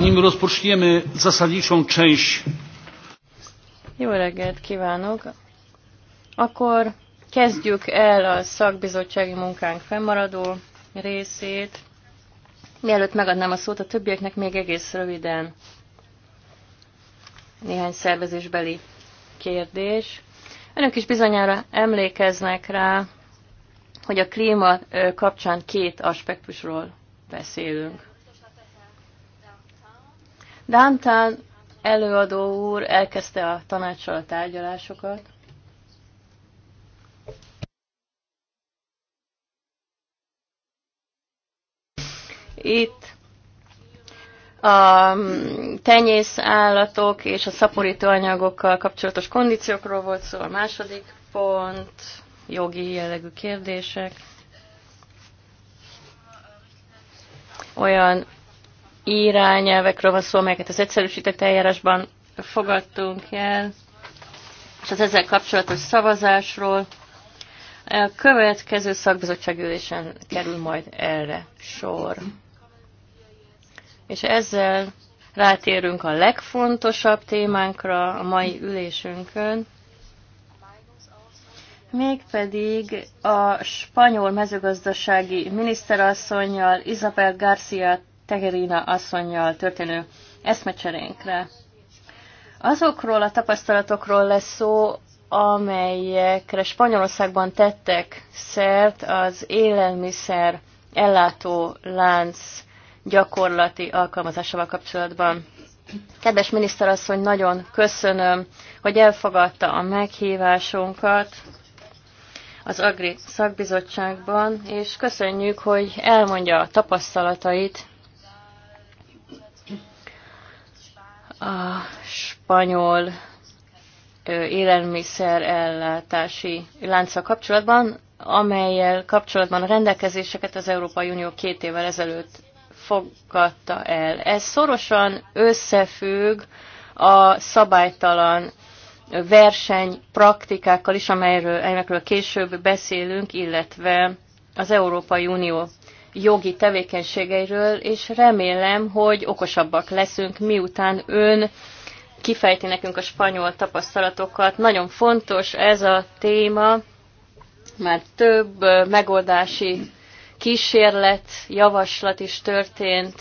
nim rozpoczniemy zasadniczą część. Jó reggelt kívánok! Akkor kezdjük el a szakbizottsági munkánk fennmaradó részét. Mielőtt megadnám a szót a többieknek, még egész röviden néhány szervezésbeli kérdés. Önök is bizonyára emlékeznek rá, hogy a klíma kapcsán két aspektusról beszélünk. Dántán előadó úr elkezdte a tanácssal a tárgyalásokat. Itt a tenyész állatok és a szaporító anyagokkal kapcsolatos kondíciókról volt szó, a második pont, jogi jellegű kérdések, olyan irányelvekről van szó, amelyeket az egyszerűsített eljárásban fogadtunk el, és az ezzel kapcsolatos szavazásról. A következő szakbizottság ülésen kerül majd erre sor. És ezzel rátérünk a legfontosabb témánkra a mai ülésünkön, mégpedig a spanyol mezőgazdasági miniszterasszonyjal Isabel García Tegerina asszonyjal történő eszmecserénkre. Azokról a tapasztalatokról lesz szó, amelyekre Spanyolországban tettek szert az élelmiszer ellátó lánc gyakorlati alkalmazásával kapcsolatban. Kedves miniszterasszony, nagyon köszönöm, hogy elfogadta a meghívásunkat az Agri szakbizottságban, és köszönjük, hogy elmondja a tapasztalatait a spanyol ellátási lánca kapcsolatban, amelyel kapcsolatban a rendelkezéseket az Európai Unió két évvel ezelőtt fogadta el. Ez szorosan összefügg a szabálytalan verseny praktikákkal is, amelyről, amelyekről később beszélünk, illetve az Európai Unió jogi tevékenységeiről, és remélem, hogy okosabbak leszünk, miután ön kifejti nekünk a spanyol tapasztalatokat. Nagyon fontos ez a téma, már több megoldási kísérlet, javaslat is történt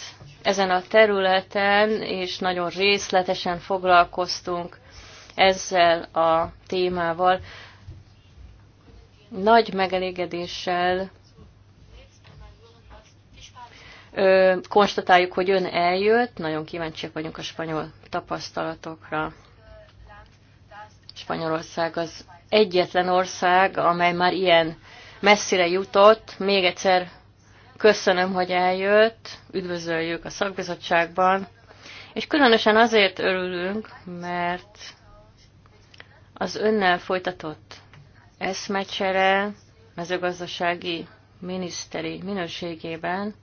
ezen a területen, és nagyon részletesen foglalkoztunk ezzel a témával. Nagy megelégedéssel ö, konstatáljuk, hogy ön eljött, nagyon kíváncsiak vagyunk a spanyol tapasztalatokra. Spanyolország az egyetlen ország, amely már ilyen messzire jutott. Még egyszer köszönöm, hogy eljött, üdvözöljük a szakbizottságban, és különösen azért örülünk, mert az önnel folytatott eszmecsere mezőgazdasági miniszteri minőségében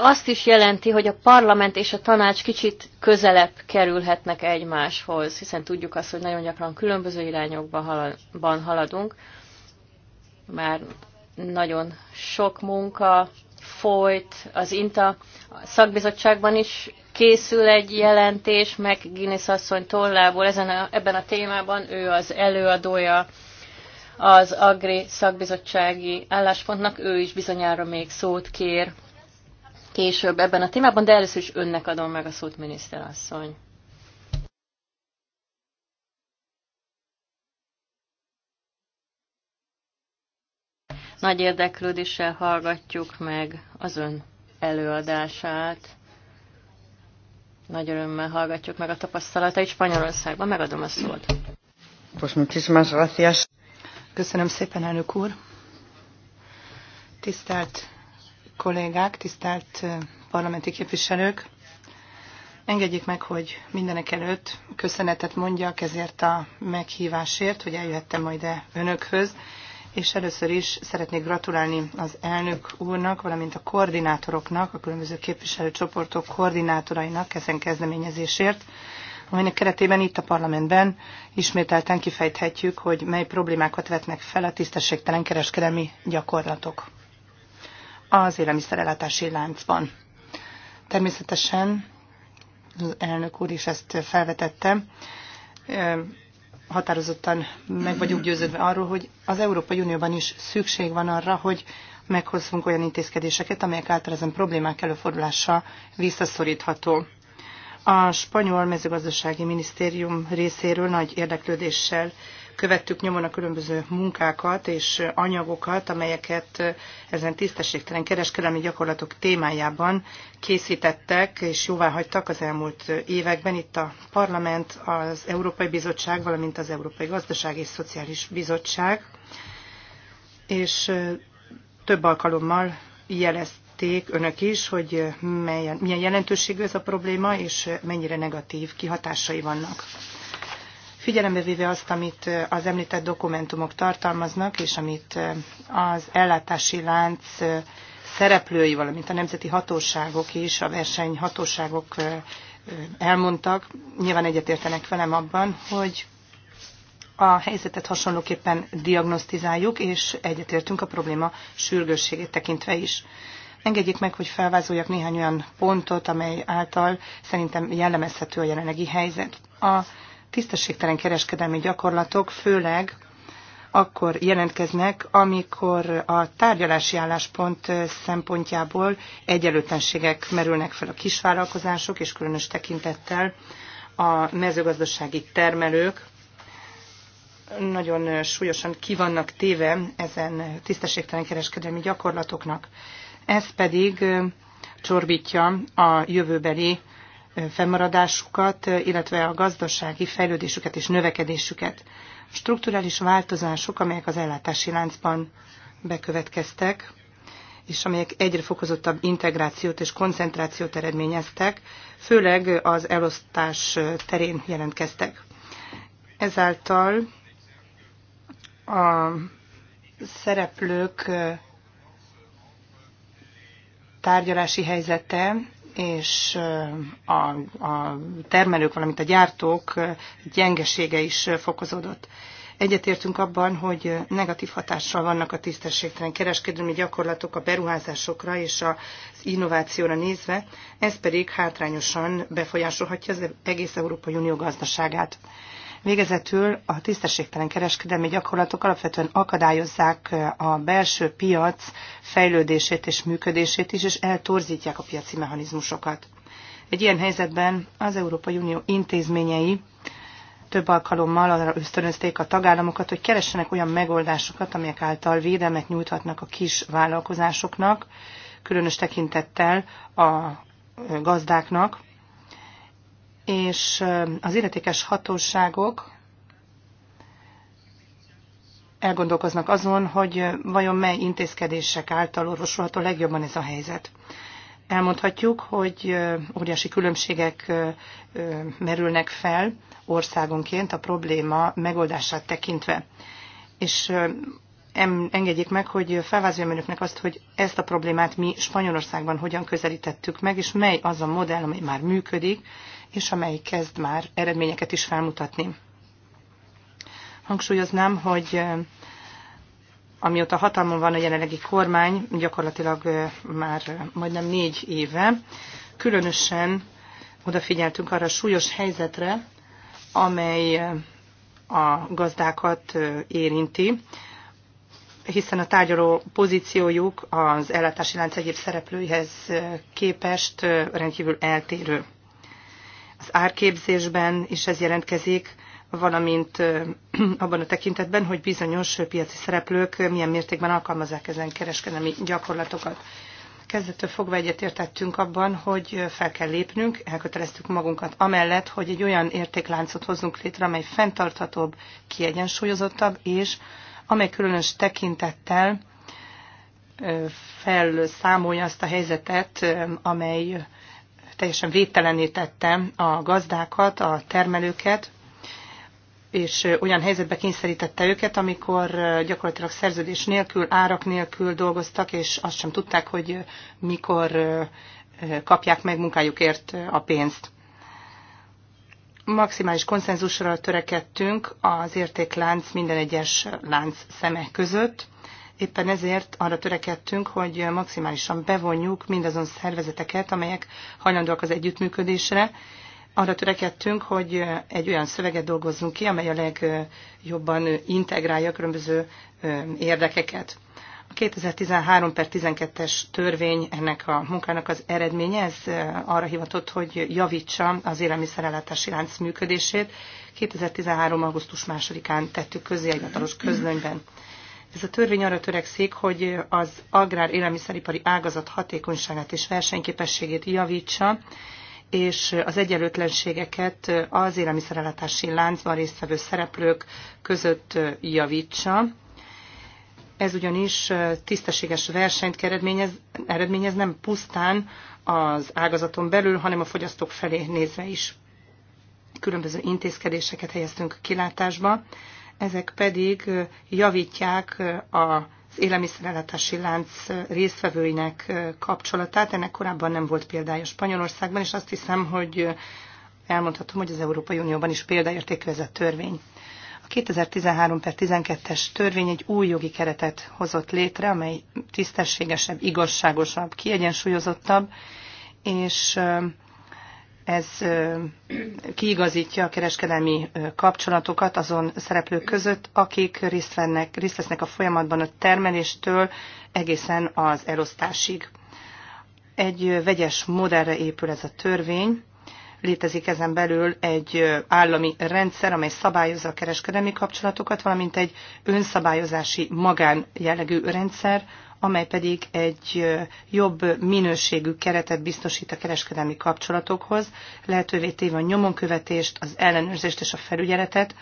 azt is jelenti, hogy a parlament és a tanács kicsit közelebb kerülhetnek egymáshoz, hiszen tudjuk azt, hogy nagyon gyakran különböző irányokban haladunk. Már nagyon sok munka folyt az INTA szakbizottságban is készül egy jelentés, meg Guinness asszony tollából ezen a, ebben a témában ő az előadója az Agri szakbizottsági álláspontnak, ő is bizonyára még szót kér később ebben a témában, de először is önnek adom meg a szót, miniszterasszony. Nagy érdeklődéssel hallgatjuk meg az ön előadását. Nagy örömmel hallgatjuk meg a tapasztalatait Spanyolországban. Megadom a szót. Köszönöm szépen, elnök úr. Tisztelt kollégák, tisztelt parlamenti képviselők! Engedjék meg, hogy mindenek előtt köszönetet mondjak ezért a meghívásért, hogy eljöhettem majd ide önökhöz, és először is szeretnék gratulálni az elnök úrnak, valamint a koordinátoroknak, a különböző képviselőcsoportok koordinátorainak ezen kezdeményezésért, amelynek keretében itt a parlamentben ismételten kifejthetjük, hogy mely problémákat vetnek fel a tisztességtelen kereskedelmi gyakorlatok az élelmiszerellátási láncban. Természetesen az elnök úr is ezt felvetette, határozottan meg vagyunk győződve arról, hogy az Európai Unióban is szükség van arra, hogy meghozzunk olyan intézkedéseket, amelyek által ezen problémák előfordulása visszaszorítható. A spanyol mezőgazdasági minisztérium részéről nagy érdeklődéssel követtük nyomon a különböző munkákat és anyagokat, amelyeket ezen tisztességtelen kereskedelmi gyakorlatok témájában készítettek és hagytak az elmúlt években. Itt a Parlament, az Európai Bizottság, valamint az Európai Gazdaság és Szociális Bizottság, és több alkalommal jelezt önök is, hogy milyen jelentőségű ez a probléma, és mennyire negatív kihatásai vannak figyelembe véve azt, amit eh, az említett dokumentumok tartalmaznak, és amit eh, az ellátási lánc eh, szereplői, valamint a nemzeti hatóságok is, a versenyhatóságok elmondtak, nyilván egyetértenek velem abban, hogy a helyzetet hasonlóképpen diagnosztizáljuk, és egyetértünk a probléma sürgősségét tekintve is. Engedjék meg, hogy felvázoljak néhány olyan pontot, amely által szerintem jellemezhető a jelenlegi helyzet. A tisztességtelen kereskedelmi gyakorlatok főleg akkor jelentkeznek, amikor a tárgyalási álláspont szempontjából egyenlőtlenségek merülnek fel a kisvállalkozások, és különös tekintettel a mezőgazdasági termelők nagyon súlyosan kivannak téve ezen tisztességtelen kereskedelmi gyakorlatoknak. Ez pedig csorbítja a jövőbeli fennmaradásukat, illetve a gazdasági fejlődésüket és növekedésüket. A strukturális változások, amelyek az ellátási láncban bekövetkeztek, és amelyek egyre fokozottabb integrációt és koncentrációt eredményeztek, főleg az elosztás terén jelentkeztek. Ezáltal a szereplők tárgyalási helyzete és a, a termelők, valamint a gyártók gyengesége is fokozódott. Egyetértünk abban, hogy negatív hatással vannak a tisztességtelen kereskedelmi gyakorlatok a beruházásokra és az innovációra nézve, ez pedig hátrányosan befolyásolhatja az egész Európai Unió gazdaságát. Végezetül a tisztességtelen kereskedelmi gyakorlatok alapvetően akadályozzák eh, a belső piac fejlődését és működését is, és eltorzítják a piaci mechanizmusokat. Egy ilyen helyzetben az Európai Unió intézményei több alkalommal arra ösztönözték a tagállamokat, hogy keressenek olyan megoldásokat, amelyek által védelmet nyújthatnak a kis vállalkozásoknak, különös tekintettel a eh, gazdáknak, és az illetékes hatóságok elgondolkoznak azon, hogy vajon mely intézkedések által orvosolható legjobban ez a helyzet. Elmondhatjuk, hogy óriási különbségek merülnek fel országonként a probléma megoldását tekintve. És engedjék meg, hogy felvázoljam önöknek azt, hogy ezt a problémát mi Spanyolországban hogyan közelítettük meg, és mely az a modell, amely már működik, és amely kezd már eredményeket is felmutatni. Hangsúlyoznám, hogy amióta hatalmon van a jelenlegi kormány, gyakorlatilag már majdnem négy éve, különösen odafigyeltünk arra a súlyos helyzetre, amely a gazdákat érinti, hiszen a tárgyaló pozíciójuk az ellátási lánc egyéb szereplőihez képest rendkívül eltérő az árképzésben is ez jelentkezik, valamint abban a tekintetben, hogy bizonyos piaci szereplők milyen mértékben alkalmazzák ezen kereskedelmi gyakorlatokat. Kezdettől fogva egyetértettünk abban, hogy fel kell lépnünk, elköteleztük magunkat amellett, hogy egy olyan értékláncot hozzunk létre, amely fenntarthatóbb, kiegyensúlyozottabb, és amely különös tekintettel felszámolja azt a helyzetet, amely teljesen védtelenítette a gazdákat, a termelőket, és olyan helyzetbe kényszerítette őket, amikor gyakorlatilag szerződés nélkül, árak nélkül dolgoztak, és azt sem tudták, hogy mikor kapják meg munkájukért a pénzt. Maximális konszenzusra törekedtünk az értéklánc minden egyes lánc szeme között, Éppen ezért arra törekedtünk, hogy maximálisan bevonjuk mindazon szervezeteket, amelyek hajlandóak az együttműködésre. Arra törekedtünk, hogy egy olyan szöveget dolgozzunk ki, amely a legjobban integrálja a különböző érdekeket. A 2013 per 12-es törvény ennek a munkának az eredménye, ez arra hivatott, hogy javítsa az élelmiszerellátási lánc működését. 2013. augusztus 2-án tettük közé egy hatalos közlönyben. Ez a törvény arra törekszik, hogy az agrár élelmiszeripari ágazat hatékonyságát és versenyképességét javítsa, és az egyenlőtlenségeket az élelmiszerellátási láncban résztvevő szereplők között javítsa. Ez ugyanis tisztességes versenyt eredményez, eredményez nem pusztán az ágazaton belül, hanem a fogyasztók felé nézve is. Különböző intézkedéseket helyeztünk kilátásba, ezek pedig javítják a az élelmiszerellátási lánc résztvevőinek kapcsolatát. Ennek korábban nem volt példája Spanyolországban, és azt hiszem, hogy elmondhatom, hogy az Európai Unióban is példaértékű ez a törvény. A 2013 per 12-es törvény egy új jogi keretet hozott létre, amely tisztességesebb, igazságosabb, kiegyensúlyozottabb, és ez kiigazítja a kereskedelmi kapcsolatokat azon szereplők között, akik részt, vennek, részt vesznek a folyamatban a termeléstől egészen az elosztásig. Egy vegyes modellre épül ez a törvény, létezik ezen belül egy állami rendszer, amely szabályozza a kereskedelmi kapcsolatokat, valamint egy önszabályozási magán jellegű rendszer, amely pedig egy jobb minőségű keretet biztosít a kereskedelmi kapcsolatokhoz, lehetővé téve a nyomonkövetést, az ellenőrzést és a felügyeletet,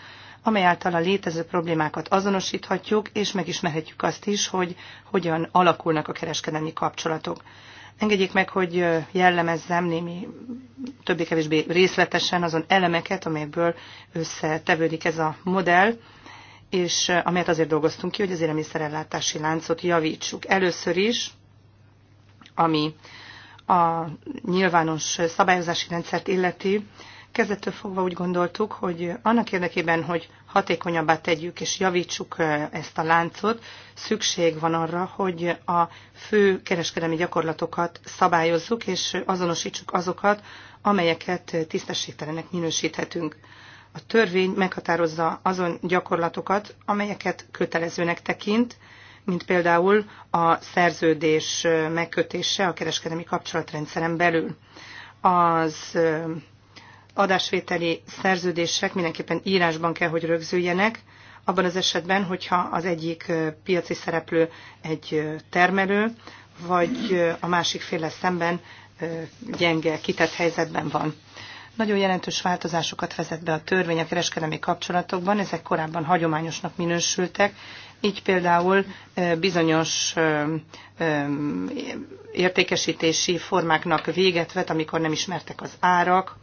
amely által a létező problémákat azonosíthatjuk, és megismerhetjük azt is, hogy hogyan alakulnak a kereskedelmi kapcsolatok. Engedjék meg, hogy jellemezzem némi többé-kevésbé részletesen azon elemeket, amelyből összetevődik ez a modell, és eh, amelyet azért dolgoztunk ki, hogy az élelmiszerellátási láncot javítsuk. Először is, ami a nyilvános szabályozási rendszert illeti, kezdettől fogva úgy gondoltuk, hogy annak érdekében, hogy hatékonyabbá tegyük és javítsuk eh, ezt a láncot, szükség van arra, hogy a fő kereskedelmi gyakorlatokat szabályozzuk és azonosítsuk azokat, amelyeket eh, tisztességtelenek minősíthetünk. A törvény meghatározza azon gyakorlatokat, amelyeket kötelezőnek tekint, mint például a szerződés megkötése a kereskedelmi kapcsolatrendszeren belül. Az adásvételi szerződések mindenképpen írásban kell, hogy rögzüljenek, abban az esetben, hogyha az egyik piaci szereplő egy termelő, vagy a másik féle szemben gyenge, kitett helyzetben van. Nagyon jelentős változásokat vezet be a törvény a kereskedelmi kapcsolatokban, ezek korábban hagyományosnak minősültek, így például bizonyos értékesítési formáknak véget vet, amikor nem ismertek az árak,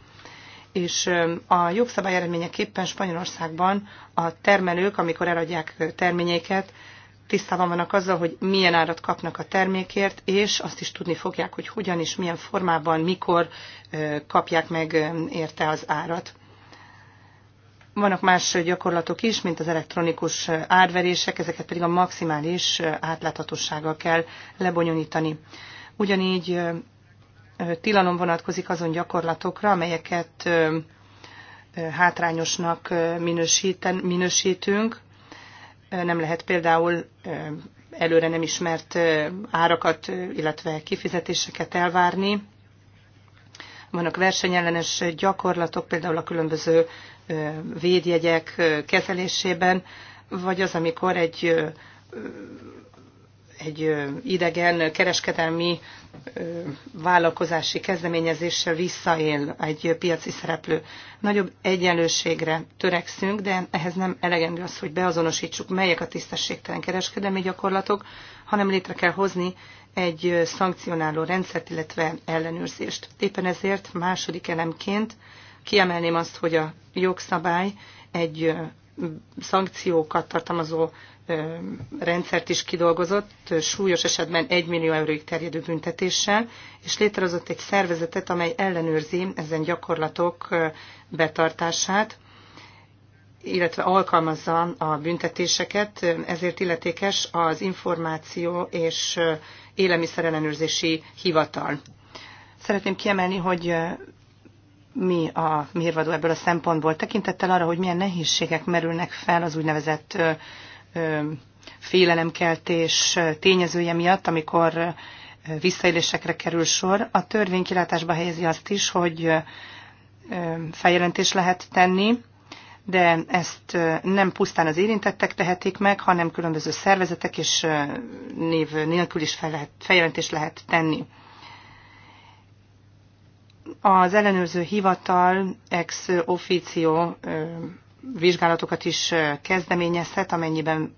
és a jogszabály eredményeképpen Spanyolországban a termelők, amikor eladják terményeiket, tisztában vannak azzal, hogy milyen árat kapnak a termékért, és azt is tudni fogják, hogy hogyan és milyen formában, mikor kapják meg érte az árat. Vannak más gyakorlatok is, mint az elektronikus árverések, ezeket pedig a maximális átláthatósággal kell lebonyolítani. Ugyanígy tilalom vonatkozik azon gyakorlatokra, amelyeket hátrányosnak minősíten, minősítünk, nem lehet például előre nem ismert árakat, illetve kifizetéseket elvárni. Vannak versenyellenes gyakorlatok, például a különböző védjegyek kezelésében, vagy az, amikor egy egy idegen kereskedelmi vállalkozási kezdeményezéssel visszaél egy piaci szereplő. Nagyobb egyenlőségre törekszünk, de ehhez nem elegendő az, hogy beazonosítsuk, melyek a tisztességtelen kereskedelmi gyakorlatok, hanem létre kell hozni egy szankcionáló rendszert, illetve ellenőrzést. Éppen ezért második elemként kiemelném azt, hogy a jogszabály egy szankciókat tartalmazó rendszert is kidolgozott, súlyos esetben 1 millió euróig terjedő büntetéssel, és létrehozott egy szervezetet, amely ellenőrzi ezen gyakorlatok betartását, illetve alkalmazza a büntetéseket, ezért illetékes az információ és ellenőrzési hivatal. Szeretném kiemelni, hogy mi a mérvadó ebből a szempontból, tekintettel arra, hogy milyen nehézségek merülnek fel az úgynevezett félelemkeltés tényezője miatt, amikor visszaélésekre kerül sor. A törvény kilátásba helyezi azt is, hogy feljelentést lehet tenni, de ezt nem pusztán az érintettek tehetik meg, hanem különböző szervezetek és név nélkül is fel lehet, feljelentést lehet tenni. Az ellenőrző hivatal ex officio vizsgálatokat is kezdeményezhet, amennyiben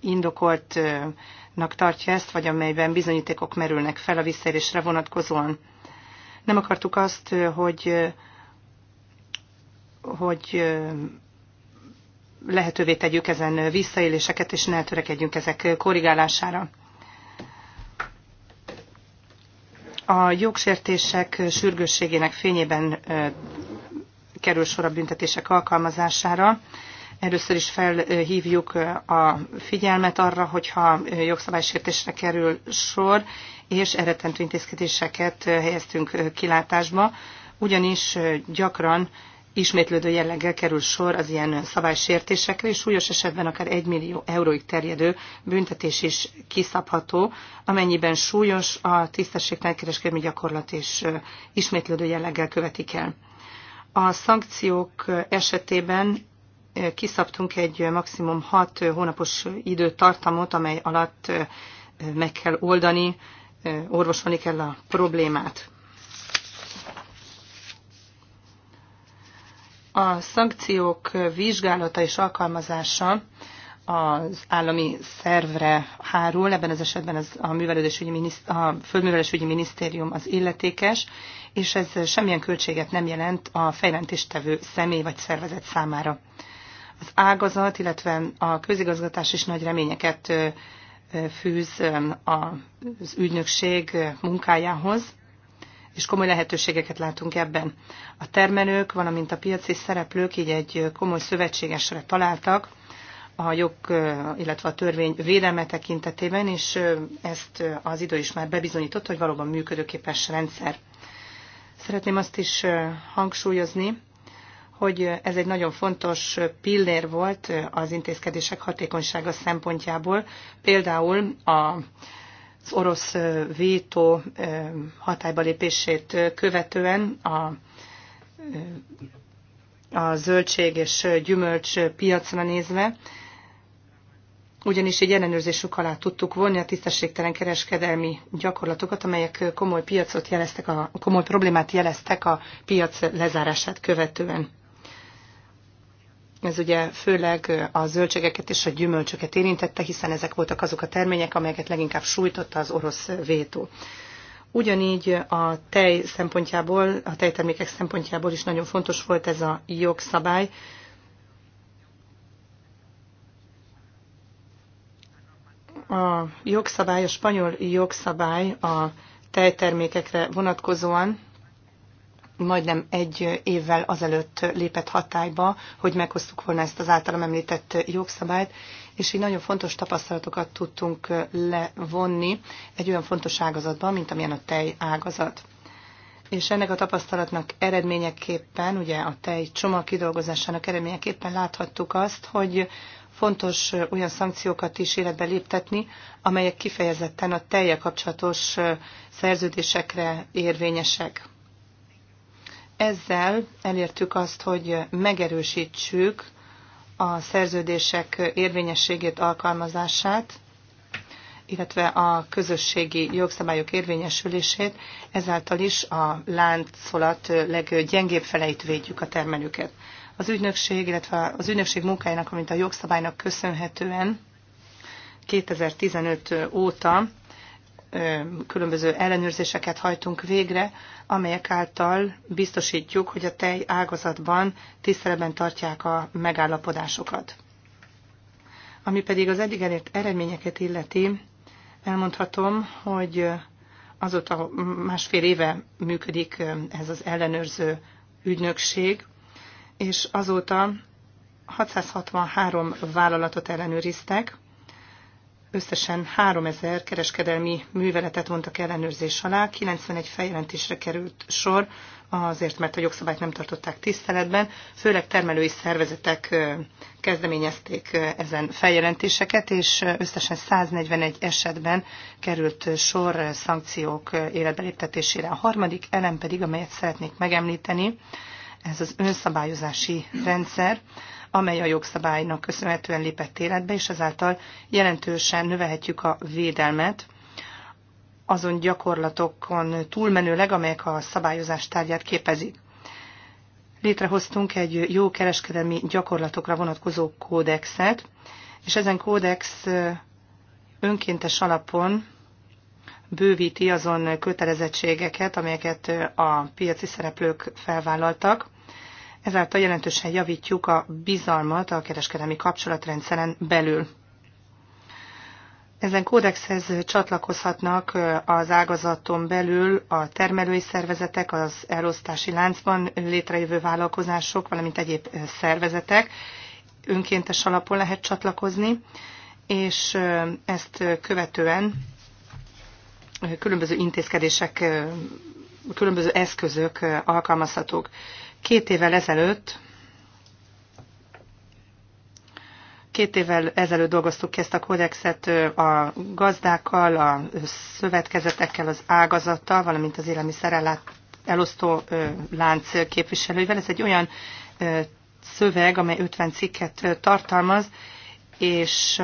indokoltnak tartja ezt, vagy amelyben bizonyítékok merülnek fel a visszaérésre vonatkozóan. Nem akartuk azt, hogy, hogy lehetővé tegyük ezen visszaéléseket, és ne törekedjünk ezek korrigálására. A jogsértések sürgősségének fényében kerül sor a büntetések alkalmazására. Először is felhívjuk a figyelmet arra, hogyha jogszabálysértésre kerül sor, és eretentő intézkedéseket helyeztünk kilátásba, ugyanis gyakran ismétlődő jelleggel kerül sor az ilyen szabálysértésekre, és súlyos esetben akár 1 millió euróig terjedő büntetés is kiszabható, amennyiben súlyos a tisztességtelen kereskedelmi gyakorlat és ismétlődő jelleggel követik el. A szankciók esetében kiszabtunk egy maximum 6 hónapos időtartamot, amely alatt meg kell oldani, orvosolni kell a problémát. A szankciók vizsgálata és alkalmazása az állami szervre hárul, ebben az esetben az a, művelődésügyi miniszt, a Földművelésügyi Minisztérium az illetékes, és ez semmilyen költséget nem jelent a fejlentéstevő személy vagy szervezet számára. Az ágazat, illetve a közigazgatás is nagy reményeket fűz az ügynökség munkájához, és komoly lehetőségeket látunk ebben. A termelők, valamint a piaci szereplők így egy komoly szövetségesre találtak, a jog, illetve a törvény védelme tekintetében, és ezt az idő is már bebizonyított, hogy valóban működőképes rendszer. Szeretném azt is hangsúlyozni, hogy ez egy nagyon fontos pillér volt az intézkedések hatékonysága szempontjából, például a az orosz vétó hatályba lépését követően a, a zöldség és gyümölcs piacra nézve ugyanis egy ellenőrzésük alá tudtuk vonni a tisztességtelen kereskedelmi gyakorlatokat, amelyek komoly, piacot jeleztek a, komoly problémát jeleztek a piac lezárását követően. Ez ugye főleg a zöldségeket és a gyümölcsöket érintette, hiszen ezek voltak azok a termények, amelyeket leginkább sújtotta az orosz vétó. Ugyanígy a tej szempontjából, a tejtermékek szempontjából is nagyon fontos volt ez a jogszabály, A jogszabály, a spanyol jogszabály a tejtermékekre vonatkozóan majdnem egy évvel azelőtt lépett hatályba, hogy meghoztuk volna ezt az általam említett jogszabályt, és így nagyon fontos tapasztalatokat tudtunk levonni egy olyan fontos ágazatban, mint amilyen a tej ágazat. És ennek a tapasztalatnak eredményeképpen, ugye a tej csomag kidolgozásának eredményeképpen láthattuk azt, hogy fontos olyan szankciókat is életbe léptetni, amelyek kifejezetten a telje kapcsolatos szerződésekre érvényesek. Ezzel elértük azt, hogy megerősítsük a szerződések érvényességét, alkalmazását, illetve a közösségi jogszabályok érvényesülését, ezáltal is a láncolat leggyengébb feleit védjük a termelőket. Az ügynökség, illetve az ügynökség munkájának, amint a jogszabálynak köszönhetően 2015 óta különböző ellenőrzéseket hajtunk végre, amelyek által biztosítjuk, hogy a tej ágazatban tiszteletben tartják a megállapodásokat. Ami pedig az eddig elért eredményeket illeti, elmondhatom, hogy azóta másfél éve működik ez az ellenőrző ügynökség, és azóta 663 vállalatot ellenőriztek, összesen 3000 kereskedelmi műveletet vontak ellenőrzés alá, 91 feljelentésre került sor, azért, mert a jogszabályt nem tartották tiszteletben, főleg termelői szervezetek kezdeményezték ezen feljelentéseket, és összesen 141 esetben került sor szankciók életbeléptetésére. A harmadik elem pedig, amelyet szeretnék megemlíteni, ez az önszabályozási rendszer, amely a jogszabálynak köszönhetően lépett életbe, és ezáltal jelentősen növelhetjük a védelmet azon gyakorlatokon túlmenőleg, amelyek a szabályozás tárgyát képezik. Létrehoztunk egy jó kereskedelmi gyakorlatokra vonatkozó kódexet, és ezen kódex önkéntes alapon bővíti azon kötelezettségeket, amelyeket a piaci szereplők felvállaltak. Ezáltal jelentősen javítjuk a bizalmat a kereskedelmi kapcsolatrendszeren belül. Ezen kódexhez csatlakozhatnak az ágazaton belül a termelői szervezetek, az elosztási láncban létrejövő vállalkozások, valamint egyéb szervezetek. Önkéntes alapon lehet csatlakozni, és ezt követően különböző intézkedések, különböző eszközök alkalmazhatók. Két évvel ezelőtt Két évvel ezelőtt dolgoztuk ki ezt a kódexet a gazdákkal, a szövetkezetekkel, az ágazattal, valamint az élelmiszer elosztó lánc képviselőivel. Ez egy olyan szöveg, amely 50 cikket tartalmaz, és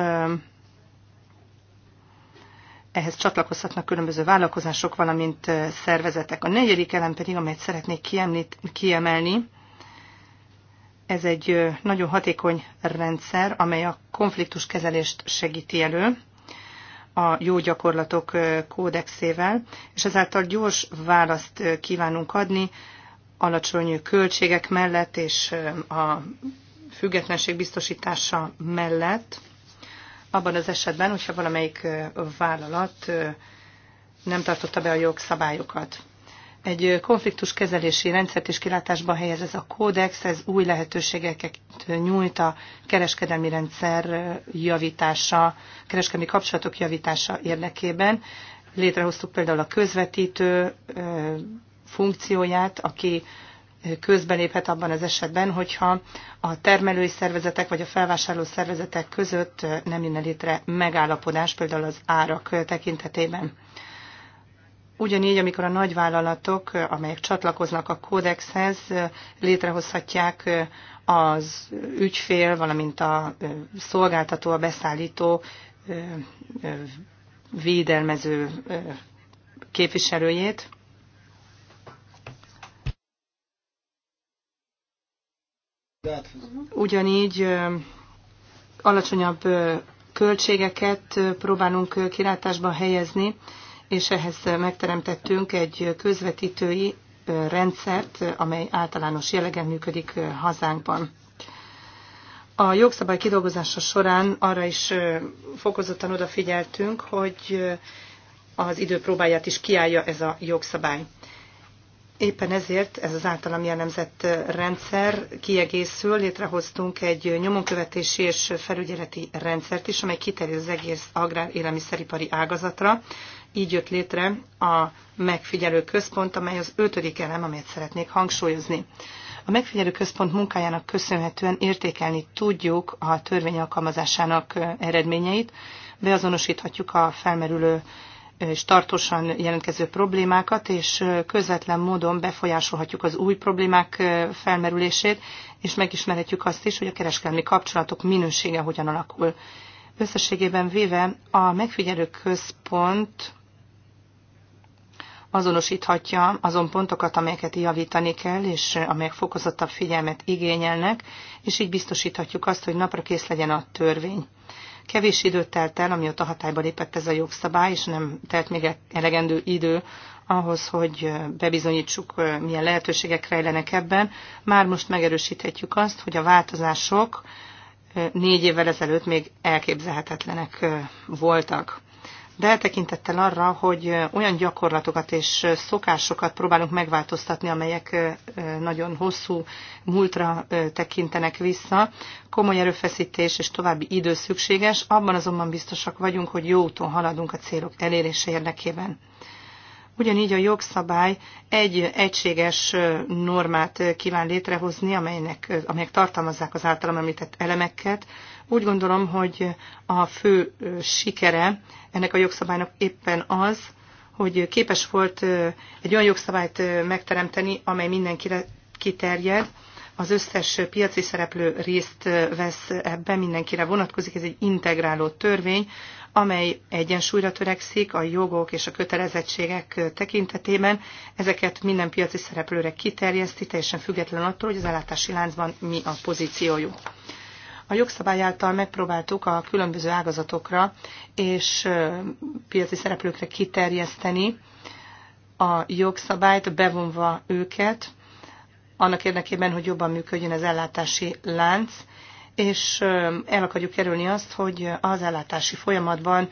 ehhez csatlakozhatnak különböző vállalkozások, valamint szervezetek. A negyedik elem pedig, amelyet szeretnék kiemlít, kiemelni, ez egy nagyon hatékony rendszer, amely a konfliktuskezelést segíti elő a jó gyakorlatok kódexével, és ezáltal gyors választ kívánunk adni alacsony költségek mellett és a függetlenség biztosítása mellett abban az esetben, hogyha valamelyik vállalat nem tartotta be a jogszabályokat. Egy konfliktus kezelési rendszert is kilátásba helyez ez a kódex, ez új lehetőségeket nyújt a kereskedelmi rendszer javítása, kereskedelmi kapcsolatok javítása érdekében. Létrehoztuk például a közvetítő funkcióját, aki közbeléphet abban az esetben, hogyha a termelői szervezetek vagy a felvásárló szervezetek között nem jönne létre megállapodás, például az árak tekintetében. Ugyanígy, amikor a nagyvállalatok, amelyek csatlakoznak a kódexhez, létrehozhatják az ügyfél, valamint a szolgáltató, a beszállító védelmező képviselőjét, Ugyanígy alacsonyabb költségeket próbálunk kilátásba helyezni, és ehhez megteremtettünk egy közvetítői rendszert, amely általános jellegen működik hazánkban. A jogszabály kidolgozása során arra is fokozottan odafigyeltünk, hogy az idő próbáját is kiállja ez a jogszabály. Éppen ezért ez az általam jellemzett rendszer kiegészül, létrehoztunk egy nyomonkövetési és felügyeleti rendszert is, amely kiterjed az egész agrár-élelmiszeripari ágazatra. Így jött létre a megfigyelő központ, amely az ötödik elem, amelyet szeretnék hangsúlyozni. A megfigyelő központ munkájának köszönhetően értékelni tudjuk a törvény alkalmazásának eredményeit, beazonosíthatjuk a felmerülő és tartósan jelentkező problémákat, és közvetlen módon befolyásolhatjuk az új problémák felmerülését, és megismerhetjük azt is, hogy a kereskedelmi kapcsolatok minősége hogyan alakul. Összességében véve a megfigyelő központ azonosíthatja azon pontokat, amelyeket javítani kell, és amelyek fokozottabb figyelmet igényelnek, és így biztosíthatjuk azt, hogy napra kész legyen a törvény. Kevés idő telt el, amióta hatályba lépett ez a jogszabály, és nem telt még elegendő idő ahhoz, hogy bebizonyítsuk, milyen lehetőségek rejlenek ebben. Már most megerősíthetjük azt, hogy a változások négy évvel ezelőtt még elképzelhetetlenek voltak de tekintettel arra, hogy olyan gyakorlatokat és szokásokat próbálunk megváltoztatni, amelyek nagyon hosszú múltra tekintenek vissza, komoly erőfeszítés és további idő szükséges, abban azonban biztosak vagyunk, hogy jó úton haladunk a célok elérése érdekében. Ugyanígy a jogszabály egy egységes normát kíván létrehozni, amelynek, amelyek tartalmazzák az általam említett elemeket, úgy gondolom, hogy a fő sikere ennek a jogszabálynak éppen az, hogy képes volt egy olyan jogszabályt megteremteni, amely mindenkire kiterjed, az összes piaci szereplő részt vesz ebben, mindenkire vonatkozik, ez egy integráló törvény, amely egyensúlyra törekszik a jogok és a kötelezettségek tekintetében. Ezeket minden piaci szereplőre kiterjeszti, teljesen független attól, hogy az ellátási láncban mi a pozíciójuk. A jogszabály által megpróbáltuk a különböző ágazatokra és piaci szereplőkre kiterjeszteni a jogszabályt, bevonva őket, annak érdekében, hogy jobban működjön az ellátási lánc, és el akarjuk kerülni azt, hogy az ellátási folyamatban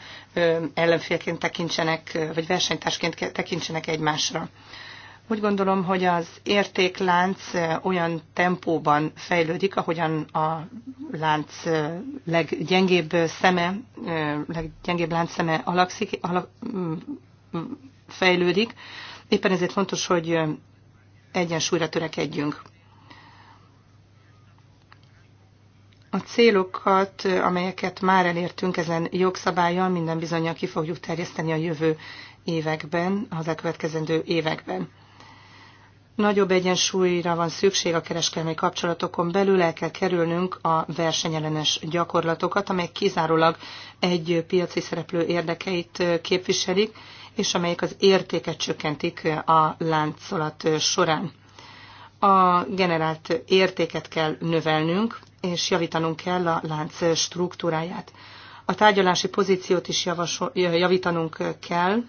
ellenfélként tekintsenek, vagy versenytársként tekintsenek egymásra. Úgy gondolom, hogy az értéklánc eh, olyan tempóban fejlődik, ahogyan a lánc eh, leggyengébb eh, szeme, leggyengébb láncszeme alakszik, alak, mm, mm, fejlődik. Éppen ezért fontos, hogy egyensúlyra törekedjünk. A célokat, amelyeket már elértünk ezen jogszabályon, minden bizonyal ki fogjuk terjeszteni a jövő években, az elkövetkezendő években. Nagyobb egyensúlyra van szükség a kereskedelmi kapcsolatokon belül, el kell kerülnünk a versenyellenes gyakorlatokat, amelyek kizárólag egy piaci szereplő érdekeit képviselik, és amelyek az értéket csökkentik a láncolat során. A generált értéket kell növelnünk, és javítanunk kell a lánc struktúráját. A tárgyalási pozíciót is javasol, javítanunk kell,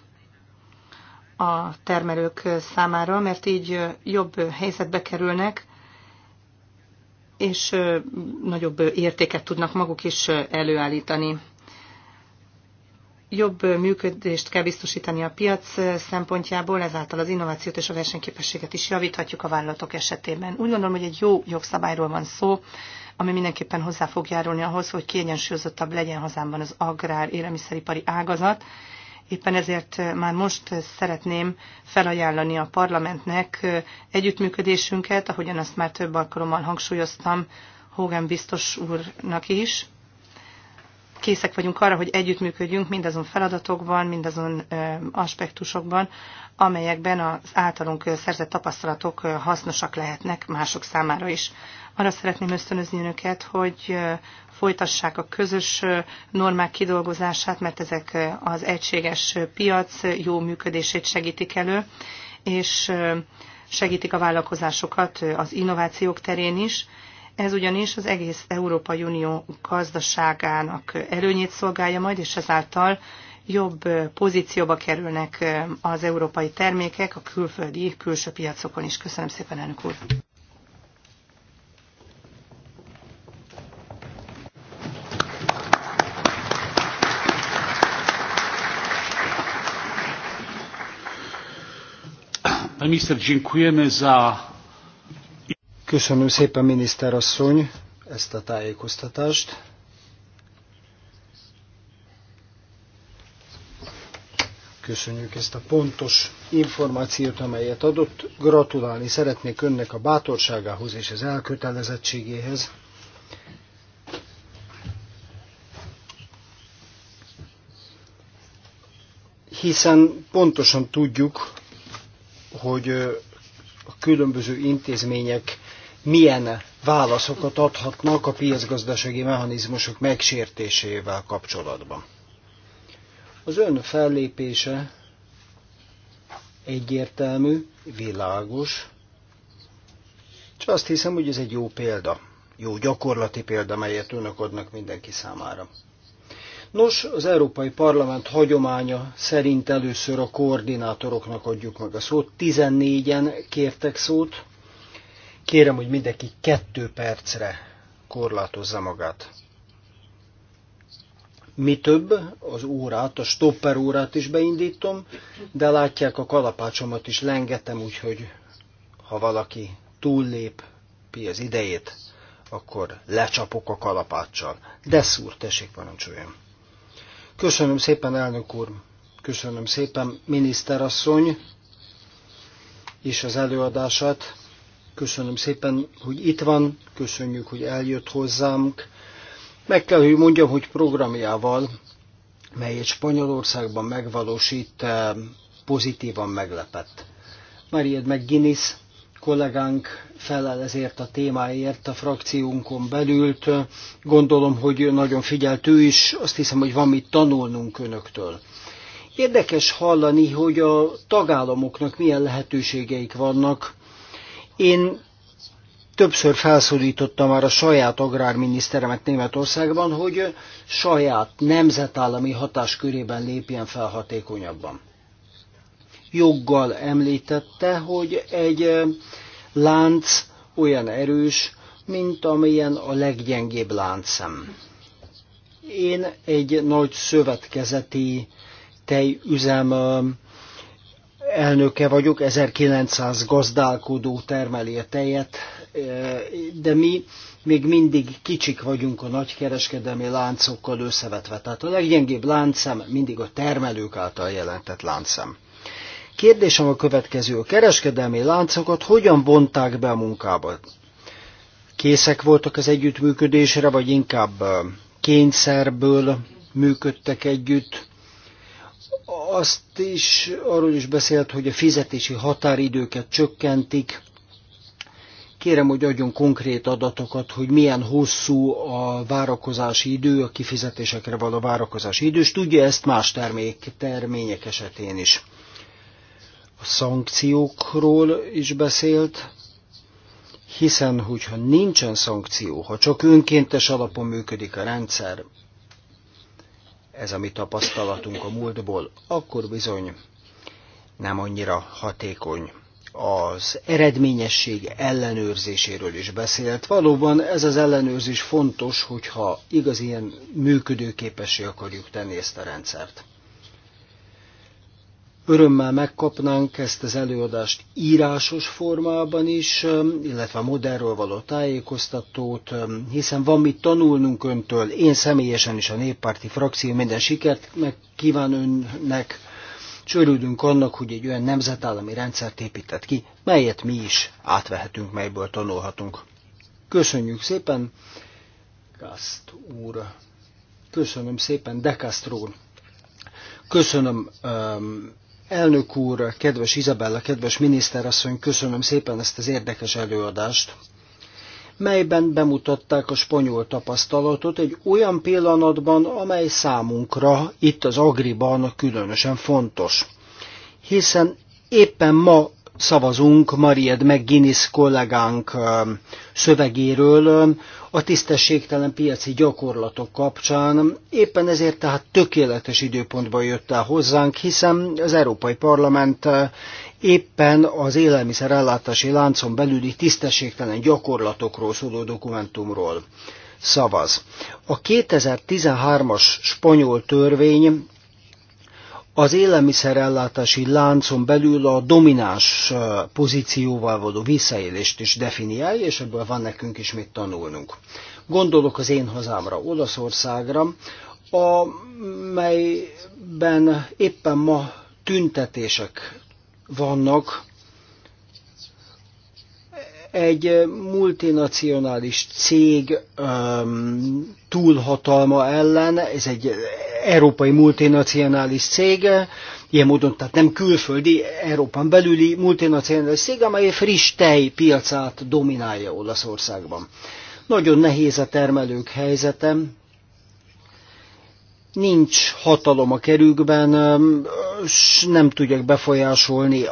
a termelők számára, mert így jobb helyzetbe kerülnek, és nagyobb értéket tudnak maguk is előállítani. Jobb működést kell biztosítani a piac szempontjából, ezáltal az innovációt és a versenyképességet is javíthatjuk a vállalatok esetében. Úgy gondolom, hogy egy jó jogszabályról van szó, ami mindenképpen hozzá fog járulni ahhoz, hogy kiegyensúlyozottabb legyen hazámban az agrár élelmiszeripari ágazat, Éppen ezért eh, már most eh, szeretném felajánlani a parlamentnek eh, együttműködésünket, ahogyan azt már több alkalommal hangsúlyoztam Hogan biztos úrnak is. Készek vagyunk arra, hogy együttműködjünk mindazon feladatokban, mindazon aspektusokban, amelyekben az általunk szerzett tapasztalatok hasznosak lehetnek mások számára is. Arra szeretném ösztönözni önöket, hogy folytassák a közös normák kidolgozását, mert ezek az egységes piac jó működését segítik elő, és segítik a vállalkozásokat az innovációk terén is. Ez ugyanis az egész Európai Unió gazdaságának előnyét szolgálja majd, és ezáltal jobb pozícióba kerülnek az európai termékek a külföldi külső piacokon is. Köszönöm szépen, elnök úr! Köszönöm szépen, miniszter asszony, ezt a tájékoztatást. Köszönjük ezt a pontos információt, amelyet adott. Gratulálni szeretnék önnek a bátorságához és az elkötelezettségéhez. Hiszen pontosan tudjuk, hogy a különböző intézmények milyen válaszokat adhatnak a piacgazdasági mechanizmusok megsértésével kapcsolatban. Az ön fellépése egyértelmű, világos, és azt hiszem, hogy ez egy jó példa, jó gyakorlati példa, melyet önök adnak mindenki számára. Nos, az Európai Parlament hagyománya szerint először a koordinátoroknak adjuk meg a szót. 14-en kértek szót. Kérem, hogy mindenki kettő percre korlátozza magát. Mi több, az órát, a stopper órát is beindítom, de látják a kalapácsomat is lengetem, úgyhogy ha valaki túllép pi az idejét, akkor lecsapok a kalapáccsal. De szúr, tessék parancsoljam! Köszönöm szépen, elnök úr. Köszönöm szépen, miniszterasszony, és az előadását. Köszönöm szépen, hogy itt van, köszönjük, hogy eljött hozzánk. Meg kell, hogy mondjam, hogy programjával, melyet Spanyolországban megvalósít, eh, pozitívan meglepett. Mariad McGuinness kollégánk felel ezért a témáért a frakciónkon belült. Gondolom, hogy nagyon figyelt ő is, azt hiszem, hogy van mit tanulnunk önöktől. Érdekes hallani, hogy a tagállamoknak milyen lehetőségeik vannak. Én többször felszólítottam már a saját agrárminiszteremet Németországban, hogy saját nemzetállami hatáskörében lépjen fel hatékonyabban joggal említette, hogy egy lánc olyan erős, mint amilyen a leggyengébb láncem. Én egy nagy szövetkezeti tejüzem elnöke vagyok, 1900 gazdálkodó termeli a tejet, de mi még mindig kicsik vagyunk a nagykereskedelmi láncokkal összevetve. Tehát a leggyengébb láncem mindig a termelők által jelentett láncem. Kérdésem a következő. A kereskedelmi láncokat hogyan vonták be a munkába? Készek voltak az együttműködésre, vagy inkább kényszerből működtek együtt? Azt is, arról is beszélt, hogy a fizetési határidőket csökkentik. Kérem, hogy adjon konkrét adatokat, hogy milyen hosszú a várakozási idő, a kifizetésekre való várakozási idő, és tudja ezt más termék, termények esetén is a szankciókról is beszélt, hiszen hogyha nincsen szankció, ha csak önkéntes alapon működik a rendszer, ez a mi tapasztalatunk a múltból, akkor bizony nem annyira hatékony. Az eredményesség ellenőrzéséről is beszélt. Valóban ez az ellenőrzés fontos, hogyha igazán működőképessé akarjuk tenni ezt a rendszert. Örömmel megkapnánk ezt az előadást írásos formában is, illetve a modellről való tájékoztatót, hiszen van mit tanulnunk öntől. Én személyesen is a néppárti frakció minden sikert meg kíván önnek, és örülünk annak, hogy egy olyan nemzetállami rendszert épített ki, melyet mi is átvehetünk, melyből tanulhatunk. Köszönjük szépen, Kast úr! Köszönöm szépen, De Castro Köszönöm um, Elnök úr, kedves Izabella, kedves miniszterasszony, köszönöm szépen ezt az érdekes előadást, melyben bemutatták a spanyol tapasztalatot egy olyan pillanatban, amely számunkra itt az Agriban különösen fontos. Hiszen éppen ma szavazunk Maried McGuinness kollégánk szövegéről a tisztességtelen piaci gyakorlatok kapcsán. Éppen ezért tehát tökéletes időpontban jött el hozzánk, hiszen az Európai Parlament éppen az élelmiszerellátási láncon belüli tisztességtelen gyakorlatokról szóló dokumentumról szavaz. A 2013-as spanyol törvény az élelmiszerellátási láncon belül a domináns pozícióval való visszaélést is definiálja, és ebből van nekünk is mit tanulnunk. Gondolok az én hazámra, Olaszországra, amelyben éppen ma tüntetések vannak egy multinacionális cég um, túlhatalma ellen, ez egy európai multinacionális cég, ilyen módon, tehát nem külföldi, Európán belüli multinacionális cég, amely friss tej piacát dominálja Olaszországban. Nagyon nehéz a termelők helyzete nincs hatalom a kerükben, és nem tudják befolyásolni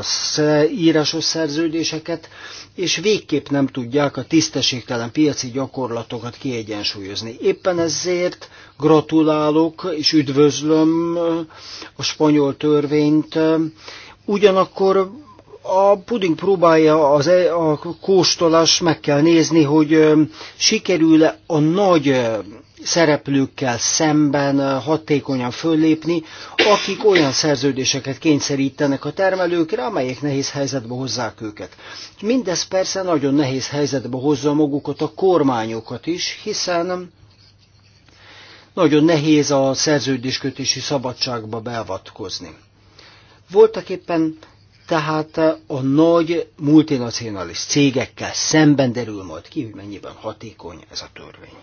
az írásos szerződéseket, és végképp nem tudják a tisztességtelen piaci gyakorlatokat kiegyensúlyozni. Éppen ezért gratulálok és üdvözlöm a spanyol törvényt, ugyanakkor a puding próbálja az, e, a kóstolás, meg kell nézni, hogy sikerül-e a nagy szereplőkkel szemben hatékonyan föllépni, akik olyan szerződéseket kényszerítenek a termelőkre, amelyek nehéz helyzetbe hozzák őket. Mindez persze nagyon nehéz helyzetbe hozza magukat a kormányokat is, hiszen nagyon nehéz a szerződéskötési szabadságba beavatkozni. Voltak éppen tehát a nagy multinacionalis cégekkel szemben derül majd ki, hogy mennyiben hatékony ez a törvény.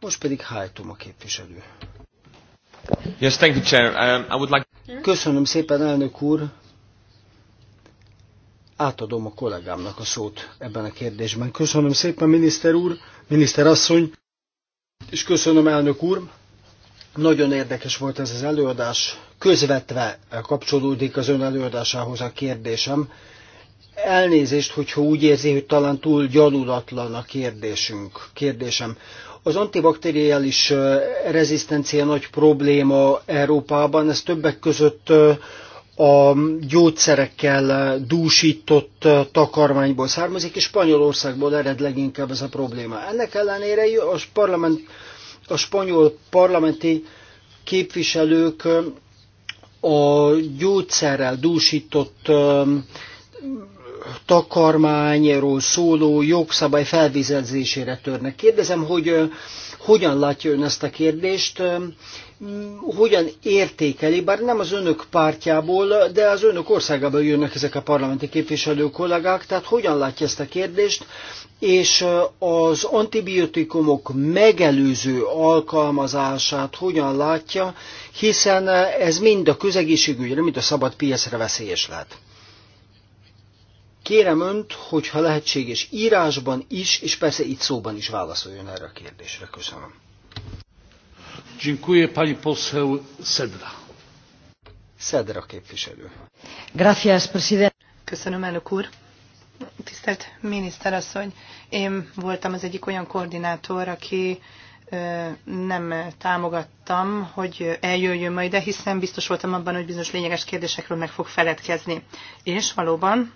Most pedig a képviselő. Yes, thank you, Chair. Um, I would like... Köszönöm szépen, elnök úr. Átadom a kollégámnak a szót ebben a kérdésben. Köszönöm szépen, miniszter úr, miniszter asszony, és köszönöm, elnök úr. Nagyon érdekes volt ez az előadás. Közvetve kapcsolódik az ön előadásához a kérdésem Elnézést, hogyha úgy érzi, hogy talán túl gyanulatlan a kérdésünk, kérdésem. Az antibakteriális rezisztencia nagy probléma Európában, ez többek között a gyógyszerekkel dúsított takarmányból származik, és Spanyolországból ered leginkább ez a probléma. Ennek ellenére a, parlament, a spanyol parlamenti képviselők a gyógyszerrel dúsított takarmányról szóló jogszabály felvizezésére törnek. Kérdezem, hogy hogyan látja ön ezt a kérdést, hogyan értékeli, bár nem az önök pártjából, de az önök országából jönnek ezek a parlamenti képviselő kollégák, tehát hogyan látja ezt a kérdést, és az antibiotikumok megelőző alkalmazását hogyan látja, hiszen ez mind a közegészségügyre, mind a szabad piacra veszélyes lehet. Kérem önt, hogyha lehetséges írásban is, és persze itt szóban is válaszoljon erre a kérdésre. Köszönöm. Dziękuję pani poseł Sedra. Szedra képviselő. Gracias, president. Köszönöm, elnök úr. Tisztelt miniszterasszony, én voltam az egyik olyan koordinátor, aki nem támogattam, hogy eljöjjön majd ide, hiszen biztos voltam abban, hogy bizonyos lényeges kérdésekről meg fog feledkezni. És valóban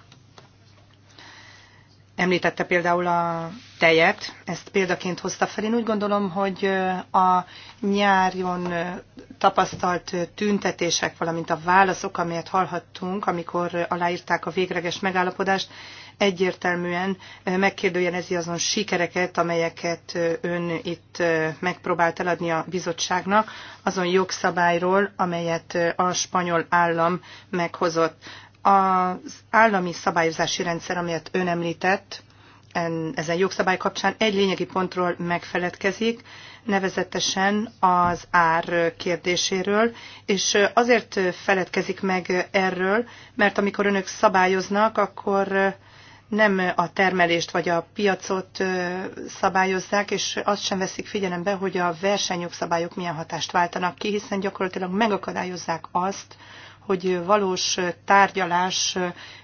Említette például a tejet, ezt példaként hozta fel. Én úgy gondolom, hogy a nyáron tapasztalt tüntetések, valamint a válaszok, amelyet hallhattunk, amikor aláírták a végleges megállapodást, egyértelműen megkérdőjelezi azon sikereket, amelyeket ön itt megpróbált eladni a bizottságnak, azon jogszabályról, amelyet a spanyol állam meghozott. Az állami szabályozási rendszer, amelyet ön említett, ezen jogszabály kapcsán egy lényegi pontról megfeledkezik, nevezetesen az ár kérdéséről, és azért feledkezik meg erről, mert amikor önök szabályoznak, akkor nem a termelést vagy a piacot szabályozzák, és azt sem veszik figyelembe, hogy a versenyjogszabályok milyen hatást váltanak ki, hiszen gyakorlatilag megakadályozzák azt, hogy valós tárgyalás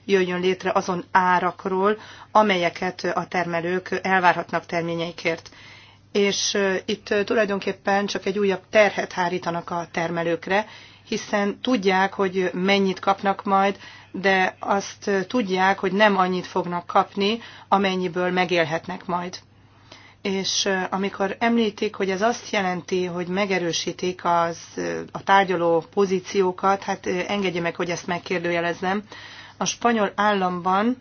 jöjjön létre azon árakról, amelyeket a termelők elvárhatnak terményeikért. És itt tulajdonképpen csak egy újabb terhet hárítanak a termelőkre, hiszen tudják, hogy mennyit kapnak majd, de azt tudják, hogy nem annyit fognak kapni, amennyiből megélhetnek majd és amikor említik, hogy ez azt jelenti, hogy megerősítik az, a tárgyaló pozíciókat, hát engedje meg, hogy ezt megkérdőjelezzem. A spanyol államban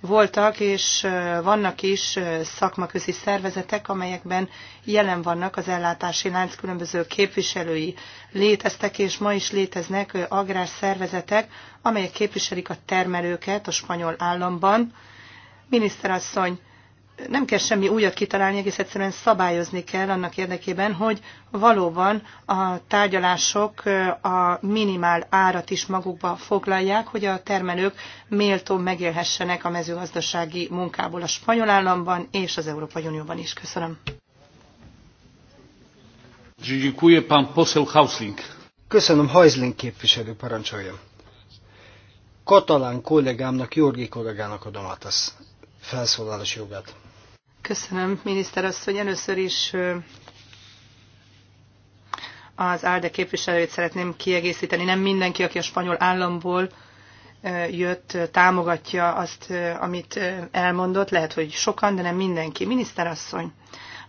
voltak és vannak is szakmaközi szervezetek, amelyekben jelen vannak az ellátási lánc különböző képviselői. Léteztek és ma is léteznek agrárszervezetek, amelyek képviselik a termelőket a spanyol államban. Miniszterasszony, nem kell semmi újat kitalálni, egész egyszerűen szabályozni kell annak érdekében, hogy valóban a tárgyalások a minimál árat is magukba foglalják, hogy a termelők méltó megélhessenek a mezőgazdasági munkából a spanyol államban és az Európai Unióban is. Köszönöm. Köszönöm, Hajzling képviselő parancsolja. Katalán kollégámnak, Jorgi kollégának adom át a felszólalás jogát. Köszönöm, miniszter asszony. Először is az ALDE képviselőjét szeretném kiegészíteni. Nem mindenki, aki a spanyol államból jött, támogatja azt, amit elmondott. Lehet, hogy sokan, de nem mindenki. Miniszter asszony,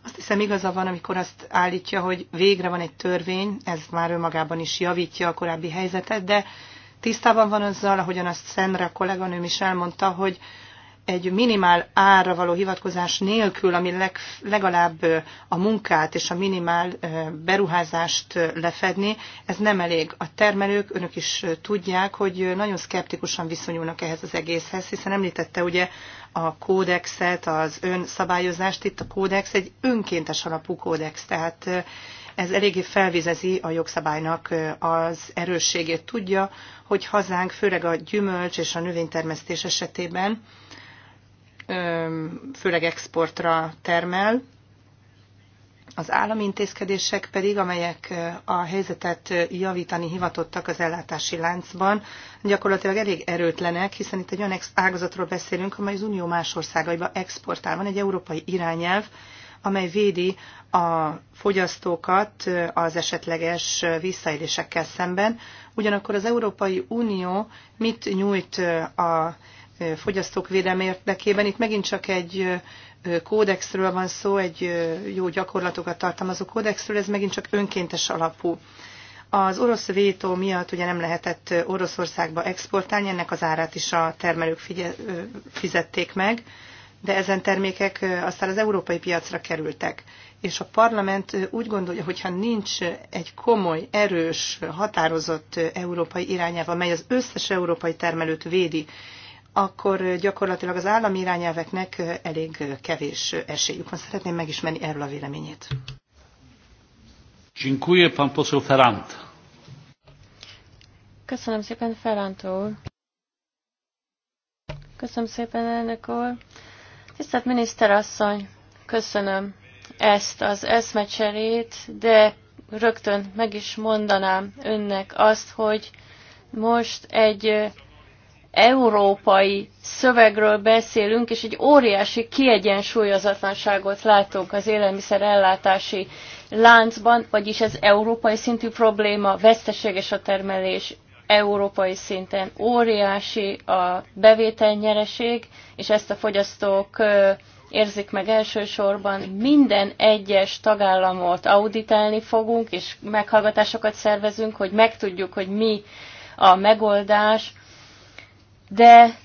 azt hiszem igaza van, amikor azt állítja, hogy végre van egy törvény, ez már önmagában is javítja a korábbi helyzetet, de tisztában van azzal, ahogyan azt a kolléganőm is elmondta, hogy egy minimál árra való hivatkozás nélkül, ami leg, legalább a munkát és a minimál beruházást lefedni, ez nem elég. A termelők, önök is tudják, hogy nagyon szkeptikusan viszonyulnak ehhez az egészhez, hiszen említette ugye a kódexet, az önszabályozást, itt a kódex egy önkéntes alapú kódex, tehát ez eléggé felvizezi a jogszabálynak az erősségét. Tudja, hogy hazánk, főleg a gyümölcs és a növénytermesztés esetében főleg exportra termel. Az állami intézkedések pedig, amelyek a helyzetet javítani hivatottak az ellátási láncban, gyakorlatilag elég erőtlenek, hiszen itt egy olyan ágazatról beszélünk, amely az Unió más országaiba exportál. Van egy európai irányelv, amely védi a fogyasztókat az esetleges visszaélésekkel szemben. Ugyanakkor az Európai Unió mit nyújt a fogyasztók védelme érdekében. Itt megint csak egy kódexről van szó, egy jó gyakorlatokat tartalmazó kódexről, ez megint csak önkéntes alapú. Az orosz vétó miatt ugye nem lehetett Oroszországba exportálni, ennek az árát is a termelők figye, fizették meg, de ezen termékek aztán az európai piacra kerültek. És a parlament úgy gondolja, hogyha nincs egy komoly, erős, határozott európai irányába, mely az összes európai termelőt védi, akkor gyakorlatilag az állami irányelveknek elég kevés esélyük van. Szeretném megismerni erről a véleményét. Dziękuję, pan poseł Ferrand. Köszönöm szépen, Ferrand úr. Köszönöm szépen, elnök úr. Tisztelt miniszterasszony, köszönöm ezt az eszmecserét, de rögtön meg is mondanám önnek azt, hogy most egy európai szövegről beszélünk, és egy óriási kiegyensúlyozatlanságot látunk az élelmiszer ellátási láncban, vagyis ez európai szintű probléma, veszteséges a termelés európai szinten, óriási a bevételnyereség, és ezt a fogyasztók érzik meg elsősorban. Minden egyes tagállamot auditálni fogunk, és meghallgatásokat szervezünk, hogy megtudjuk, hogy mi a megoldás, de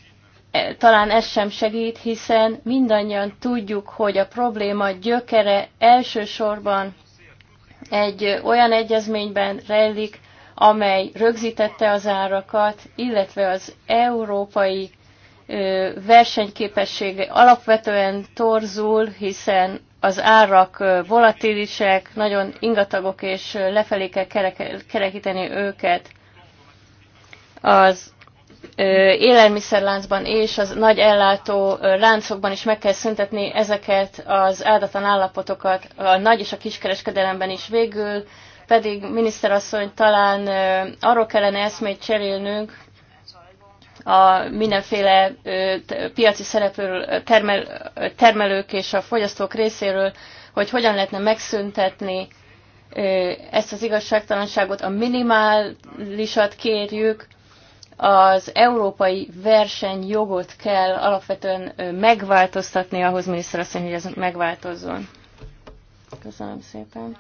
e, talán ez sem segít, hiszen mindannyian tudjuk, hogy a probléma gyökere elsősorban egy olyan egyezményben rejlik, amely rögzítette az árakat, illetve az európai versenyképessége alapvetően torzul, hiszen az árak volatilisek, nagyon ingatagok, és lefelé kell kerekíteni őket. Az élelmiszerláncban és az nagy ellátó láncokban is meg kell szüntetni ezeket az áldatlan állapotokat a nagy és a kiskereskedelemben is végül, pedig miniszterasszony talán arról kellene eszmét cserélnünk, a mindenféle piaci szereplő termel, termelők és a fogyasztók részéről, hogy hogyan lehetne megszüntetni ezt az igazságtalanságot, a minimálisat kérjük, az európai versenyjogot kell alapvetően megváltoztatni ahhoz, miniszter asszony, hogy ez megváltozzon. Köszönöm szépen.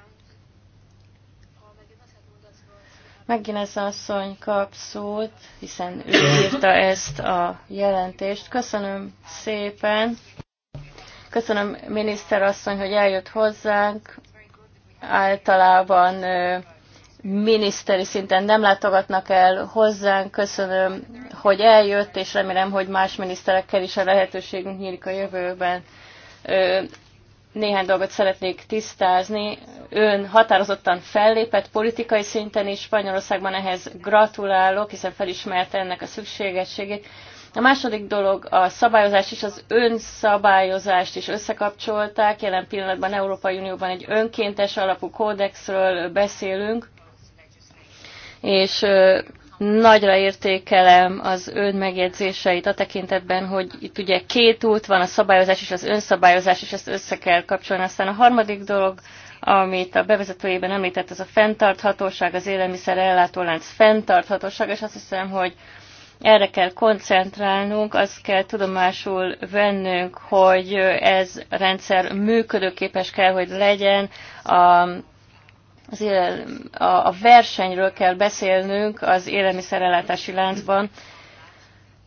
Megint ez asszony kap szót, hiszen ő írta ezt a jelentést. Köszönöm szépen. Köszönöm miniszter asszony, hogy eljött hozzánk. Általában miniszteri szinten nem látogatnak el hozzánk. Köszönöm, hogy eljött, és remélem, hogy más miniszterekkel is a lehetőségünk nyílik a jövőben. Néhány dolgot szeretnék tisztázni. Ön határozottan fellépett politikai szinten is, Spanyolországban ehhez gratulálok, hiszen felismerte ennek a szükségességét. A második dolog a szabályozás és az önszabályozást is összekapcsolták. Jelen pillanatban Európai Unióban egy önkéntes alapú kódexről beszélünk, és nagyra értékelem az ön megjegyzéseit a tekintetben, hogy itt ugye két út van, a szabályozás és az önszabályozás, és ezt össze kell kapcsolni. Aztán a harmadik dolog, amit a bevezetőjében említett, ez a fenntarthatóság, az élelmiszer ellátólánc fenntarthatóság, és azt hiszem, hogy erre kell koncentrálnunk, azt kell tudomásul vennünk, hogy ez rendszer működőképes kell, hogy legyen, a az élel, a, a versenyről kell beszélnünk az élelmiszerellátási láncban.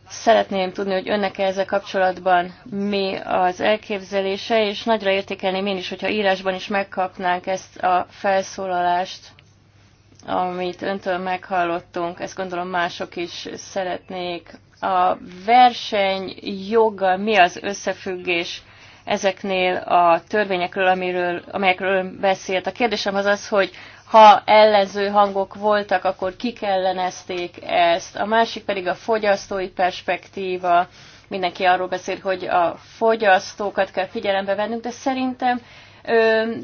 Szeretném tudni, hogy önnek -e ezzel kapcsolatban mi az elképzelése, és nagyra értékelném én is, hogyha írásban is megkapnánk ezt a felszólalást, amit öntől meghallottunk, ezt gondolom mások is szeretnék. A verseny joga mi az összefüggés ezeknél a törvényekről, amiről, amelyekről ön beszélt. A kérdésem az az, hogy ha ellenző hangok voltak, akkor kik ellenezték ezt. A másik pedig a fogyasztói perspektíva. Mindenki arról beszél, hogy a fogyasztókat kell figyelembe vennünk, de szerintem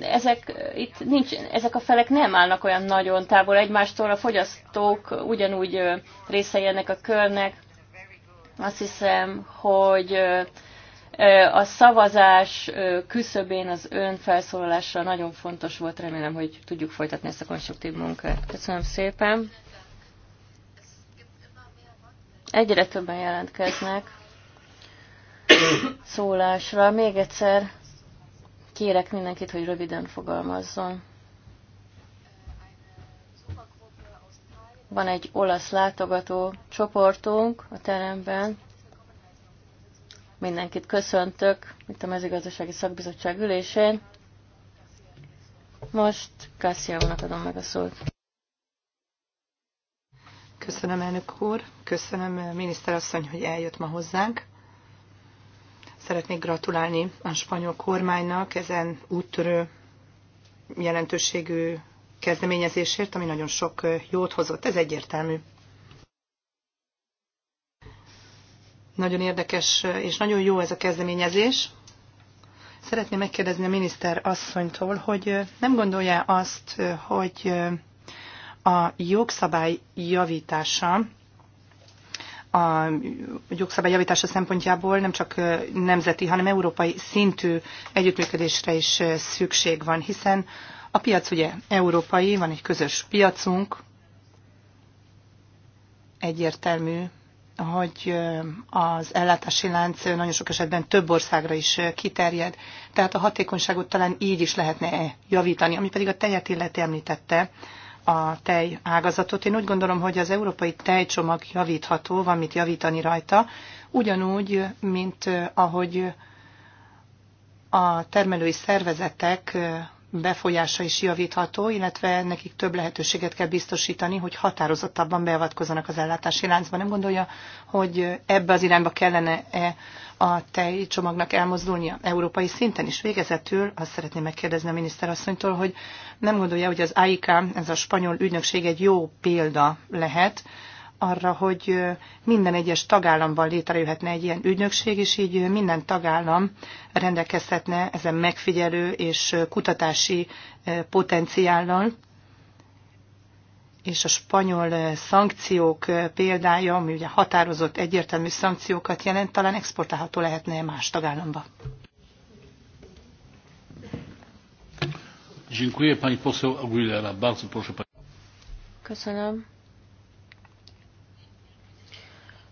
ezek, itt nincs, ezek a felek nem állnak olyan nagyon távol egymástól, a fogyasztók ugyanúgy részei ennek a körnek. Azt hiszem, hogy a szavazás küszöbén az ön felszólalásra nagyon fontos volt. Remélem, hogy tudjuk folytatni ezt a konstruktív munkát. Köszönöm szépen. Egyre többen jelentkeznek szólásra. Még egyszer kérek mindenkit, hogy röviden fogalmazzon. Van egy olasz látogató csoportunk a teremben, Mindenkit köszöntök itt a mezőgazdasági szakbizottság ülésén. Most Kassziavónak adom meg a szót. Köszönöm, elnök úr. Köszönöm, miniszterasszony, hogy eljött ma hozzánk. Szeretnék gratulálni a spanyol kormánynak ezen úttörő jelentőségű kezdeményezésért, ami nagyon sok jót hozott. Ez egyértelmű. Nagyon érdekes és nagyon jó ez a kezdeményezés. Szeretném megkérdezni a miniszter asszonytól, hogy nem gondolja azt, hogy a jogszabály javítása a jogszabály javítása szempontjából nem csak nemzeti, hanem európai szintű együttműködésre is szükség van, hiszen a piac ugye európai, van egy közös piacunk, egyértelmű hogy az ellátási lánc nagyon sok esetben több országra is kiterjed. Tehát a hatékonyságot talán így is lehetne eh, javítani. Ami pedig a tejet illeti említette, a tej ágazatot. Én úgy gondolom, hogy az európai tejcsomag javítható, van mit javítani rajta, ugyanúgy, mint ahogy a termelői szervezetek befolyása is javítható, illetve nekik több lehetőséget kell biztosítani, hogy határozottabban beavatkozzanak az ellátási láncba. Nem gondolja, hogy ebbe az irányba kellene-e a tejcsomagnak elmozdulnia európai szinten is. Végezetül azt szeretném megkérdezni a miniszterasszonytól, hogy nem gondolja, hogy az AIK, ez a spanyol ügynökség egy jó példa lehet arra, hogy minden egyes tagállamban létrejöhetne egy ilyen ügynökség, és így minden tagállam rendelkezhetne ezen megfigyelő és kutatási potenciállal. És a spanyol szankciók példája, ami ugye határozott egyértelmű szankciókat jelent, talán exportálható lehetne más tagállamba. Dziękuję pani poseł Aguilera. Bardzo proszę pani. Köszönöm.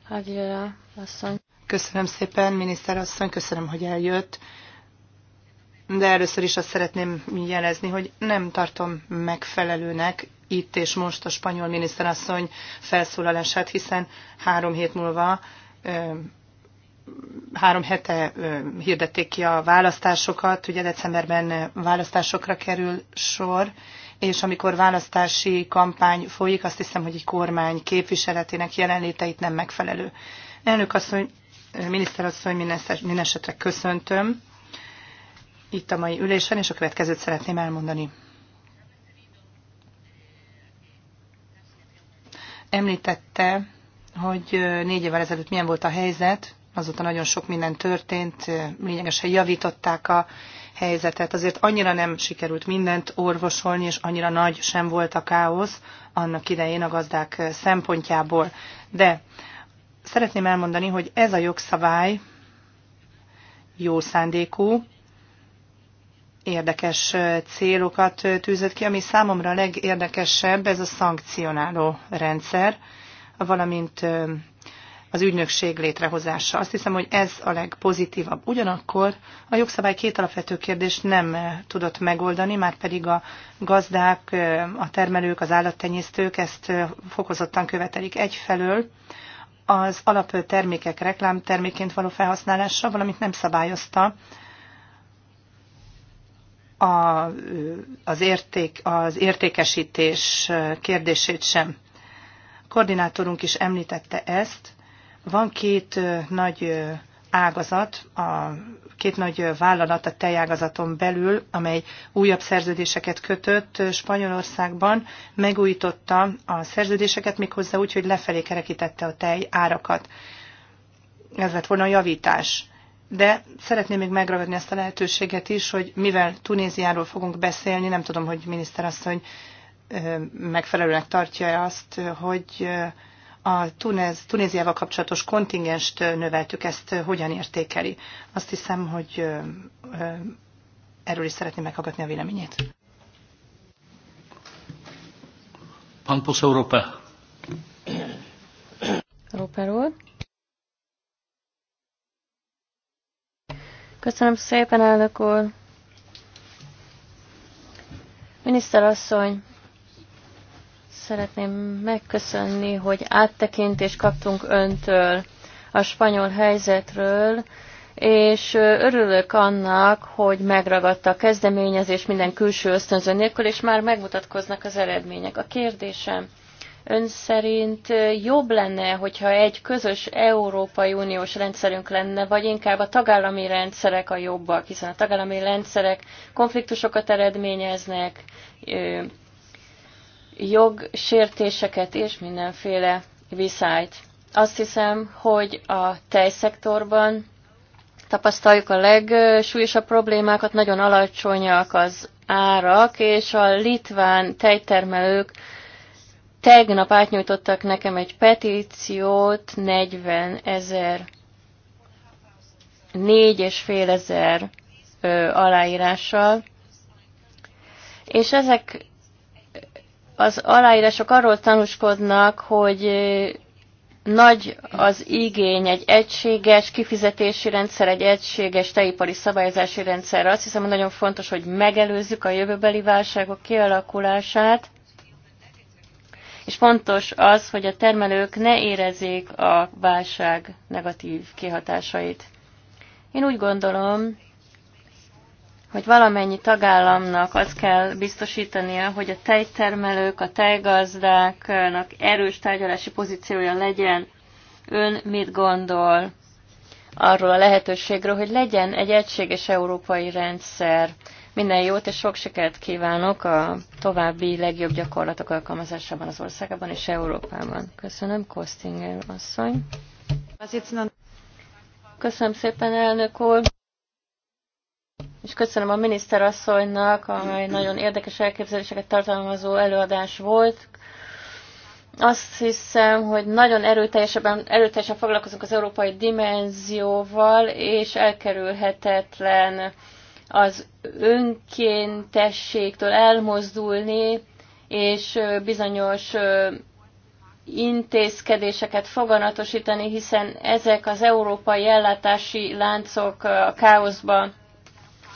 Aguilera asszony. Köszönöm szépen, miniszter asszony, köszönöm, hogy eljött. De először is azt szeretném jelezni, hogy nem tartom megfelelőnek itt és most a spanyol miniszterasszony felszólalását, hiszen három hét múlva három hete hirdették ki a választásokat, ugye decemberben választásokra kerül sor, és amikor választási kampány folyik, azt hiszem, hogy egy kormány képviseletének jelenléte itt nem megfelelő. Elnök asszony, miniszter asszony, minden esetre köszöntöm itt a mai ülésen, és a következőt szeretném elmondani. Említette, hogy négy évvel ezelőtt milyen volt a helyzet, azóta nagyon sok minden történt, lényegesen javították a helyzetet. Azért annyira nem sikerült mindent orvosolni, és annyira nagy sem volt a káosz annak idején a gazdák szempontjából. De szeretném elmondani, hogy ez a jogszabály jó szándékú, érdekes célokat tűzött ki, ami számomra a legérdekesebb, ez a szankcionáló rendszer, valamint az ügynökség létrehozása. Azt hiszem, hogy ez a legpozitívabb. Ugyanakkor a jogszabály két alapvető kérdést nem eh, tudott megoldani, már pedig a gazdák, eh, a termelők, az állattenyésztők ezt eh, fokozottan követelik egyfelől, az reklám reklámterméként való felhasználása, valamint nem szabályozta a, az, érték, az értékesítés kérdését sem. A koordinátorunk is említette ezt, van két nagy ágazat, a két nagy vállalat a tejágazaton belül, amely újabb szerződéseket kötött Spanyolországban, megújította a szerződéseket méghozzá úgy, hogy lefelé kerekítette a tej árakat. Ez lett volna a javítás. De szeretném még megragadni ezt a lehetőséget is, hogy mivel Tunéziáról fogunk beszélni, nem tudom, hogy miniszter asszony megfelelőnek tartja -e azt, hogy a Tunéz, Tunéziával kapcsolatos kontingenst növeltük, ezt hogyan értékeli? Azt hiszem, hogy erről is szeretném meghallgatni a véleményét. Pampus Európa. úr. Köszönöm szépen, elnök úr. Miniszter asszony, szeretném megköszönni, hogy áttekintést kaptunk öntől a spanyol helyzetről, és örülök annak, hogy megragadta a kezdeményezés minden külső ösztönző nélkül, és már megmutatkoznak az eredmények. A kérdésem, ön szerint jobb lenne, hogyha egy közös Európai Uniós rendszerünk lenne, vagy inkább a tagállami rendszerek a jobbak, hiszen a tagállami rendszerek konfliktusokat eredményeznek, jogsértéseket és mindenféle viszályt. Azt hiszem, hogy a tejszektorban tapasztaljuk a legsúlyosabb problémákat, nagyon alacsonyak az árak, és a litván tejtermelők tegnap átnyújtottak nekem egy petíciót 40 ezer, 4 és fél ezer aláírással, és ezek az aláírások arról tanúskodnak, hogy nagy az igény egy egységes kifizetési rendszer, egy egységes teipari szabályozási rendszerre. Azt hiszem, hogy nagyon fontos, hogy megelőzzük a jövőbeli válságok kialakulását, és fontos az, hogy a termelők ne érezzék a válság negatív kihatásait. Én úgy gondolom, hogy valamennyi tagállamnak azt kell biztosítania, hogy a tejtermelők, a tejgazdáknak erős tárgyalási pozíciója legyen. Ön mit gondol arról a lehetőségről, hogy legyen egy egységes európai rendszer? Minden jót és sok sikert kívánok a további legjobb gyakorlatok alkalmazásában az országában és Európában. Köszönöm, Kostinger asszony. Köszönöm szépen, elnök úr. És köszönöm a miniszterasszonynak, amely nagyon érdekes elképzeléseket tartalmazó előadás volt. Azt hiszem, hogy nagyon erőteljesebben, erőteljesen foglalkozunk az európai dimenzióval, és elkerülhetetlen az önkéntességtől elmozdulni, és bizonyos intézkedéseket foganatosítani, hiszen ezek az európai ellátási láncok a káoszba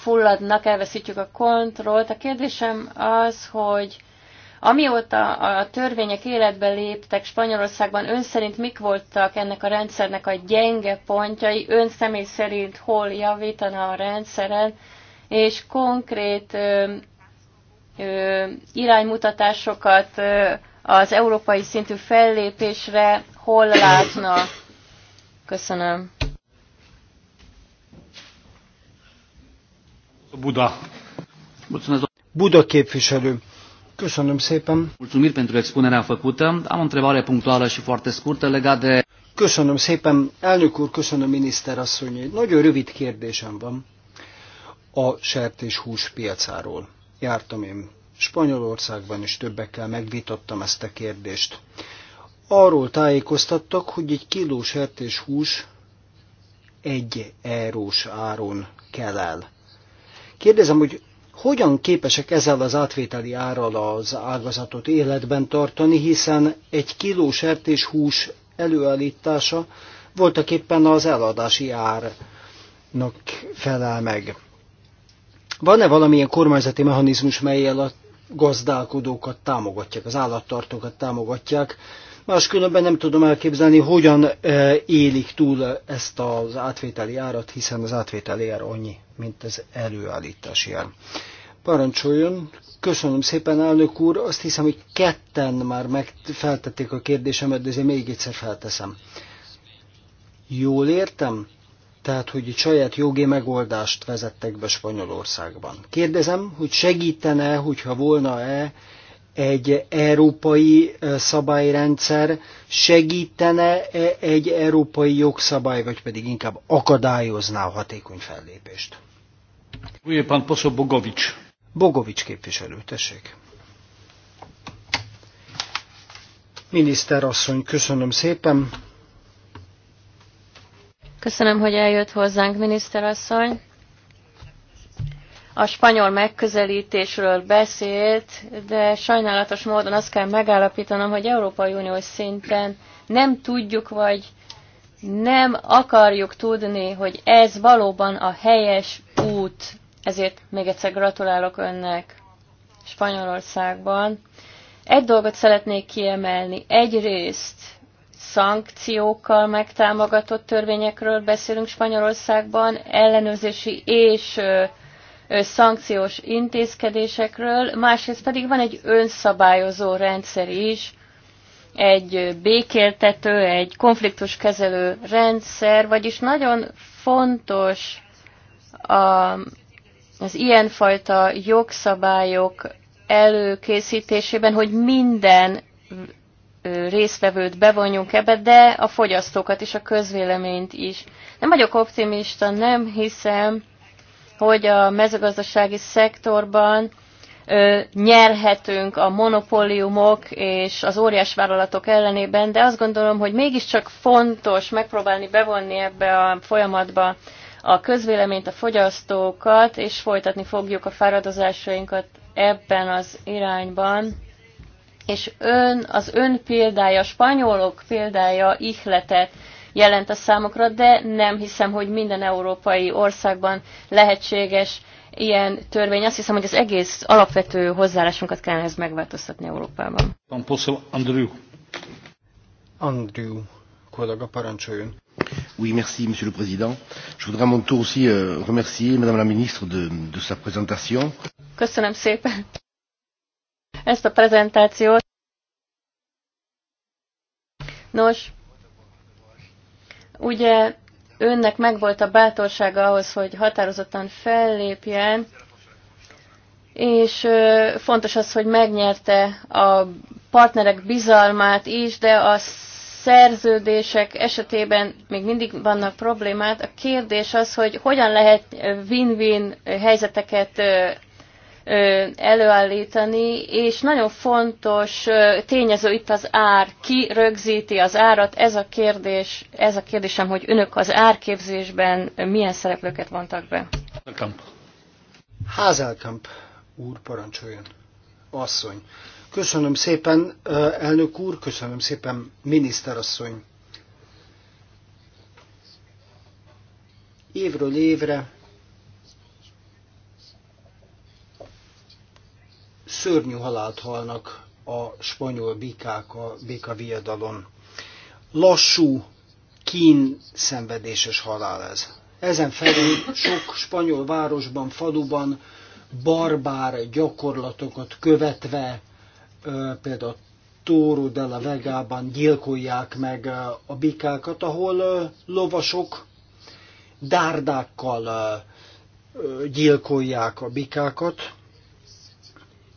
fulladnak, elveszítjük a kontrollt. A kérdésem az, hogy Amióta a törvények életbe léptek Spanyolországban, ön szerint mik voltak ennek a rendszernek a gyenge pontjai? Ön személy szerint hol javítana a rendszeren? És konkrét ö, ö, iránymutatásokat ö, az európai szintű fellépésre hol látna? Köszönöm. Buda. Buda képviselő. Köszönöm szépen. Mulțumiri pentru expunerea făcută. Am o întrebare punctuală și foarte scurtă legată de... Köszönöm szépen, elnök úr, köszönöm miniszter asszony. nagyon rövid kérdésem van a sertéshús piacáról. Jártam én Spanyolországban is többekkel megvitattam ezt a kérdést. Arról tájékoztattak, hogy egy kiló sertéshús egy eurós áron kell el. Kérdezem, hogy hogyan képesek ezzel az átvételi árral az ágazatot életben tartani, hiszen egy kiló hús előállítása voltak éppen az eladási árnak felel meg. Van-e valamilyen kormányzati mechanizmus, melyel a gazdálkodókat támogatják, az állattartókat támogatják, Máskülönben nem tudom elképzelni, hogyan eh, élik túl ezt az átvételi árat, hiszen az átvételi ár annyi, mint az előállítási ár. Parancsoljon, köszönöm szépen, elnök úr. Azt hiszem, hogy ketten már megfeltették a kérdésemet, de azért még egyszer felteszem. Jól értem? tehát hogy saját jogi megoldást vezettek be Spanyolországban. Kérdezem, hogy segítene, hogyha volna-e egy európai szabályrendszer segítene -e egy európai jogszabály, vagy pedig inkább akadályozná a hatékony fellépést? Újépán Poszó Bogovics. Bogovics képviselő, tessék. Miniszter asszony, köszönöm szépen. Köszönöm, hogy eljött hozzánk, miniszter asszony a spanyol megközelítésről beszélt, de sajnálatos módon azt kell megállapítanom, hogy Európai Uniós szinten nem tudjuk, vagy nem akarjuk tudni, hogy ez valóban a helyes út. Ezért még egyszer gratulálok önnek Spanyolországban. Egy dolgot szeretnék kiemelni. Egyrészt szankciókkal megtámogatott törvényekről beszélünk Spanyolországban, ellenőrzési és szankciós intézkedésekről, másrészt pedig van egy önszabályozó rendszer is, egy békéltető, egy konfliktuskezelő rendszer, vagyis nagyon fontos a, az ilyenfajta jogszabályok előkészítésében, hogy minden résztvevőt bevonjunk ebbe, de a fogyasztókat és a közvéleményt is. Nem vagyok optimista, nem hiszem, hogy a mezőgazdasági szektorban nyerhetünk a monopóliumok és az óriás vállalatok ellenében, de azt gondolom, hogy mégiscsak fontos megpróbálni bevonni ebbe a folyamatba a közvéleményt, a fogyasztókat, és folytatni fogjuk a fáradozásainkat ebben az irányban. És ön, az ön példája, a spanyolok példája ihletet, jelent a számokra, de nem hiszem, hogy minden európai országban lehetséges ilyen törvény. Azt hiszem, hogy az egész alapvető hozzáállásunkat kellene ezt megváltoztatni Európában. Andrew. Andrew, kollega parancsoljon. Oui, merci, Monsieur le Président. Je voudrais à mon tour aussi euh, remercier Madame la Ministre de, de sa présentation. Köszönöm szépen ezt a prezentációt. Nos, Ugye önnek megvolt a bátorsága ahhoz, hogy határozottan fellépjen, és fontos az, hogy megnyerte a partnerek bizalmát is, de a szerződések esetében még mindig vannak problémát. A kérdés az, hogy hogyan lehet win-win helyzeteket előállítani, és nagyon fontos tényező itt az ár. Ki rögzíti az árat? Ez a kérdés, ez a kérdésem, hogy önök az árképzésben milyen szereplőket vontak be? Házelkamp. Házelkamp úr parancsoljon. Asszony. Köszönöm szépen, elnök úr, köszönöm szépen, miniszterasszony. Évről évre szörnyű halált halnak a spanyol bikák a békaviadalon. Lassú, kín szenvedéses halál ez. Ezen felül sok spanyol városban, faluban barbár gyakorlatokat követve, például tóru de la Vegában gyilkolják meg a bikákat, ahol lovasok dárdákkal gyilkolják a bikákat,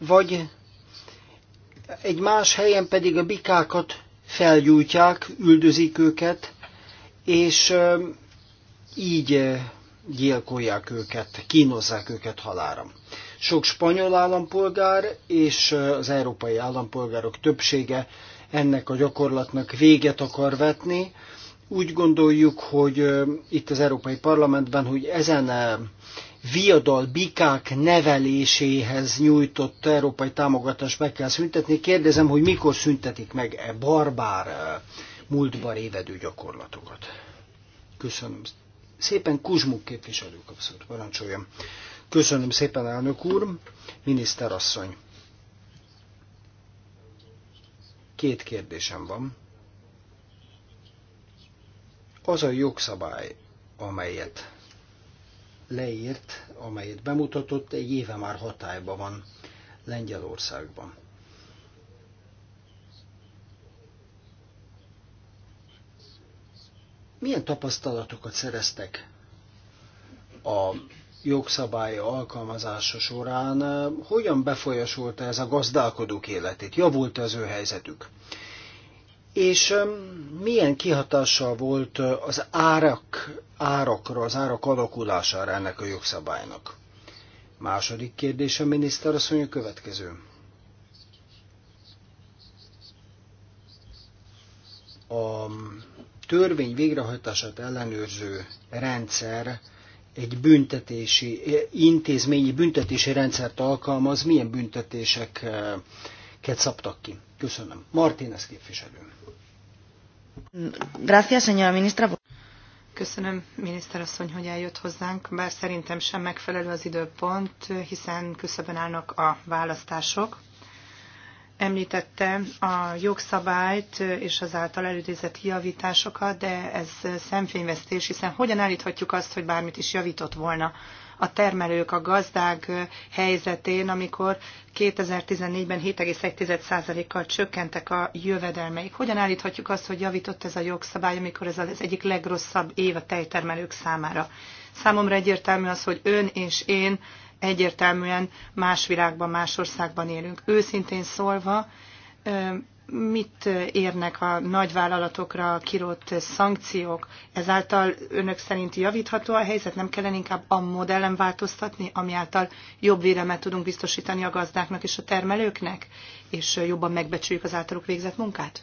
vagy egy más helyen pedig a bikákat felgyújtják, üldözik őket, és így gyilkolják őket, kínozzák őket halára. Sok spanyol állampolgár és az európai állampolgárok többsége ennek a gyakorlatnak véget akar vetni. Úgy gondoljuk, hogy itt az Európai Parlamentben, hogy ezen viadal bikák neveléséhez nyújtott európai támogatást meg kell szüntetni. Kérdezem, hogy mikor szüntetik meg e barbár e, múltba révedő gyakorlatokat. Köszönöm. Szépen Kuzsmuk képviselő kapszott, parancsoljam. Köszönöm szépen, elnök úr, miniszterasszony. Két kérdésem van. Az a jogszabály, amelyet leírt, amelyet bemutatott, egy éve már hatályban van Lengyelországban. Milyen tapasztalatokat szereztek a jogszabály alkalmazása során? Hogyan befolyasolta ez a gazdálkodók életét? Javult az ő helyzetük? És milyen kihatása volt az árak, árakra, az árak alakulására ennek a jogszabálynak? Második a miniszter asszony, a következő. A törvény végrehajtását ellenőrző rendszer egy büntetési, intézményi büntetési rendszert alkalmaz, milyen büntetéseket szabtak ki? Köszönöm. Martínez képviselő. Gracias, señora ministra. Köszönöm, miniszterasszony, hogy eljött hozzánk, bár szerintem sem megfelelő az időpont, hiszen küszöbön állnak a választások. Említette a jogszabályt és az által előidézett javításokat, de ez szemfényvesztés, hiszen hogyan állíthatjuk azt, hogy bármit is javított volna a termelők, a gazdák helyzetén, amikor 2014-ben 7,1%-kal csökkentek a jövedelmeik. Hogyan állíthatjuk azt, hogy javított ez a jogszabály, amikor ez az egyik legrosszabb év a tejtermelők számára? Számomra egyértelmű az, hogy ön és én egyértelműen más világban, más országban élünk. Őszintén szólva, mit érnek a nagyvállalatokra kirott szankciók? Ezáltal önök szerint javítható a helyzet? Nem kellene inkább a modellen változtatni, ami által jobb védelmet tudunk biztosítani a gazdáknak és a termelőknek, és jobban megbecsüljük az általuk végzett munkát?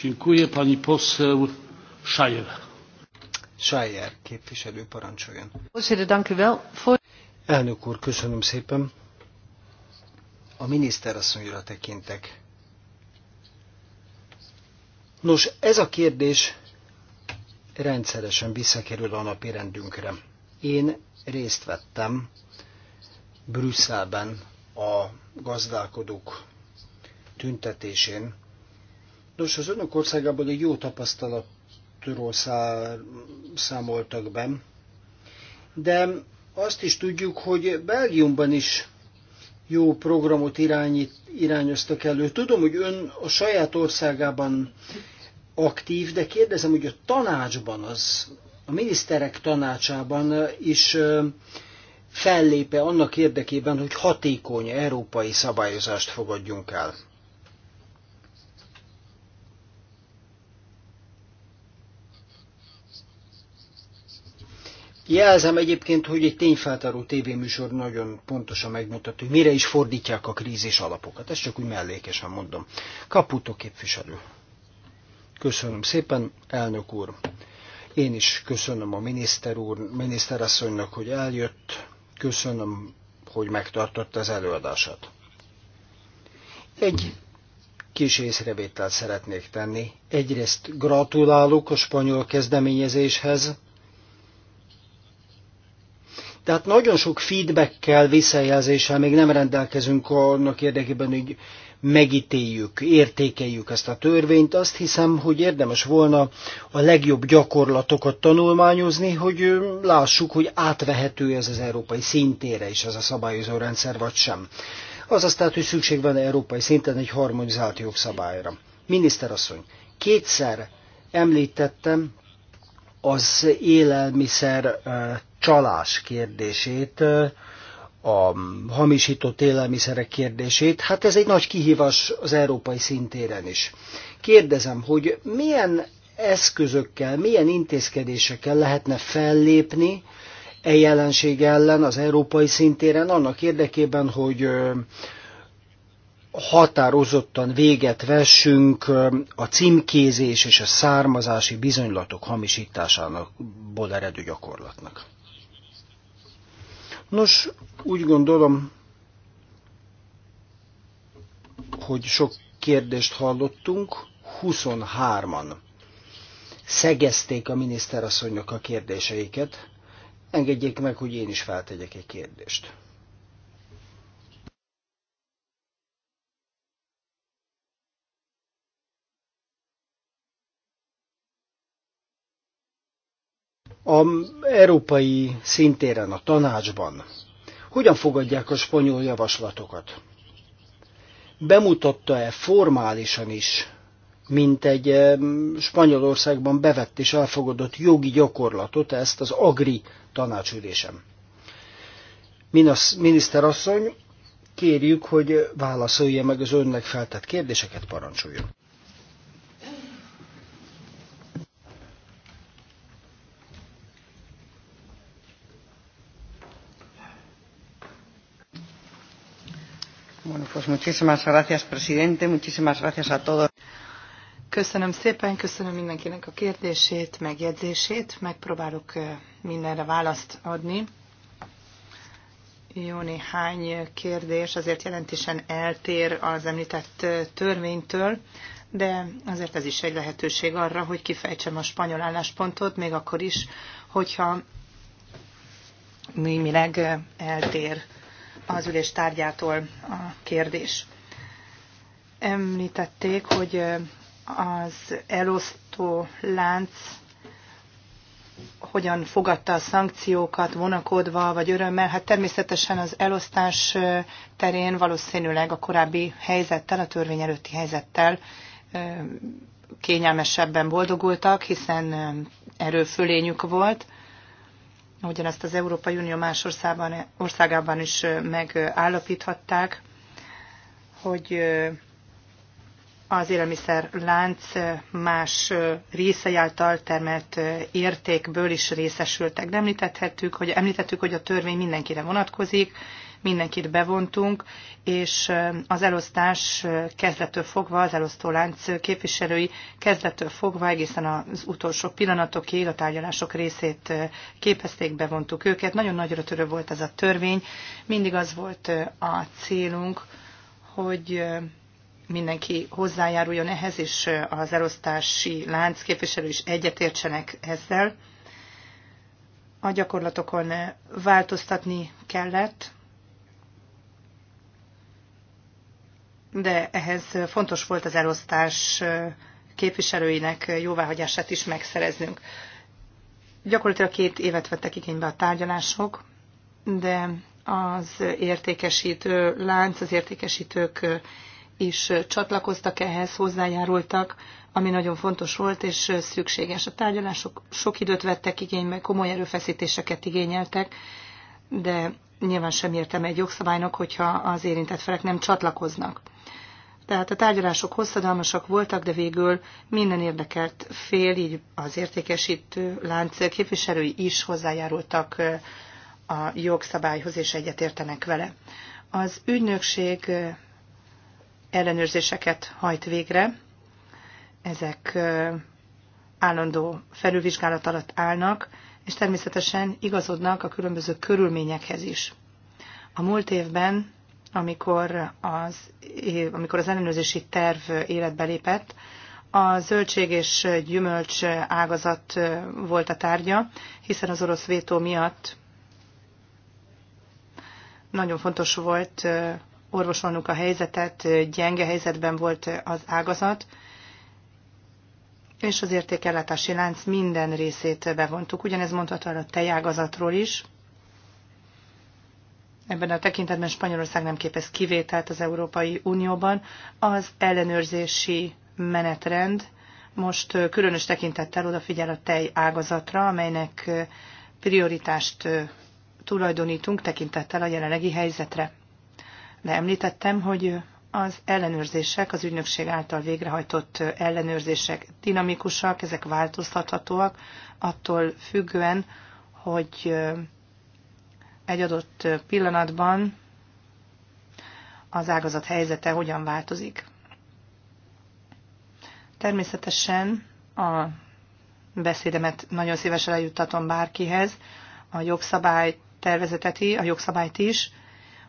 Dziękuję pani poseł Schajer. Schajer képviselő parancsoljon. Elnök úr, köszönöm szépen. A miniszter asszonyra tekintek Nos, ez a kérdés rendszeresen visszakerül a napi rendünkre. Én részt vettem Brüsszelben a gazdálkodók tüntetésén. Nos, az önök országában egy jó tapasztalatról számoltak be, de azt is tudjuk, hogy Belgiumban is jó programot irányít, irányoztak elő. Tudom, hogy ön a saját országában aktív, de kérdezem, hogy a tanácsban az, a miniszterek tanácsában is fellépe annak érdekében, hogy hatékony európai szabályozást fogadjunk el. Jelzem egyébként, hogy egy tényfeltáró tévéműsor nagyon pontosan megmutat, hogy mire is fordítják a krízis alapokat. Ezt csak úgy mellékesen mondom. Kaputó képviselő. Köszönöm szépen, elnök úr. Én is köszönöm a miniszter úr, miniszterasszonynak, hogy eljött. Köszönöm, hogy megtartotta az előadását. Egy kis észrevételt szeretnék tenni. Egyrészt gratulálok a spanyol kezdeményezéshez, tehát nagyon sok feedbackkel, visszajelzéssel még nem rendelkezünk annak érdekében, hogy megítéljük, értékeljük ezt a törvényt. Azt hiszem, hogy érdemes volna a legjobb gyakorlatokat tanulmányozni, hogy lássuk, hogy átvehető ez az európai szintére is ez a szabályozó rendszer, vagy sem. Azaz tehát, hogy szükség van európai szinten egy harmonizált jogszabályra. Miniszterasszony, kétszer említettem az élelmiszer csalás kérdését, a hamisított élelmiszerek kérdését. Hát ez egy nagy kihívás az európai szintéren is. Kérdezem, hogy milyen eszközökkel, milyen intézkedésekkel lehetne fellépni e jelenség ellen az európai szintéren annak érdekében, hogy határozottan véget vessünk a címkézés és a származási bizonylatok hamisításának eredő gyakorlatnak. Nos, úgy gondolom, hogy sok kérdést hallottunk, 23-an szegezték a miniszterasszonynak a kérdéseiket. Engedjék meg, hogy én is feltegyek egy kérdést. a európai szintéren, a tanácsban hogyan fogadják a spanyol javaslatokat? Bemutatta-e formálisan is, mint egy Spanyolországban bevett és elfogadott jogi gyakorlatot ezt az agri tanácsülésem? Minasz, miniszterasszony, kérjük, hogy válaszolja meg az önnek feltett kérdéseket, parancsoljon. Bueno, pues muchísimas gracias, presidente, muchísimas gracias a todos. Köszönöm szépen, köszönöm mindenkinek a kérdését, megjegyzését. Megpróbálok mindenre választ adni. Jó néhány kérdés azért jelentésen eltér az említett törvénytől, de azért ez is egy lehetőség arra, hogy kifejtsem a spanyol álláspontot, még akkor is, hogyha némileg eltér az ülés tárgyától a kérdés. Említették, hogy az elosztó lánc hogyan fogadta a szankciókat, vonakodva vagy örömmel. Hát természetesen az elosztás terén valószínűleg a korábbi helyzettel, a törvény előtti helyzettel kényelmesebben boldogultak, hiszen erőfölényük volt ugyanezt az Európai Unió más országban, országában is megállapíthatták, hogy az élelmiszer lánc más részei által termelt értékből is részesültek. De említettük, hogy, említettük, hogy a törvény mindenkire vonatkozik, mindenkit bevontunk, és az elosztás kezdettől fogva, az lánc képviselői kezdettől fogva egészen az utolsó pillanatokig a tárgyalások részét képezték, bevontuk őket. Nagyon nagyra törő volt ez a törvény. Mindig az volt a célunk, hogy mindenki hozzájáruljon ehhez, és az elosztási lánc képviselő is egyetértsenek ezzel. A gyakorlatokon változtatni kellett, de ehhez fontos volt az elosztás képviselőinek jóváhagyását is megszereznünk. Gyakorlatilag két évet vettek igénybe a tárgyalások, de az értékesítő lánc, az értékesítők is csatlakoztak ehhez, hozzájárultak, ami nagyon fontos volt és szükséges. A tárgyalások sok időt vettek igénybe, komoly erőfeszítéseket igényeltek, de nyilván sem értem egy jogszabálynak, hogyha az érintett felek nem csatlakoznak. Tehát a tárgyalások hosszadalmasak voltak, de végül minden érdekelt fél, így az értékesítő lánc képviselői is hozzájárultak a jogszabályhoz, és egyetértenek vele. Az ügynökség ellenőrzéseket hajt végre, ezek állandó felülvizsgálat alatt állnak, és természetesen igazodnak a különböző körülményekhez is. A múlt évben, amikor az, amikor az ellenőrzési terv életbe lépett, a zöldség és gyümölcs ágazat volt a tárgya, hiszen az orosz vétó miatt nagyon fontos volt orvosolnunk a helyzetet, gyenge helyzetben volt az ágazat, és az értékellátási lánc minden részét bevontuk. Ugyanez mondható a tejágazatról is. Ebben a tekintetben Spanyolország nem képez kivételt az Európai Unióban. Az ellenőrzési menetrend most különös tekintettel odafigyel a tej ágazatra, amelynek prioritást tulajdonítunk tekintettel a jelenlegi helyzetre. De említettem, hogy az ellenőrzések, az ügynökség által végrehajtott ellenőrzések dinamikusak, ezek változtathatóak, attól függően, hogy egy adott pillanatban az ágazat helyzete hogyan változik. Természetesen a beszédemet nagyon szívesen eljuttatom bárkihez, a jogszabály tervezeteti, a jogszabályt is,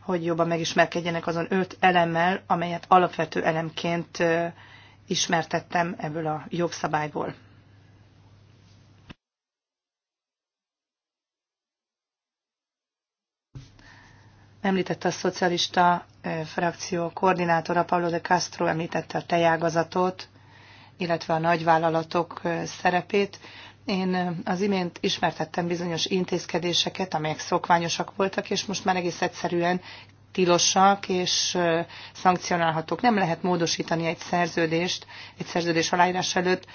hogy jobban megismerkedjenek azon öt elemmel, amelyet alapvető elemként ismertettem ebből a jogszabályból. Említette a szocialista frakció koordinátora Pablo de Castro, említette a tejágazatot, illetve a nagyvállalatok szerepét. Én az imént ismertettem bizonyos intézkedéseket, amelyek szokványosak voltak, és most már egész egyszerűen tilosak és szankcionálhatók. Nem lehet módosítani egy szerződést, egy szerződés aláírás előtt.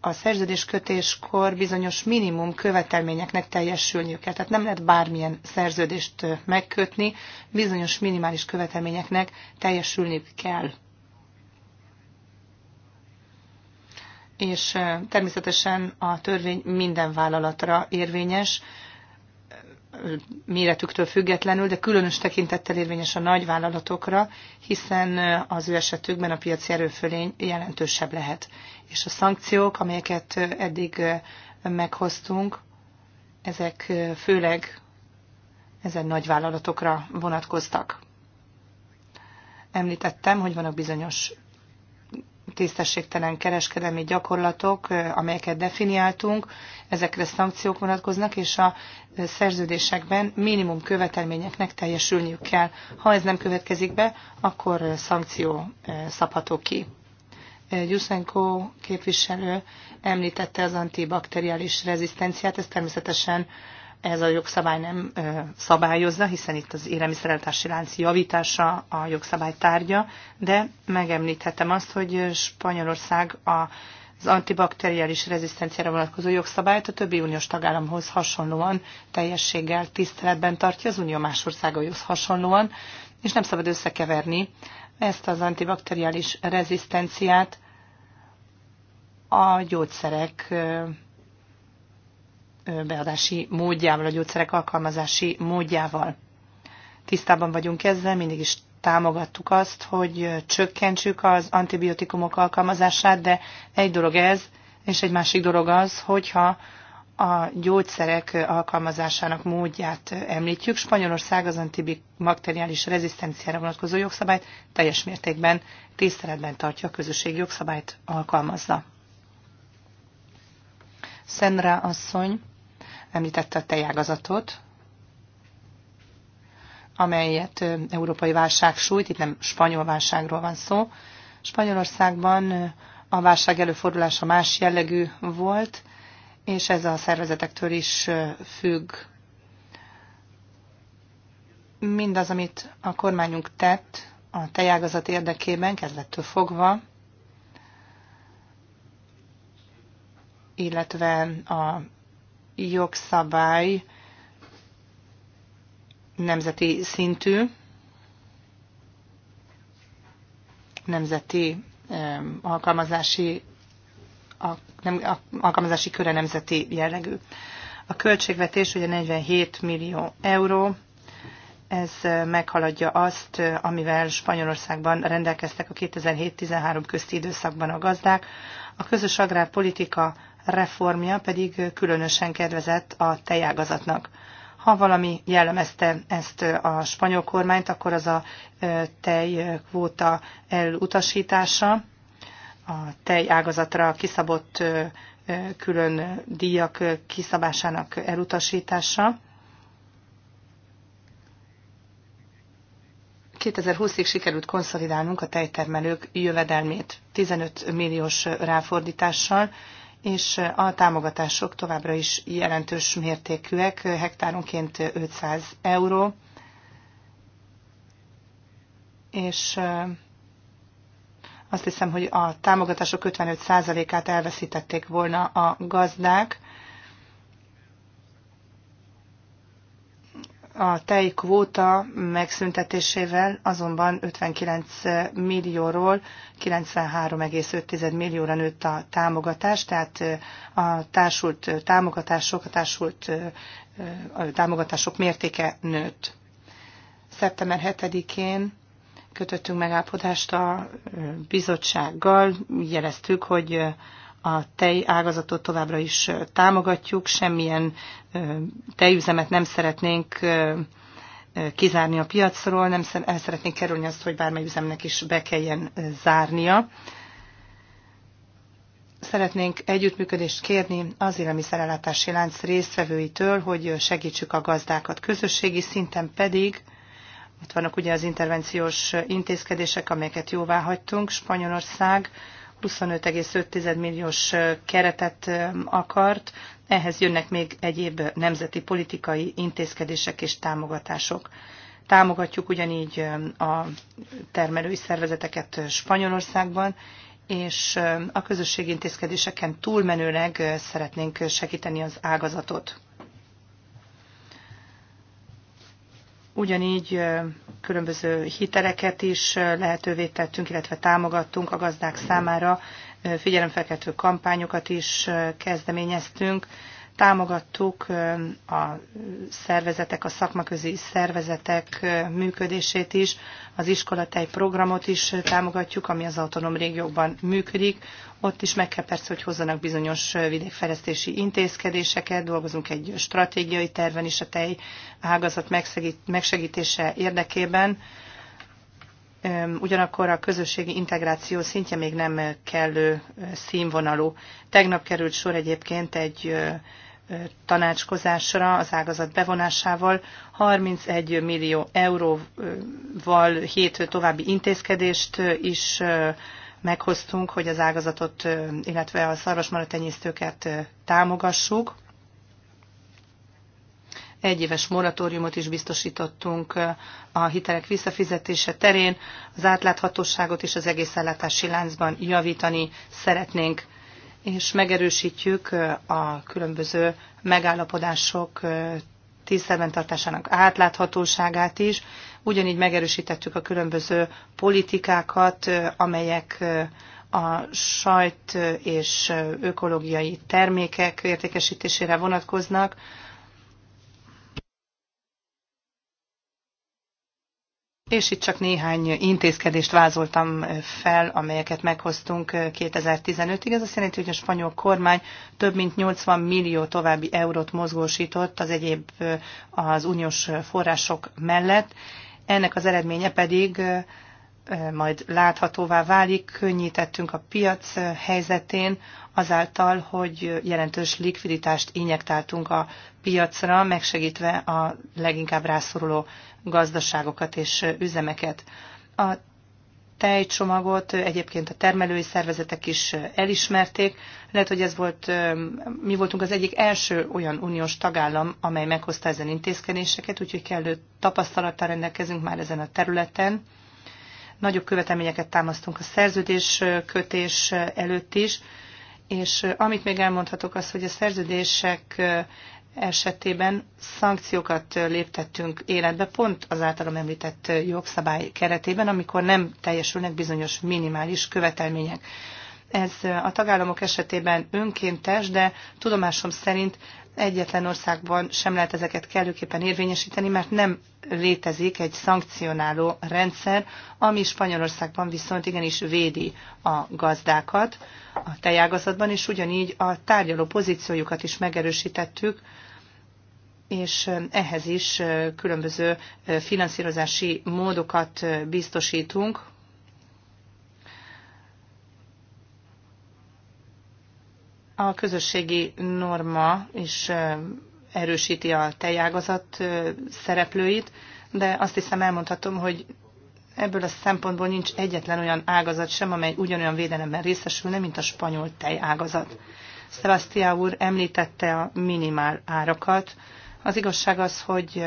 A szerződés kötéskor bizonyos minimum követelményeknek teljesülniük kell. Tehát nem lehet bármilyen szerződést megkötni, bizonyos minimális követelményeknek teljesülniük kell. és eh, természetesen a törvény minden vállalatra érvényes, méretüktől függetlenül, de különös tekintettel érvényes a nagyvállalatokra, hiszen eh, az ő esetükben a piaci erőfölény jelentősebb lehet. És a szankciók, amelyeket eh, eddig meghoztunk, ezek főleg ezen nagyvállalatokra vonatkoztak. Említettem, hogy vannak bizonyos tisztességtelen kereskedelmi gyakorlatok, amelyeket definiáltunk, ezekre szankciók vonatkoznak, és a szerződésekben minimum követelményeknek teljesülniük kell. Ha ez nem következik be, akkor szankció szabható ki. Gyuszenko képviselő említette az antibakteriális rezisztenciát, ez természetesen ez a jogszabály nem ö, szabályozza, hiszen itt az élelmiszereltási lánc javítása a jogszabály tárgya, de megemlíthetem azt, hogy Spanyolország a, az antibakteriális rezisztenciára vonatkozó jogszabályt a többi uniós tagállamhoz hasonlóan teljességgel tiszteletben tartja, az unió más országaihoz hasonlóan, és nem szabad összekeverni ezt az antibakteriális rezisztenciát a gyógyszerek beadási módjával, a gyógyszerek alkalmazási módjával. Tisztában vagyunk ezzel, mindig is támogattuk azt, hogy csökkentsük az antibiotikumok alkalmazását, de egy dolog ez, és egy másik dolog az, hogyha a gyógyszerek alkalmazásának módját említjük. Spanyolország az antibakteriális rezisztenciára vonatkozó jogszabályt teljes mértékben tiszteletben tartja, a közösség jogszabályt alkalmazza. Szenra asszony említette a tejágazatot, amelyet európai válság sújt, itt nem spanyol válságról van szó. Spanyolországban a válság előfordulása más jellegű volt, és ez a szervezetektől is függ. Mindaz, amit a kormányunk tett a tejágazat érdekében, kezdettől fogva, illetve a jogszabály nemzeti szintű, nemzeti alkalmazási, a, nem, a, alkalmazási köre nemzeti jellegű. A költségvetés ugye 47 millió euró, ez meghaladja azt, amivel Spanyolországban rendelkeztek a 2007-13 közti időszakban a gazdák. A közös agrárpolitika reformja pedig különösen kedvezett a tejágazatnak. Ha valami jellemezte ezt a spanyol kormányt, akkor az a tejkvóta elutasítása, a tejágazatra kiszabott külön díjak kiszabásának elutasítása. 2020-ig sikerült konszolidálnunk a tejtermelők jövedelmét 15 milliós ráfordítással, és a támogatások továbbra is jelentős mértékűek, hektáronként 500 euró, és azt hiszem, hogy a támogatások 55%-át elveszítették volna a gazdák, A tejkvóta megszüntetésével azonban 59 millióról 93,5 millióra nőtt a támogatás, tehát a társult támogatások, a társult a támogatások mértéke nőtt. Szeptember 7-én kötöttünk megállapodást a bizottsággal, jeleztük, hogy a tej ágazatot továbbra is támogatjuk, semmilyen tejüzemet nem szeretnénk kizárni a piacról, nem el szeretnénk kerülni azt, hogy bármely üzemnek is be kelljen zárnia. Szeretnénk együttműködést kérni az élelmiszerellátási lánc résztvevőitől, hogy segítsük a gazdákat. Közösségi szinten pedig ott vannak ugye az intervenciós intézkedések, amelyeket jóvá hagytunk. Spanyolország 25,5 milliós keretet akart, ehhez jönnek még egyéb nemzeti politikai intézkedések és támogatások. Támogatjuk ugyanígy a termelői szervezeteket Spanyolországban, és a közösségi intézkedéseken túlmenőleg szeretnénk segíteni az ágazatot. Ugyanígy különböző hiteleket is lehetővé tettünk, illetve támogattunk a gazdák számára, figyelemfelkeltő kampányokat is kezdeményeztünk, támogattuk a szervezetek, a szakmaközi szervezetek működését is, az iskolatej programot is támogatjuk, ami az autonóm régiókban működik. Ott is meg kell persze, hogy hozzanak bizonyos vidékfejlesztési intézkedéseket, dolgozunk egy stratégiai terven is a tej ágazat megsegítése érdekében. Ugyanakkor a közösségi integráció szintje még nem kellő színvonalú. Tegnap került sor egyébként egy tanácskozásra az ágazat bevonásával 31 millió euróval hét további intézkedést is meghoztunk, hogy az ágazatot, illetve a szarvasmaratenyésztőket támogassuk. Egy éves moratóriumot is biztosítottunk a hitelek visszafizetése terén. Az átláthatóságot is az egész ellátási láncban javítani szeretnénk és megerősítjük a különböző megállapodások tisztelben tartásának átláthatóságát is. Ugyanígy megerősítettük a különböző politikákat, amelyek a sajt és ökológiai termékek értékesítésére vonatkoznak, És itt csak néhány intézkedést vázoltam fel, amelyeket meghoztunk 2015-ig. Ez azt jelenti, hogy a spanyol kormány több mint 80 millió további eurót mozgósított az egyéb az uniós források mellett. Ennek az eredménye pedig majd láthatóvá válik, könnyítettünk a piac helyzetén azáltal, hogy jelentős likviditást injektáltunk a piacra, megsegítve a leginkább rászoruló gazdaságokat és üzemeket. A tejcsomagot egyébként a termelői szervezetek is elismerték. Lehet, hogy ez volt, mi voltunk az egyik első olyan uniós tagállam, amely meghozta ezen intézkedéseket, úgyhogy kellő tapasztalattal rendelkezünk már ezen a területen nagyobb követelményeket támasztunk a szerződés kötés előtt is, és amit még elmondhatok az, hogy a szerződések esetében szankciókat léptettünk életbe, pont az általam említett jogszabály keretében, amikor nem teljesülnek bizonyos minimális követelmények. Ez a tagállamok esetében önkéntes, de tudomásom szerint egyetlen országban sem lehet ezeket kellőképpen érvényesíteni, mert nem létezik egy szankcionáló rendszer, ami Spanyolországban viszont igenis védi a gazdákat a tejágazatban, és ugyanígy a tárgyaló pozíciójukat is megerősítettük, és ehhez is különböző finanszírozási módokat biztosítunk, A közösségi norma is erősíti a tejágazat szereplőit, de azt hiszem elmondhatom, hogy ebből a szempontból nincs egyetlen olyan ágazat sem, amely ugyanolyan védelemben részesülne, mint a spanyol tejágazat. Szevasztia úr említette a minimál árakat. Az igazság az, hogy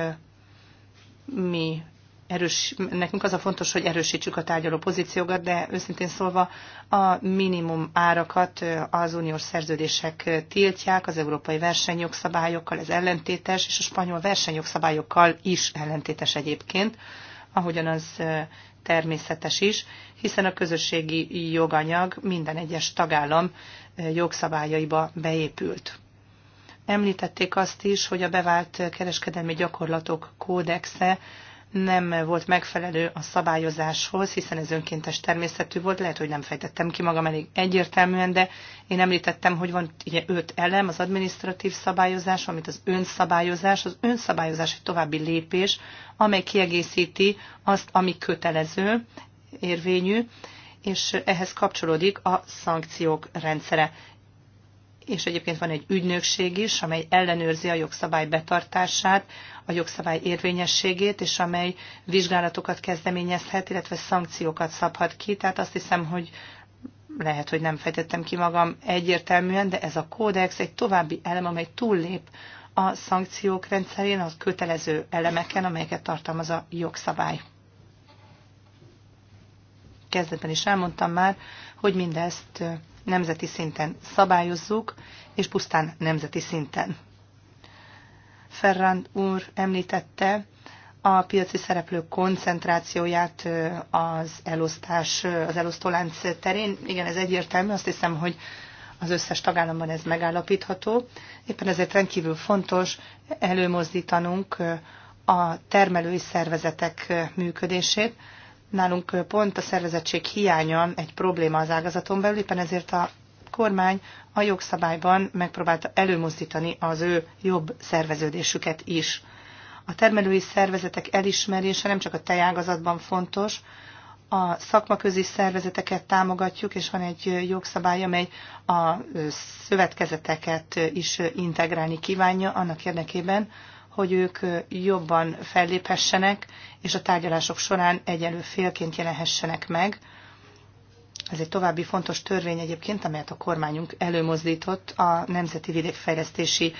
mi erős, nekünk az a fontos, hogy erősítsük a tárgyaló pozíciókat, de őszintén szólva a minimum árakat az uniós szerződések tiltják, az európai versenyjogszabályokkal ez ellentétes, és a spanyol versenyjogszabályokkal is ellentétes egyébként, ahogyan az természetes is, hiszen a közösségi joganyag minden egyes tagállam jogszabályaiba beépült. Említették azt is, hogy a bevált kereskedelmi gyakorlatok kódexe nem volt megfelelő a szabályozáshoz, hiszen ez önkéntes természetű volt, lehet, hogy nem fejtettem ki magam elég egyértelműen, de én említettem, hogy van ugye öt elem, az administratív szabályozás, amit az önszabályozás, az önszabályozás egy további lépés, amely kiegészíti azt, ami kötelező, érvényű, és ehhez kapcsolódik a szankciók rendszere és egyébként van egy ügynökség is, amely ellenőrzi a jogszabály betartását, a jogszabály érvényességét, és amely vizsgálatokat kezdeményezhet, illetve szankciókat szabhat ki. Tehát azt hiszem, hogy lehet, hogy nem fejtettem ki magam egyértelműen, de ez a kódex egy további elem, amely túllép a szankciók rendszerén, az kötelező elemeken, amelyeket tartalmaz a jogszabály. Kezdetben is elmondtam már, hogy mindezt nemzeti szinten szabályozzuk, és pusztán nemzeti szinten. Ferrand úr említette a piaci szereplők koncentrációját az elosztás, az elosztólánc terén. Igen, ez egyértelmű, azt hiszem, hogy az összes tagállamban ez megállapítható. Éppen ezért rendkívül fontos előmozdítanunk a termelői szervezetek működését, Nálunk pont a szervezettség hiánya egy probléma az ágazaton belül, éppen ezért a kormány a jogszabályban megpróbálta előmozdítani az ő jobb szerveződésüket is. A termelői szervezetek elismerése nem csak a tejágazatban fontos, a szakmaközi szervezeteket támogatjuk, és van egy jogszabály, amely a szövetkezeteket is integrálni kívánja annak érdekében, hogy ők jobban felléphessenek, és a tárgyalások során egyenlő félként jelenhessenek meg. Ez egy további fontos törvény egyébként, amelyet a kormányunk előmozdított a Nemzeti Vidékfejlesztési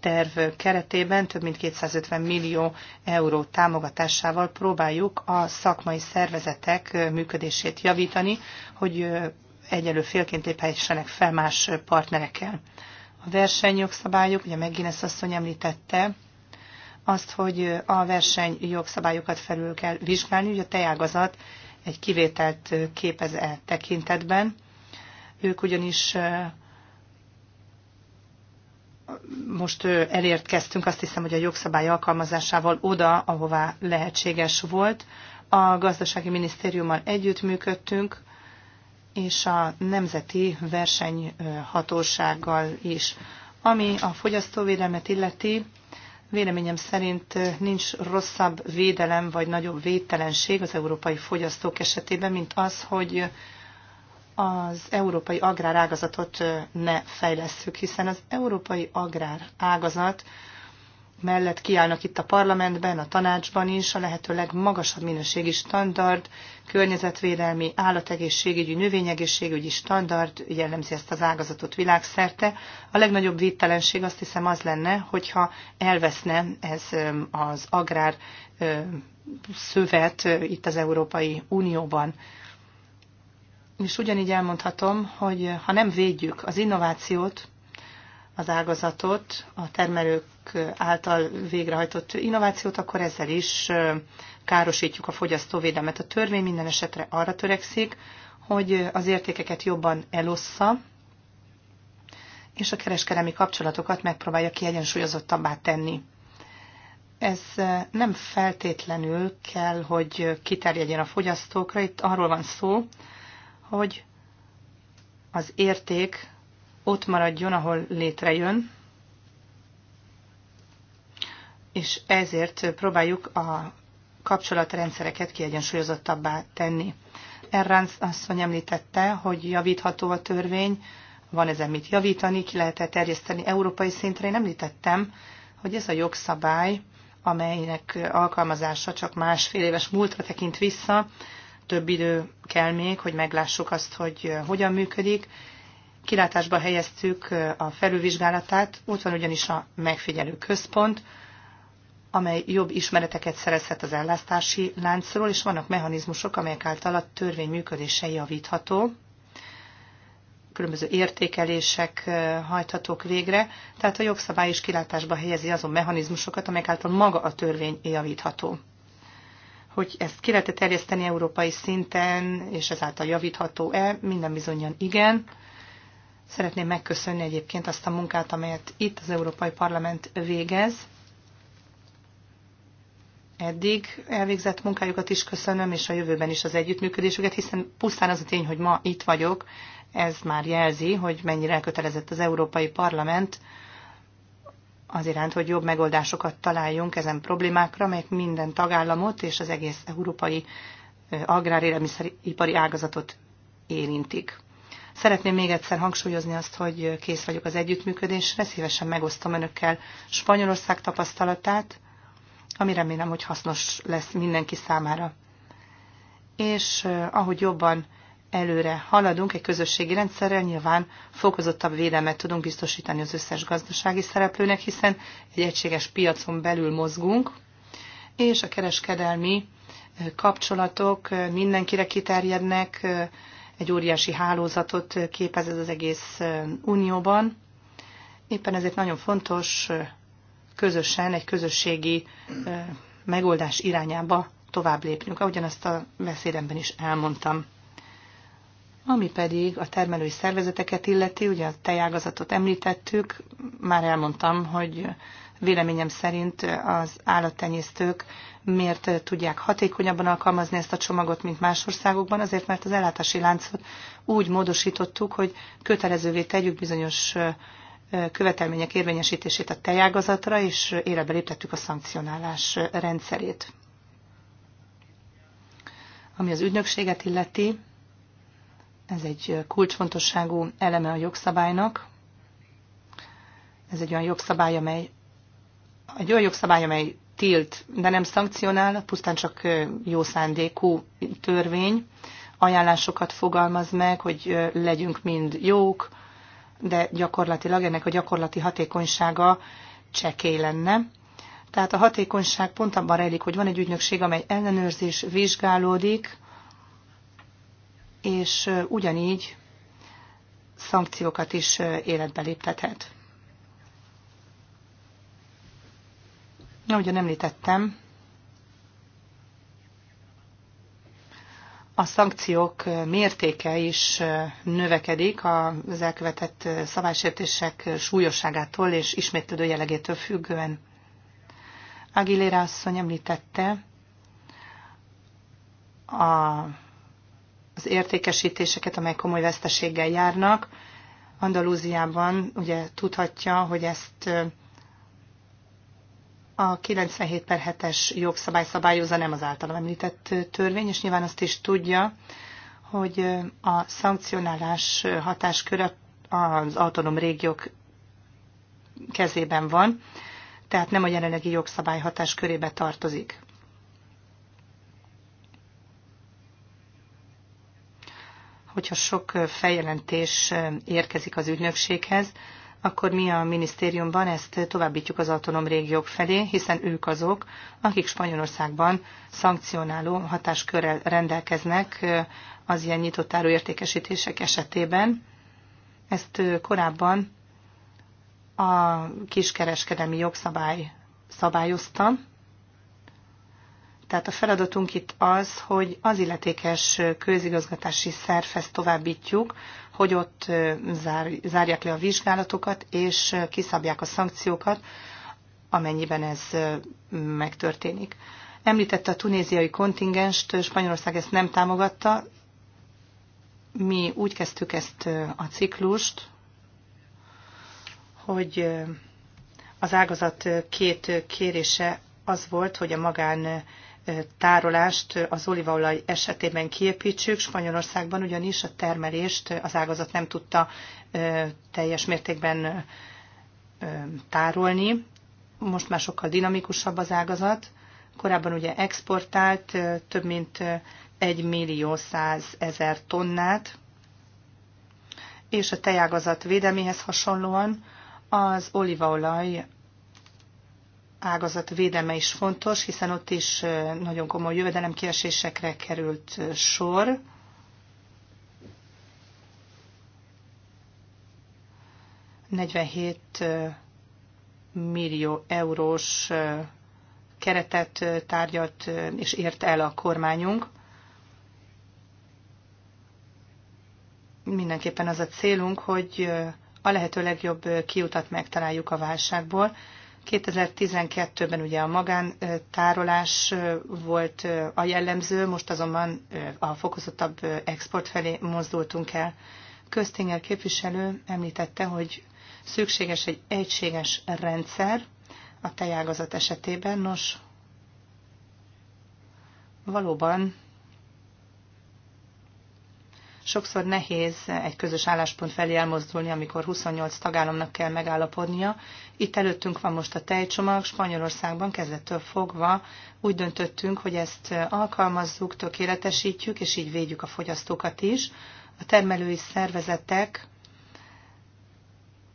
terv keretében több mint 250 millió euró támogatásával próbáljuk a szakmai szervezetek működését javítani, hogy egyelő félként léphessenek fel más partnerekkel. A versenyjogszabályok, ugye megint ezt asszony említette, azt, hogy a verseny jogszabályokat felül kell vizsgálni, hogy a tejágazat egy kivételt képez e tekintetben. Ők ugyanis most elért kezdtünk, azt hiszem, hogy a jogszabály alkalmazásával oda, ahová lehetséges volt. A gazdasági minisztériummal együttműködtünk, és a Nemzeti Versenyhatósággal is. Ami a fogyasztóvédelmet illeti, Véleményem szerint nincs rosszabb védelem vagy nagyobb védtelenség az európai fogyasztók esetében, mint az, hogy az európai agrárágazatot ne fejlesszük, hiszen az európai agrárágazat mellett kiállnak itt a parlamentben, a tanácsban is, a lehető legmagasabb minőségi standard, környezetvédelmi, állategészségügyi, növényegészségügyi standard jellemzi ezt az ágazatot világszerte. A legnagyobb védtelenség azt hiszem az lenne, hogyha elveszne ez az agrár szövet itt az Európai Unióban. És ugyanígy elmondhatom, hogy ha nem védjük az innovációt, az ágazatot a termelők által végrehajtott innovációt, akkor ezzel is károsítjuk a fogyasztóvédelmet. A törvény minden esetre arra törekszik, hogy az értékeket jobban elossza, és a kereskedelmi kapcsolatokat megpróbálja kiegyensúlyozottabbá tenni. Ez nem feltétlenül kell, hogy kiterjedjen a fogyasztókra. Itt arról van szó, hogy az érték ott maradjon, ahol létrejön, és ezért próbáljuk a kapcsolatrendszereket kiegyensúlyozottabbá tenni. Erránc asszony említette, hogy javítható a törvény, van ezen mit javítani, ki lehet -e terjeszteni európai szintre. Én említettem, hogy ez a jogszabály, amelynek alkalmazása csak másfél éves múltra tekint vissza, több idő kell még, hogy meglássuk azt, hogy hogyan működik, kilátásba helyeztük a felülvizsgálatát. Ott van ugyanis a megfigyelő központ, amely jobb ismereteket szerezhet az ellátási láncról, és vannak mechanizmusok, amelyek által a törvény működése javítható, különböző értékelések hajthatók végre, tehát a jogszabály is kilátásba helyezi azon mechanizmusokat, amelyek által maga a törvény javítható. Hogy ezt ki lehet terjeszteni európai szinten, és ezáltal javítható-e, minden bizonyan igen. Szeretném megköszönni egyébként azt a munkát, amelyet itt az Európai Parlament végez. Eddig elvégzett munkájukat is köszönöm, és a jövőben is az együttműködésüket, hiszen pusztán az a tény, hogy ma itt vagyok, ez már jelzi, hogy mennyire elkötelezett az Európai Parlament az iránt, hogy jobb megoldásokat találjunk ezen problémákra, melyek minden tagállamot és az egész európai agrárélelmiszeripari ágazatot érintik. Szeretném még egyszer hangsúlyozni azt, hogy kész vagyok az együttműködésre, szívesen megosztom önökkel Spanyolország tapasztalatát, ami remélem, hogy hasznos lesz mindenki számára. És ahogy jobban előre haladunk egy közösségi rendszerrel, nyilván fokozottabb védelmet tudunk biztosítani az összes gazdasági szereplőnek, hiszen egy egységes piacon belül mozgunk, és a kereskedelmi kapcsolatok mindenkire kiterjednek, egy óriási hálózatot képez ez az egész unióban. Éppen ezért nagyon fontos közösen, egy közösségi megoldás irányába tovább lépnünk, ahogyan ezt a beszédemben is elmondtam. Ami pedig a termelői szervezeteket illeti, ugye a tejágazatot említettük, már elmondtam, hogy véleményem szerint az állattenyésztők miért tudják hatékonyabban alkalmazni ezt a csomagot, mint más országokban, azért mert az ellátási láncot úgy módosítottuk, hogy kötelezővé tegyük bizonyos követelmények érvényesítését a tejágazatra, és életbe léptettük a szankcionálás rendszerét. Ami az ügynökséget illeti, ez egy kulcsfontosságú eleme a jogszabálynak. Ez egy olyan jogszabály, amely egy olyan jogszabály, amely tilt, de nem szankcionál, pusztán csak jó szándékú törvény, ajánlásokat fogalmaz meg, hogy legyünk mind jók, de gyakorlatilag ennek a gyakorlati hatékonysága csekély lenne. Tehát a hatékonyság pont abban rejlik, hogy van egy ügynökség, amely ellenőrzés vizsgálódik, és ugyanígy szankciókat is életbe léptethet. Ahogyan említettem, a szankciók mértéke is növekedik az elkövetett szabálysértések súlyosságától és ismétlődő jellegétől függően. Aguilera asszony említette a, az értékesítéseket, amely komoly veszteséggel járnak. Andalúziában ugye tudhatja, hogy ezt a 97 per 7-es jogszabály szabályozza nem az általam említett törvény, és nyilván azt is tudja, hogy a szankcionálás hatásköre az autonóm régiók kezében van, tehát nem a jelenlegi jogszabály hatáskörébe tartozik. Hogyha sok feljelentés érkezik az ügynökséghez, akkor mi a minisztériumban ezt továbbítjuk az autonóm régiók felé, hiszen ők azok, akik Spanyolországban szankcionáló hatáskörrel rendelkeznek az ilyen nyitott áruértékesítések esetében. Ezt korábban a kiskereskedelmi jogszabály szabályozta, tehát a feladatunk itt az, hogy az illetékes közigazgatási szervhez továbbítjuk, hogy ott zár, zárják le a vizsgálatokat, és kiszabják a szankciókat, amennyiben ez megtörténik. Említette a tunéziai kontingenst, Spanyolország ezt nem támogatta. Mi úgy kezdtük ezt a ciklust, hogy az ágazat két kérése az volt, hogy a magán tárolást az olívaolaj esetében kiépítsük. Spanyolországban ugyanis a termelést az ágazat nem tudta teljes mértékben tárolni. Most már sokkal dinamikusabb az ágazat. Korábban ugye exportált több mint 1 millió 100 ezer tonnát, és a tejágazat védelméhez hasonlóan az olívaolaj ágazat védelme is fontos, hiszen ott is nagyon komoly jövedelemkiesésekre került sor. Negyvenhét millió eurós keretet tárgyalt és ért el a kormányunk. Mindenképpen az a célunk, hogy a lehető legjobb kiutat megtaláljuk a válságból, 2012-ben ugye a magántárolás volt a jellemző, most azonban a fokozottabb export felé mozdultunk el. Köztinger képviselő említette, hogy szükséges egy egységes rendszer a tejágazat esetében. Nos, valóban sokszor nehéz egy közös álláspont felé elmozdulni, amikor 28 tagállamnak kell megállapodnia. Itt előttünk van most a tejcsomag, Spanyolországban kezdettől fogva úgy döntöttünk, hogy ezt alkalmazzuk, tökéletesítjük, és így védjük a fogyasztókat is. A termelői szervezetek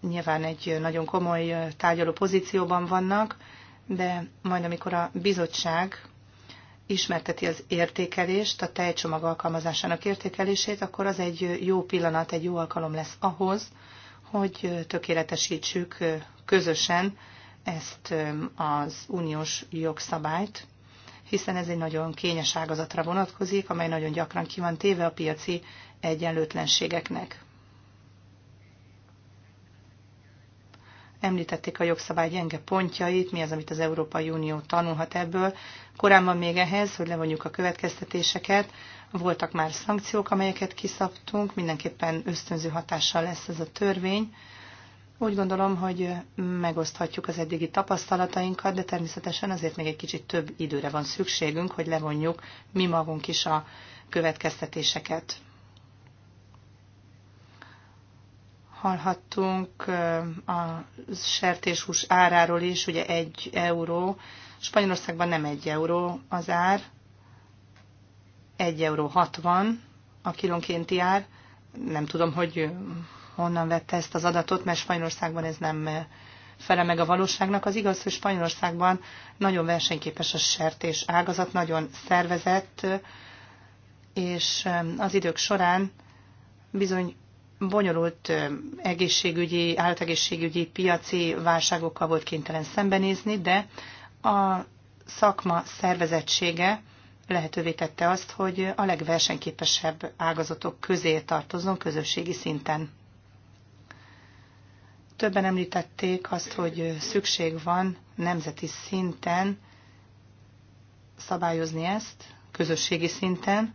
nyilván egy nagyon komoly tárgyaló pozícióban vannak, de majd amikor a bizottság ismerteti az értékelést, a tejcsomag alkalmazásának értékelését, akkor az egy jó pillanat, egy jó alkalom lesz ahhoz, hogy tökéletesítsük közösen ezt az uniós jogszabályt, hiszen ez egy nagyon kényes ágazatra vonatkozik, amely nagyon gyakran ki van téve a piaci egyenlőtlenségeknek. említették a jogszabály gyenge pontjait, mi az, amit az Európai Unió tanulhat ebből. Korábban még ehhez, hogy levonjuk a következtetéseket, voltak már szankciók, amelyeket kiszabtunk, mindenképpen ösztönző hatással lesz ez a törvény. Úgy gondolom, hogy megoszthatjuk az eddigi tapasztalatainkat, de természetesen azért még egy kicsit több időre van szükségünk, hogy levonjuk mi magunk is a következtetéseket. Hallhattunk a sertéshús áráról is, ugye egy euró. Spanyolországban nem egy euró az ár, egy euró hatvan a kilónkénti ár. Nem tudom, hogy honnan vette ezt az adatot, mert Spanyolországban ez nem fele meg a valóságnak. Az igaz, hogy Spanyolországban nagyon versenyképes a sertés ágazat, nagyon szervezett, és az idők során bizony bonyolult egészségügyi, állategészségügyi piaci válságokkal volt kénytelen szembenézni, de a szakma szervezettsége lehetővé tette azt, hogy a legversenyképesebb ágazatok közé tartozzon közösségi szinten. Többen említették azt, hogy szükség van nemzeti szinten szabályozni ezt, közösségi szinten.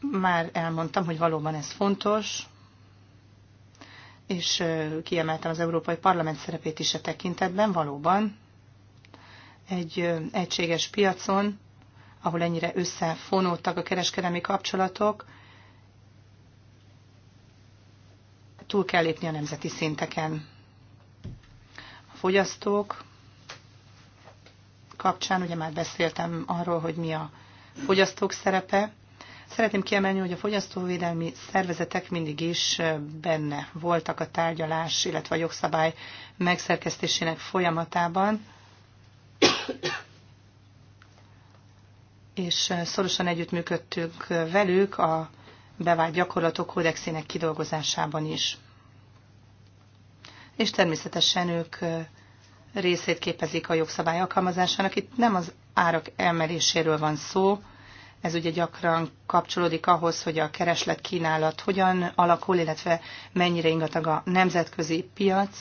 Már elmondtam, hogy valóban ez fontos, és kiemeltem az Európai Parlament szerepét is a e tekintetben, valóban egy egységes piacon, ahol ennyire összefonódtak a kereskedelmi kapcsolatok, túl kell lépni a nemzeti szinteken. A fogyasztók kapcsán ugye már beszéltem arról, hogy mi a fogyasztók szerepe, Szeretném kiemelni, hogy a fogyasztóvédelmi szervezetek mindig is benne voltak a tárgyalás, illetve a jogszabály megszerkesztésének folyamatában, és szorosan együttműködtünk velük a bevált gyakorlatok kódexének kidolgozásában is. És természetesen ők részét képezik a jogszabály alkalmazásának. Itt nem az árak emeléséről van szó, ez ugye gyakran kapcsolódik ahhoz, hogy a kereslet-kínálat hogyan alakul, illetve mennyire ingatag a nemzetközi piac.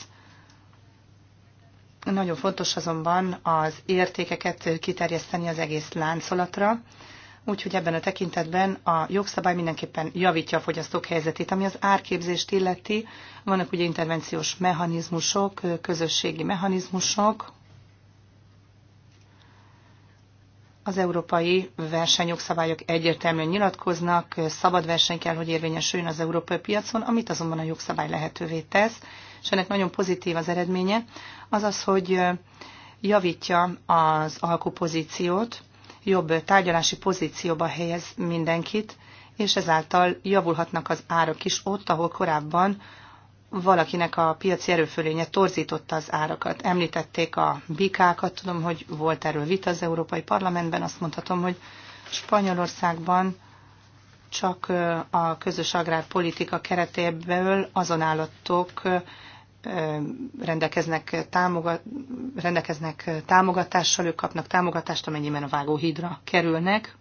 Nagyon fontos azonban az értékeket kiterjeszteni az egész láncolatra, úgyhogy ebben a tekintetben a jogszabály mindenképpen javítja a fogyasztók helyzetét. Ami az árképzést illeti, vannak ugye intervenciós mechanizmusok, közösségi mechanizmusok, az európai versenyjogszabályok egyértelműen nyilatkoznak, szabad verseny kell, hogy érvényesüljön az európai piacon, amit azonban a jogszabály lehetővé tesz, és ennek nagyon pozitív az eredménye, az az, hogy javítja az alkupozíciót, jobb tárgyalási pozícióba helyez mindenkit, és ezáltal javulhatnak az árak is ott, ahol korábban valakinek a piaci erőfölénye torzította az árakat. Említették a bikákat, tudom, hogy volt erről vita az Európai Parlamentben, azt mondhatom, hogy Spanyolországban csak a közös agrárpolitika keretéből azon állatok rendelkeznek, támogat, rendelkeznek támogatással, ők kapnak támogatást, amennyiben a vágóhídra kerülnek.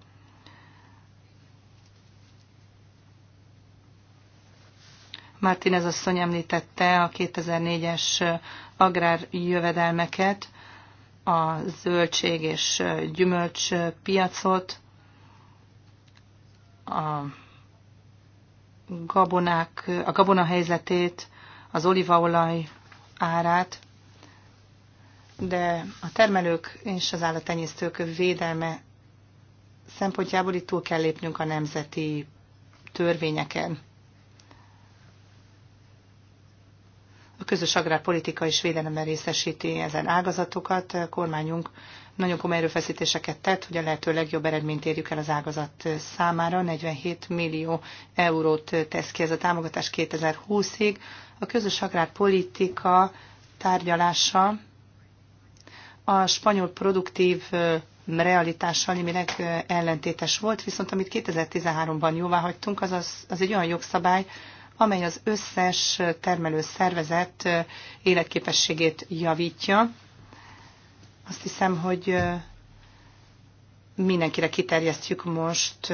ez asszony említette a 2004-es agrárjövedelmeket, a zöldség és gyümölcs piacot, a gabonák, a gabona helyzetét, az olívaolaj árát, de a termelők és az állattenyésztők védelme szempontjából itt túl kell lépnünk a nemzeti törvényeken. közös agrárpolitika és védelemben részesíti ezen ágazatokat. A kormányunk nagyon komoly erőfeszítéseket tett, hogy a lehető legjobb eredményt érjük el az ágazat számára. 47 millió eurót tesz ki ez a támogatás 2020-ig. A közös agrárpolitika tárgyalása a spanyol produktív realitással némileg ellentétes volt, viszont amit 2013-ban jóvá hagytunk, az, az, az egy olyan jogszabály, amely az összes termelő szervezet életképességét javítja. Azt hiszem, hogy mindenkire kiterjesztjük most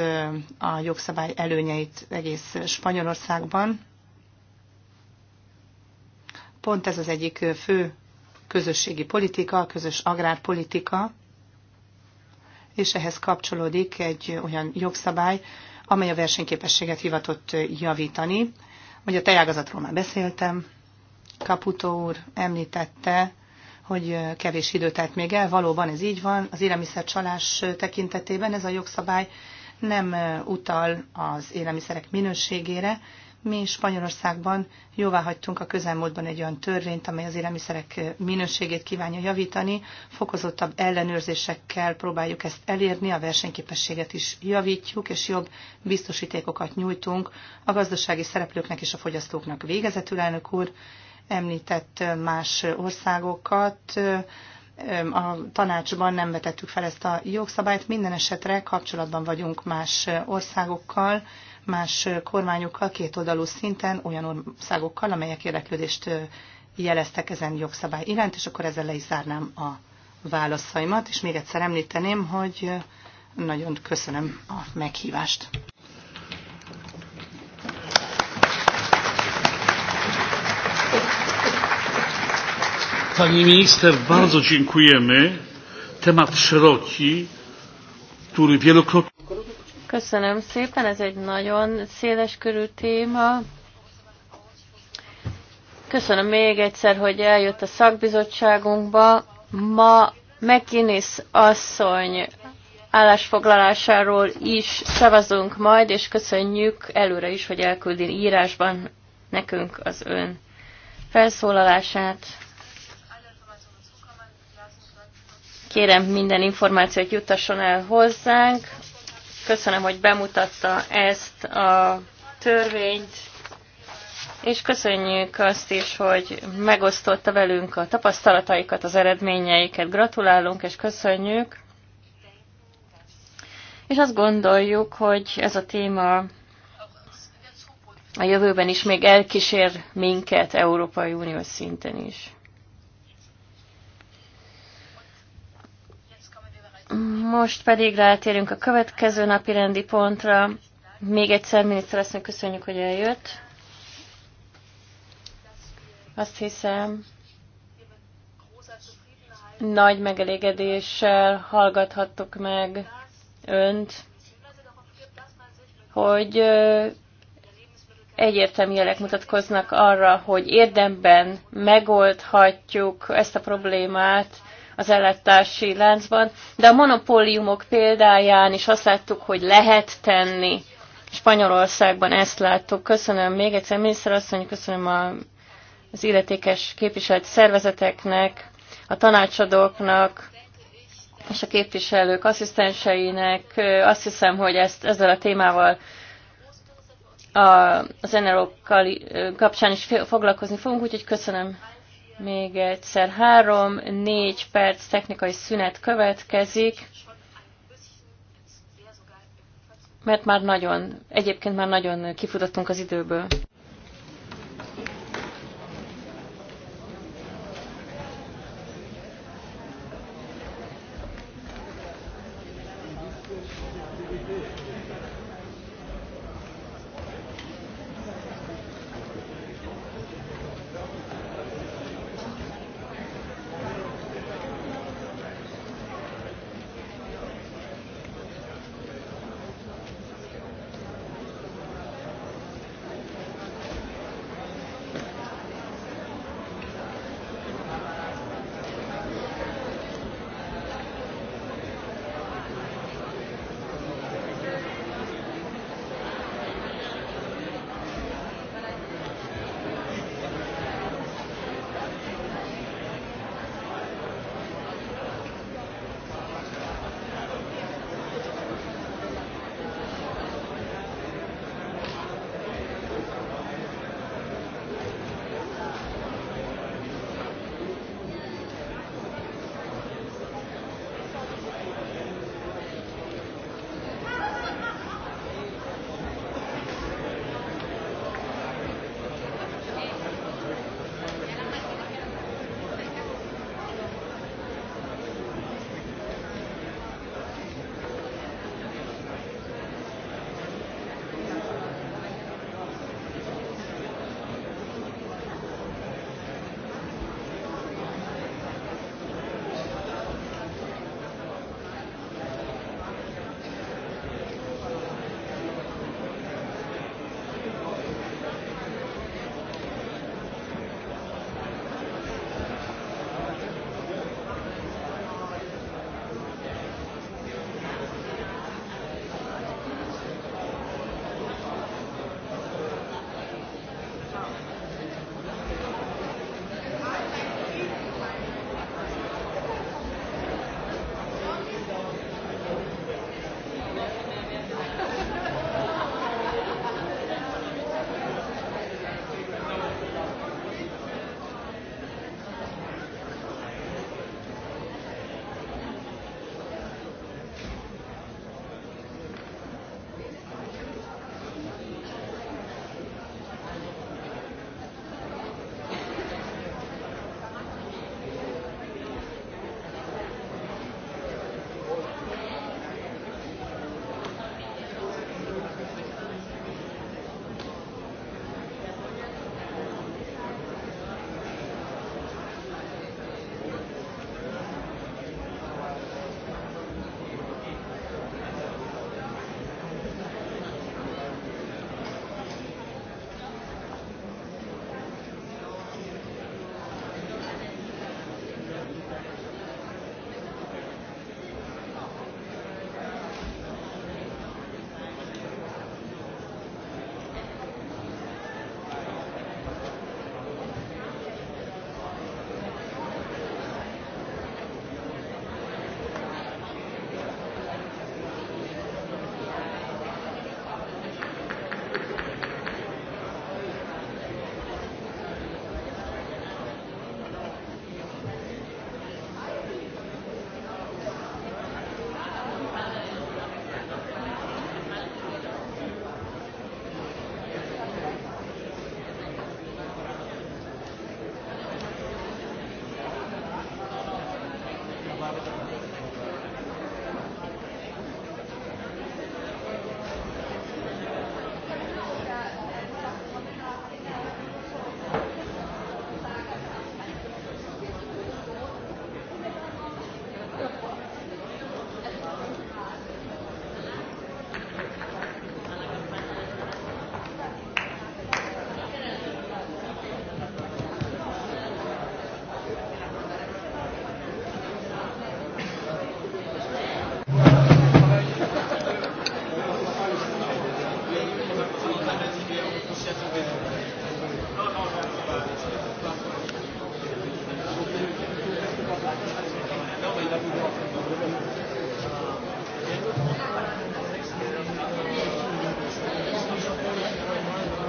a jogszabály előnyeit egész Spanyolországban. Pont ez az egyik fő közösségi politika, a közös agrárpolitika, és ehhez kapcsolódik egy olyan jogszabály, amely a versenyképességet hivatott javítani, hogy a tejágazatról már beszéltem, kaputó úr említette, hogy kevés idő telt még el. Valóban ez így van. Az élelmiszercsalás tekintetében ez a jogszabály nem utal az élelmiszerek minőségére, mi Spanyolországban jóvá hagytunk a közelmúltban egy olyan törvényt, amely az élelmiszerek minőségét kívánja javítani. Fokozottabb ellenőrzésekkel próbáljuk ezt elérni, a versenyképességet is javítjuk, és jobb biztosítékokat nyújtunk a gazdasági szereplőknek és a fogyasztóknak. Végezetül, elnök úr, említett más országokat, a tanácsban nem vetettük fel ezt a jogszabályt, minden esetre kapcsolatban vagyunk más országokkal, más kormányokkal kétoldalú szinten, olyan országokkal, amelyek érdeklődést jeleztek ezen jogszabály iránt, és akkor ezzel le is zárnám a válaszaimat, és még egyszer említeném, hogy nagyon köszönöm a meghívást. Pani minister, bardzo dziękujemy. Temat szeroki, który wielokrotnie... Köszönöm szépen, ez egy nagyon széles körű téma. Köszönöm még egyszer, hogy eljött a szakbizottságunkba. Ma McGuinness asszony állásfoglalásáról is szavazunk majd, és köszönjük előre is, hogy elküldi írásban nekünk az ön felszólalását. Kérem, minden információt juttasson el hozzánk. Köszönöm, hogy bemutatta ezt a törvényt, és köszönjük azt is, hogy megosztotta velünk a tapasztalataikat, az eredményeiket. Gratulálunk és köszönjük. És azt gondoljuk, hogy ez a téma a jövőben is még elkísér minket Európai Unió szinten is. Most pedig rátérünk a következő napi rendi pontra. Még egyszer miniszterasszony köszönjük, hogy eljött. Azt hiszem, nagy megelégedéssel hallgathattuk meg önt, hogy egyértelmű jelek mutatkoznak arra, hogy érdemben megoldhatjuk ezt a problémát, az ellátási láncban, de a monopóliumok példáján is azt láttuk, hogy lehet tenni. Spanyolországban ezt láttuk. Köszönöm még egyszer, miniszter asszony, köszönöm a, az illetékes képviselt szervezeteknek, a tanácsadóknak, és a képviselők asszisztenseinek. Azt hiszem, hogy ezt, ezzel a témával a, az NRO kapcsán is foglalkozni fogunk, úgyhogy köszönöm még egyszer három-négy perc technikai szünet következik, mert már nagyon, egyébként már nagyon kifutottunk az időből.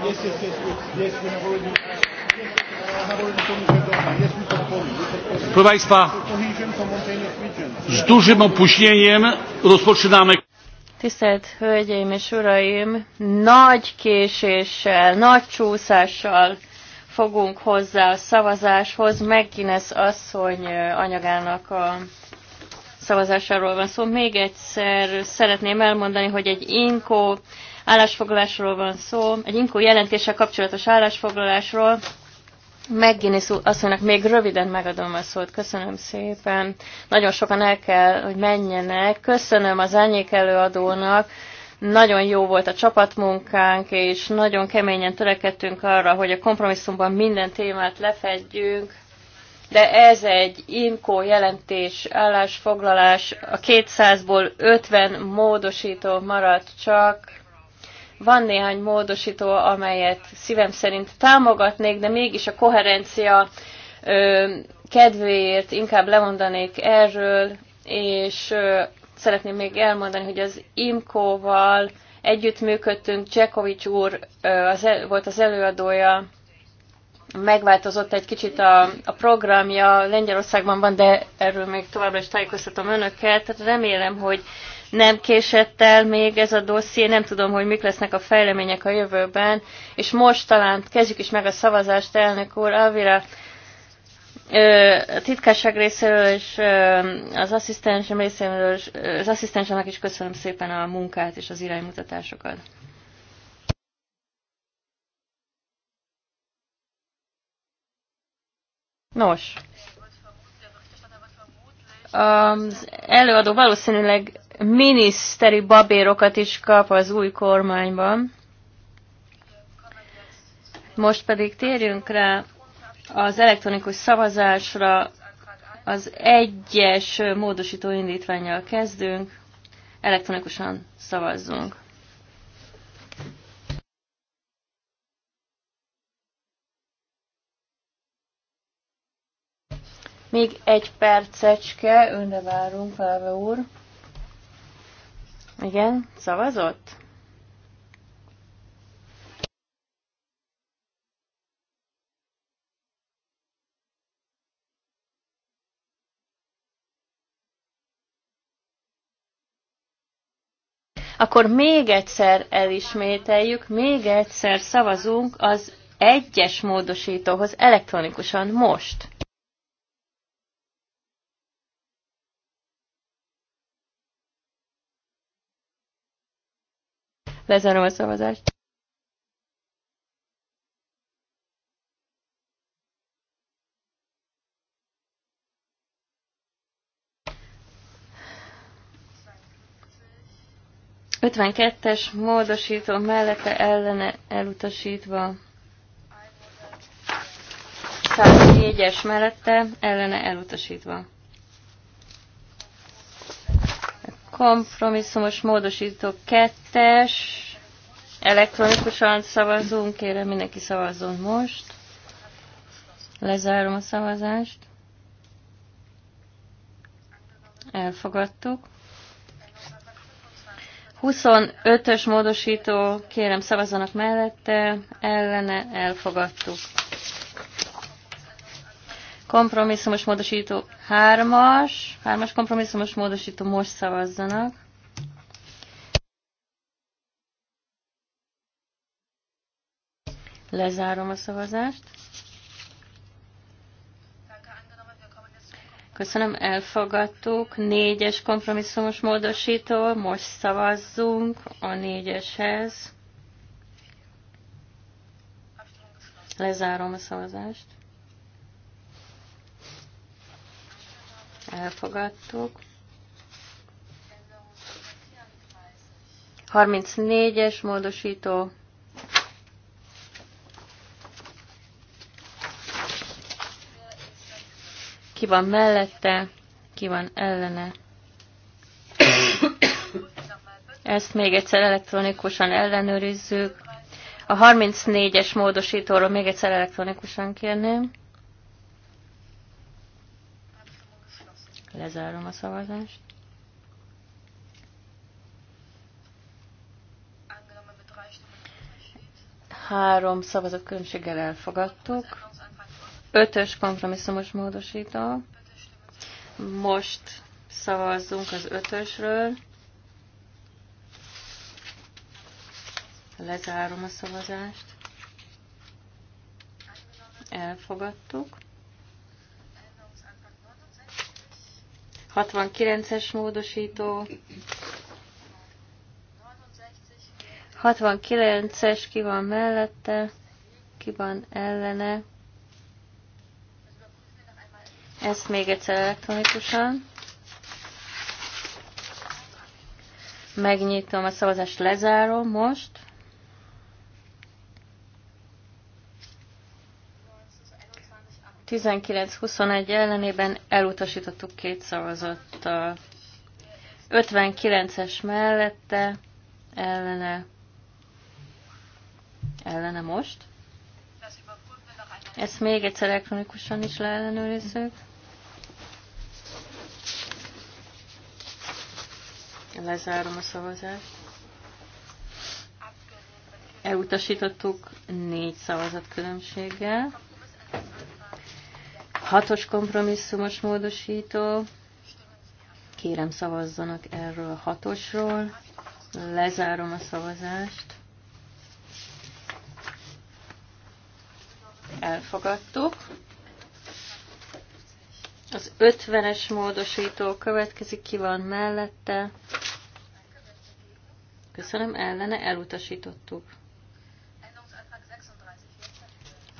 Yes, yes, yes, yes, we have already. Proszę Państwa, z dużym opóźnieniem rozpoczynamy. Tisztelt Hölgyeim és Uraim, nagy késéssel, nagy csúszással fogunk hozzá a szavazáshoz. Megkinesz asszony anyagának a szavazásáról van szó. Szóval még egyszer szeretném elmondani, hogy egy inkó állásfoglalásról van szó, egy inkó jelentéssel kapcsolatos állásfoglalásról. Megginis asszonynak még röviden megadom a szót. Köszönöm szépen. Nagyon sokan el kell, hogy menjenek. Köszönöm az árnyék előadónak. Nagyon jó volt a csapatmunkánk, és nagyon keményen törekedtünk arra, hogy a kompromisszumban minden témát lefedjünk. De ez egy inkó jelentés, állásfoglalás. A 200-ból 50 módosító maradt csak van néhány módosító, amelyet szívem szerint támogatnék, de mégis a koherencia ö, kedvéért inkább lemondanék erről, és ö, szeretném még elmondani, hogy az IMCO-val együttműködtünk, Csekovics úr ö, az el, volt az előadója megváltozott egy kicsit a, a programja, Lengyelországban van, de erről még továbbra is tájékoztatom önöket. remélem, hogy nem késett el még ez a dosszié, nem tudom, hogy mik lesznek a fejlemények a jövőben, és most talán kezdjük is meg a szavazást, elnök úr, Avira, a titkásság részéről és az asszisztensem részéről, az asszisztensemnek is köszönöm szépen a munkát és az iránymutatásokat. Nos, az előadó valószínűleg miniszteri babérokat is kap az új kormányban. Most pedig térjünk rá az elektronikus szavazásra. Az egyes módosító indítványjal kezdünk. Elektronikusan szavazzunk. Még egy percecske, önre várunk, Felve úr. Igen, szavazott? Akkor még egyszer elismételjük, még egyszer szavazunk az egyes módosítóhoz elektronikusan most. Lezárom a szavazást. Ötvenkettes módosító mellette ellene elutasítva. 104-es mellette ellene elutasítva. Kompromisszumos módosító kettes. Elektronikusan szavazunk, kérem mindenki szavazzon most. Lezárom a szavazást. Elfogadtuk. 25-ös módosító, kérem szavazzanak mellette, ellene elfogadtuk kompromisszumos módosító hármas, hármas kompromisszumos módosító most szavazzanak. Lezárom a szavazást. Köszönöm, elfogadtuk. Négyes kompromisszumos módosító, most szavazzunk a négyeshez. Lezárom a szavazást. elfogadtuk. 34-es módosító. Ki van mellette, ki van ellene. Ezt még egyszer elektronikusan ellenőrizzük. A 34-es módosítóról még egyszer elektronikusan kérném. Lezárom a szavazást. Három szavazat különbséggel elfogadtuk. Ötös kompromisszumos módosító. Most szavazzunk az ötösről. Lezárom a szavazást. Elfogadtuk. 69-es módosító, 69-es ki van mellette, ki van ellene. Ezt még egyszer elektronikusan. Megnyitom a szavazást, lezárom most. 19-21 ellenében elutasítottuk két szavazattal. 59-es mellette ellene ellene most. Ezt még egyszer elektronikusan is leellenőrizzük. Lezárom a szavazást. Elutasítottuk négy szavazat különbséggel. Hatos kompromisszumos módosító. Kérem szavazzanak erről a hatosról. Lezárom a szavazást. Elfogadtuk. Az 50-es módosító következik, ki van mellette. Köszönöm, ellene elutasítottuk.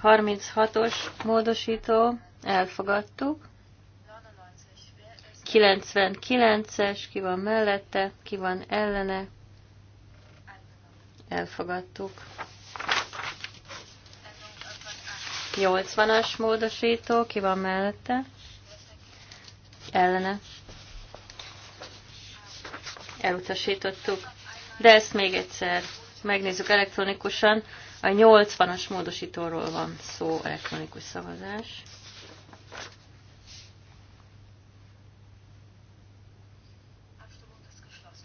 36-os módosító elfogadtuk. 99-es, ki van mellette, ki van ellene, elfogadtuk. 80-as módosító, ki van mellette, ellene, elutasítottuk. De ezt még egyszer megnézzük elektronikusan. A 80-as módosítóról van szó, elektronikus szavazás.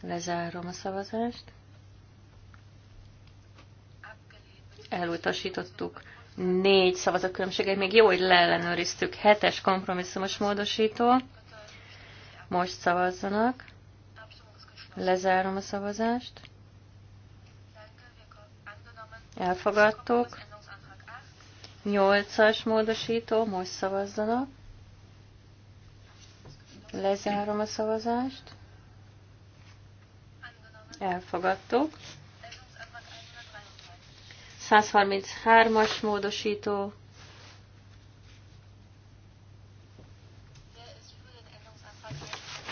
Lezárom a szavazást. Elutasítottuk négy szavazat különbséget, még jó, hogy leellenőriztük. Hetes kompromisszumos módosító. Most szavazzanak. Lezárom a szavazást. Elfogadtuk. Nyolcas módosító, most szavazzanak. Lezárom a szavazást elfogadtuk. 133-as módosító,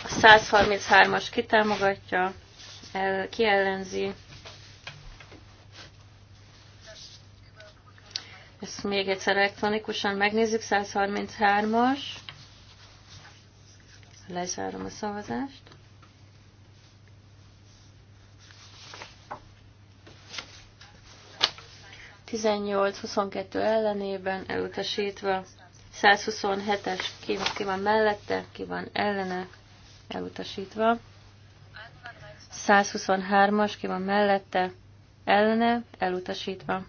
a 133-as kitámogatja, el, kiellenzi. Ezt még egyszer elektronikusan megnézzük, 133-as. Lezárom a szavazást. 18-22 ellenében elutasítva, 127-es ki, ki van mellette, ki van ellene, elutasítva, 123-as ki van mellette, ellene, elutasítva,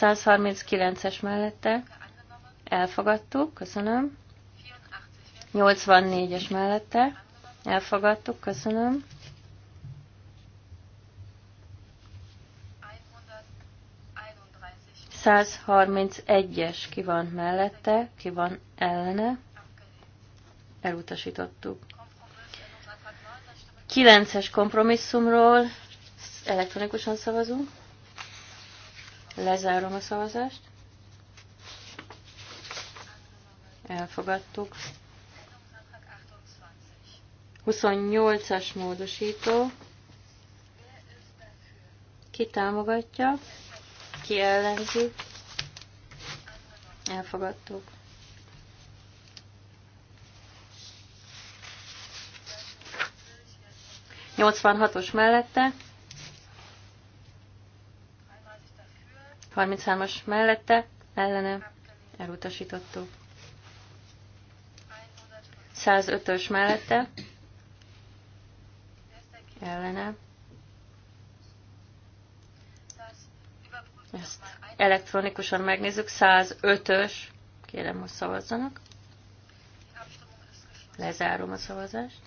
139-es mellette, elfogadtuk, köszönöm, 84-es mellette, elfogadtuk, köszönöm, 131-es ki van mellette, ki van ellene. Elutasítottuk. 9-es kompromisszumról elektronikusan szavazunk. Lezárom a szavazást. Elfogadtuk. 28-as módosító. Ki támogatja? aki ellenzi? Elfogadtuk. Nyolcvan hatos mellette. 33-as mellette, ellene elutasítottuk. 105-ös mellette, ellene Ezt elektronikusan megnézzük. 105-ös. Kérem, hogy szavazzanak. Lezárom a szavazást.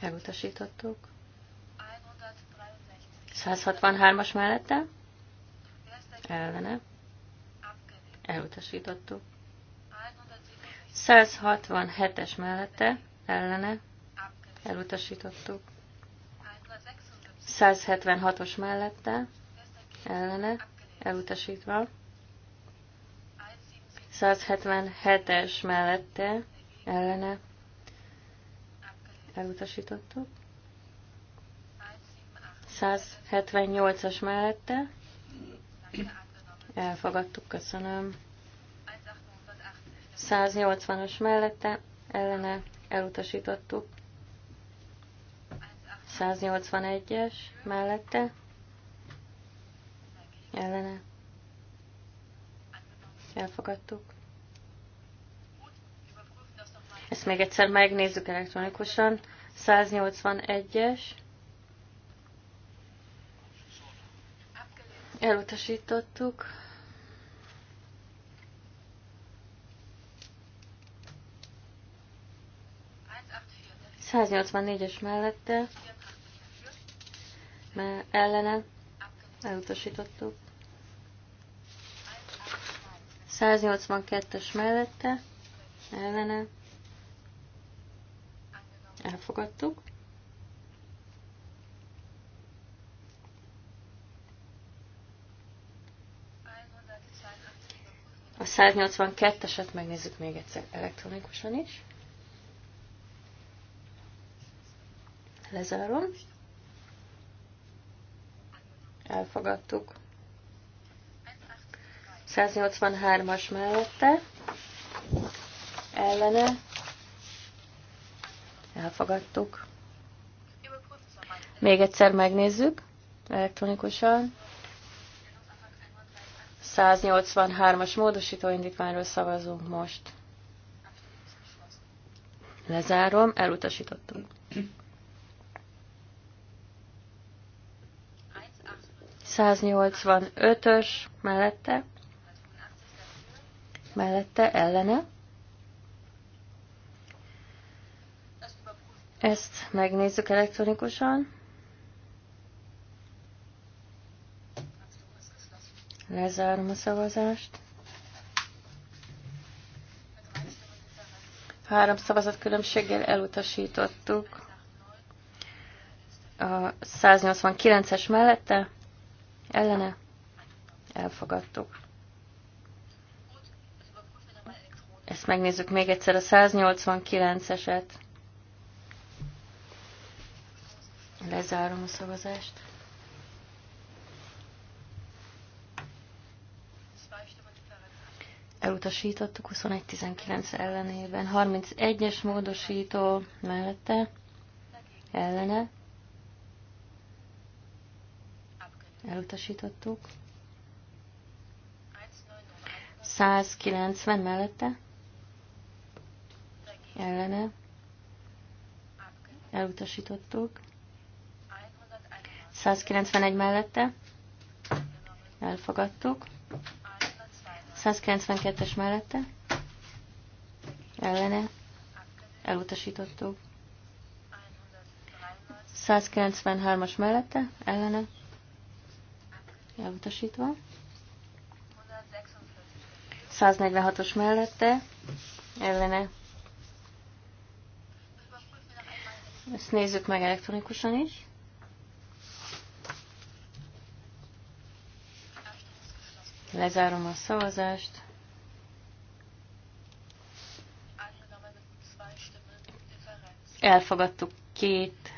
Elutasítottuk. 163-as mellette? Ellene. Elutasítottuk. 167-es mellette? Ellene. Elutasítottuk. 176-os mellette, ellene, elutasítva. 177-es mellette, ellene, elutasítottuk. 178-as mellette, elfogadtuk, köszönöm. 180-as mellette, ellene, elutasítottuk. 181-es mellette ellene elfogadtuk. Ezt még egyszer megnézzük elektronikusan. 181-es. Elutasítottuk. Száznyolcvan négyes mellette ellene elutasítottuk. 182-es mellette ellene elfogadtuk. A 182-eset megnézzük még egyszer elektronikusan is. Lezárom elfogadtuk. 183-as mellette, ellene, elfogadtuk. Még egyszer megnézzük elektronikusan. 183-as módosító indítványról szavazunk most. Lezárom, elutasítottunk. 185-ös mellette, mellette ellene. Ezt megnézzük elektronikusan. Lezárom a szavazást. Három szavazat különbséggel elutasítottuk a 189-es mellette, ellene elfogadtuk. Ezt megnézzük még egyszer a 189-eset. Lezárom a szavazást. Elutasítottuk 21-19 ellenében. 31-es módosító mellette ellene Elutasítottuk. 190 mellette. Ellene. Elutasítottuk. 191 mellette. Elfogadtuk. 192-es mellette. Ellene. Elutasítottuk. 193-as mellette. Ellene elutasítva. 146-os mellette, ellene. Ezt nézzük meg elektronikusan is. Lezárom a szavazást. Elfogadtuk két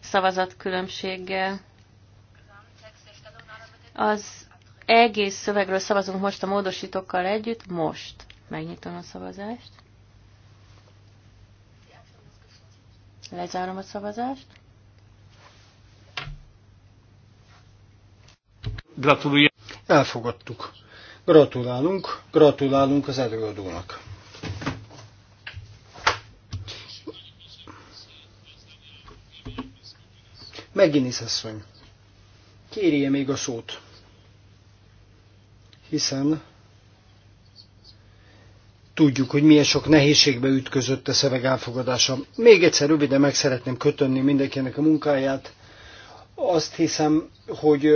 szavazat különbséggel. Az egész szövegről szavazunk most a módosítókkal együtt, most. Megnyitom a szavazást. Lezárom a szavazást. Gratulálunk. Elfogadtuk. Gratulálunk, gratulálunk az előadónak. Megint is asszony kérje még a szót, hiszen tudjuk, hogy milyen sok nehézségbe ütközött a szöveg elfogadása. Még egyszer röviden meg szeretném kötönni mindenkinek a munkáját. Azt hiszem, hogy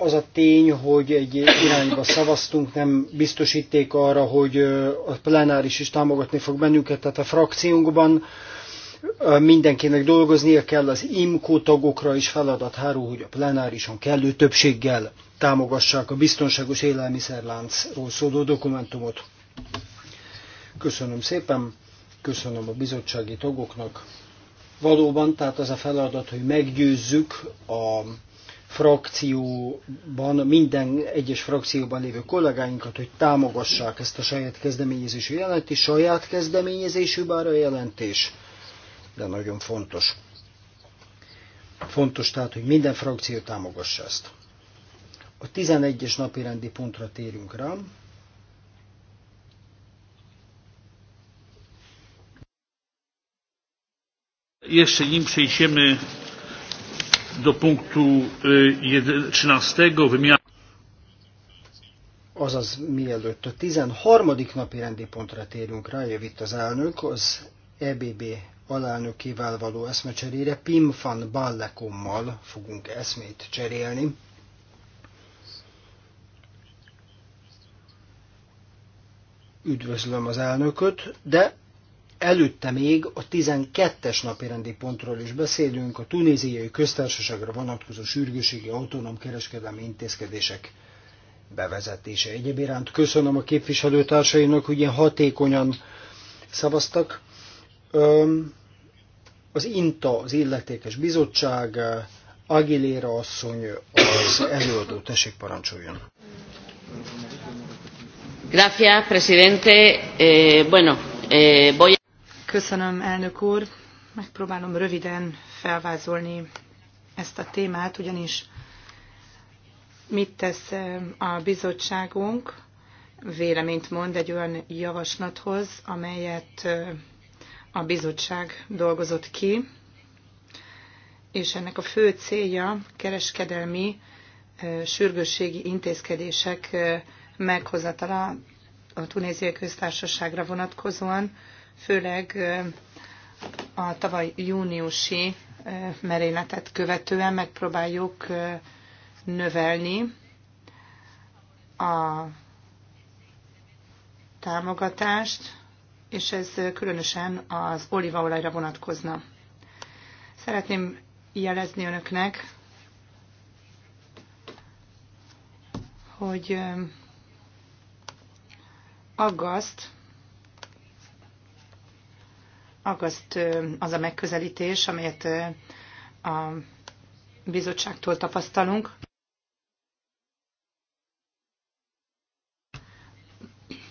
az a tény, hogy egy irányba szavaztunk, nem biztosíték arra, hogy a plenáris is támogatni fog bennünket, tehát a frakciónkban mindenkinek dolgoznia kell, az IMCO tagokra is feladat hárul, hogy a plenárison kellő többséggel támogassák a biztonságos élelmiszerláncról szóló dokumentumot. Köszönöm szépen, köszönöm a bizottsági tagoknak. Valóban, tehát az a feladat, hogy meggyőzzük a frakcióban, minden egyes frakcióban lévő kollégáinkat, hogy támogassák ezt a saját kezdeményezésű jelentést, saját kezdeményezésű bár a jelentés de nagyon fontos. Fontos tehát, hogy minden frakció támogassa ezt. A 11-es napi rendi pontra térünk rá. Jeszcze nim przejdziemy do punktu 13 wymiany. Azaz mielőtt a 13. napi rendi pontra térünk rá, jövít az elnök, az EBB kivel való eszmecserére, Pim van Ballekommal fogunk eszmét cserélni. Üdvözlöm az elnököt, de előtte még a 12-es napi rendi pontról is beszélünk, a tunéziai köztársaságra vonatkozó sürgőségi autonóm kereskedelmi intézkedések bevezetése. Egyéb iránt köszönöm a képviselőtársainak, hogy ilyen hatékonyan szavaztak. Az INTA, az illetékes bizottság, Agiléra asszony az előadó, tessék parancsoljon. Gracias, presidente. Eh, bueno, eh, voy Köszönöm, elnök úr. Megpróbálom röviden felvázolni ezt a témát, ugyanis mit tesz eh, a bizottságunk, véleményt mond egy olyan javaslathoz, amelyet eh, a bizottság dolgozott ki, és ennek a fő célja kereskedelmi sürgősségi intézkedések meghozatala a tunéziai köztársaságra vonatkozóan, főleg a tavaly júniusi merényletet követően megpróbáljuk növelni a támogatást, és ez különösen az olívaolajra vonatkozna. Szeretném jelezni önöknek, hogy aggaszt, aggaszt az a megközelítés, amelyet a bizottságtól tapasztalunk.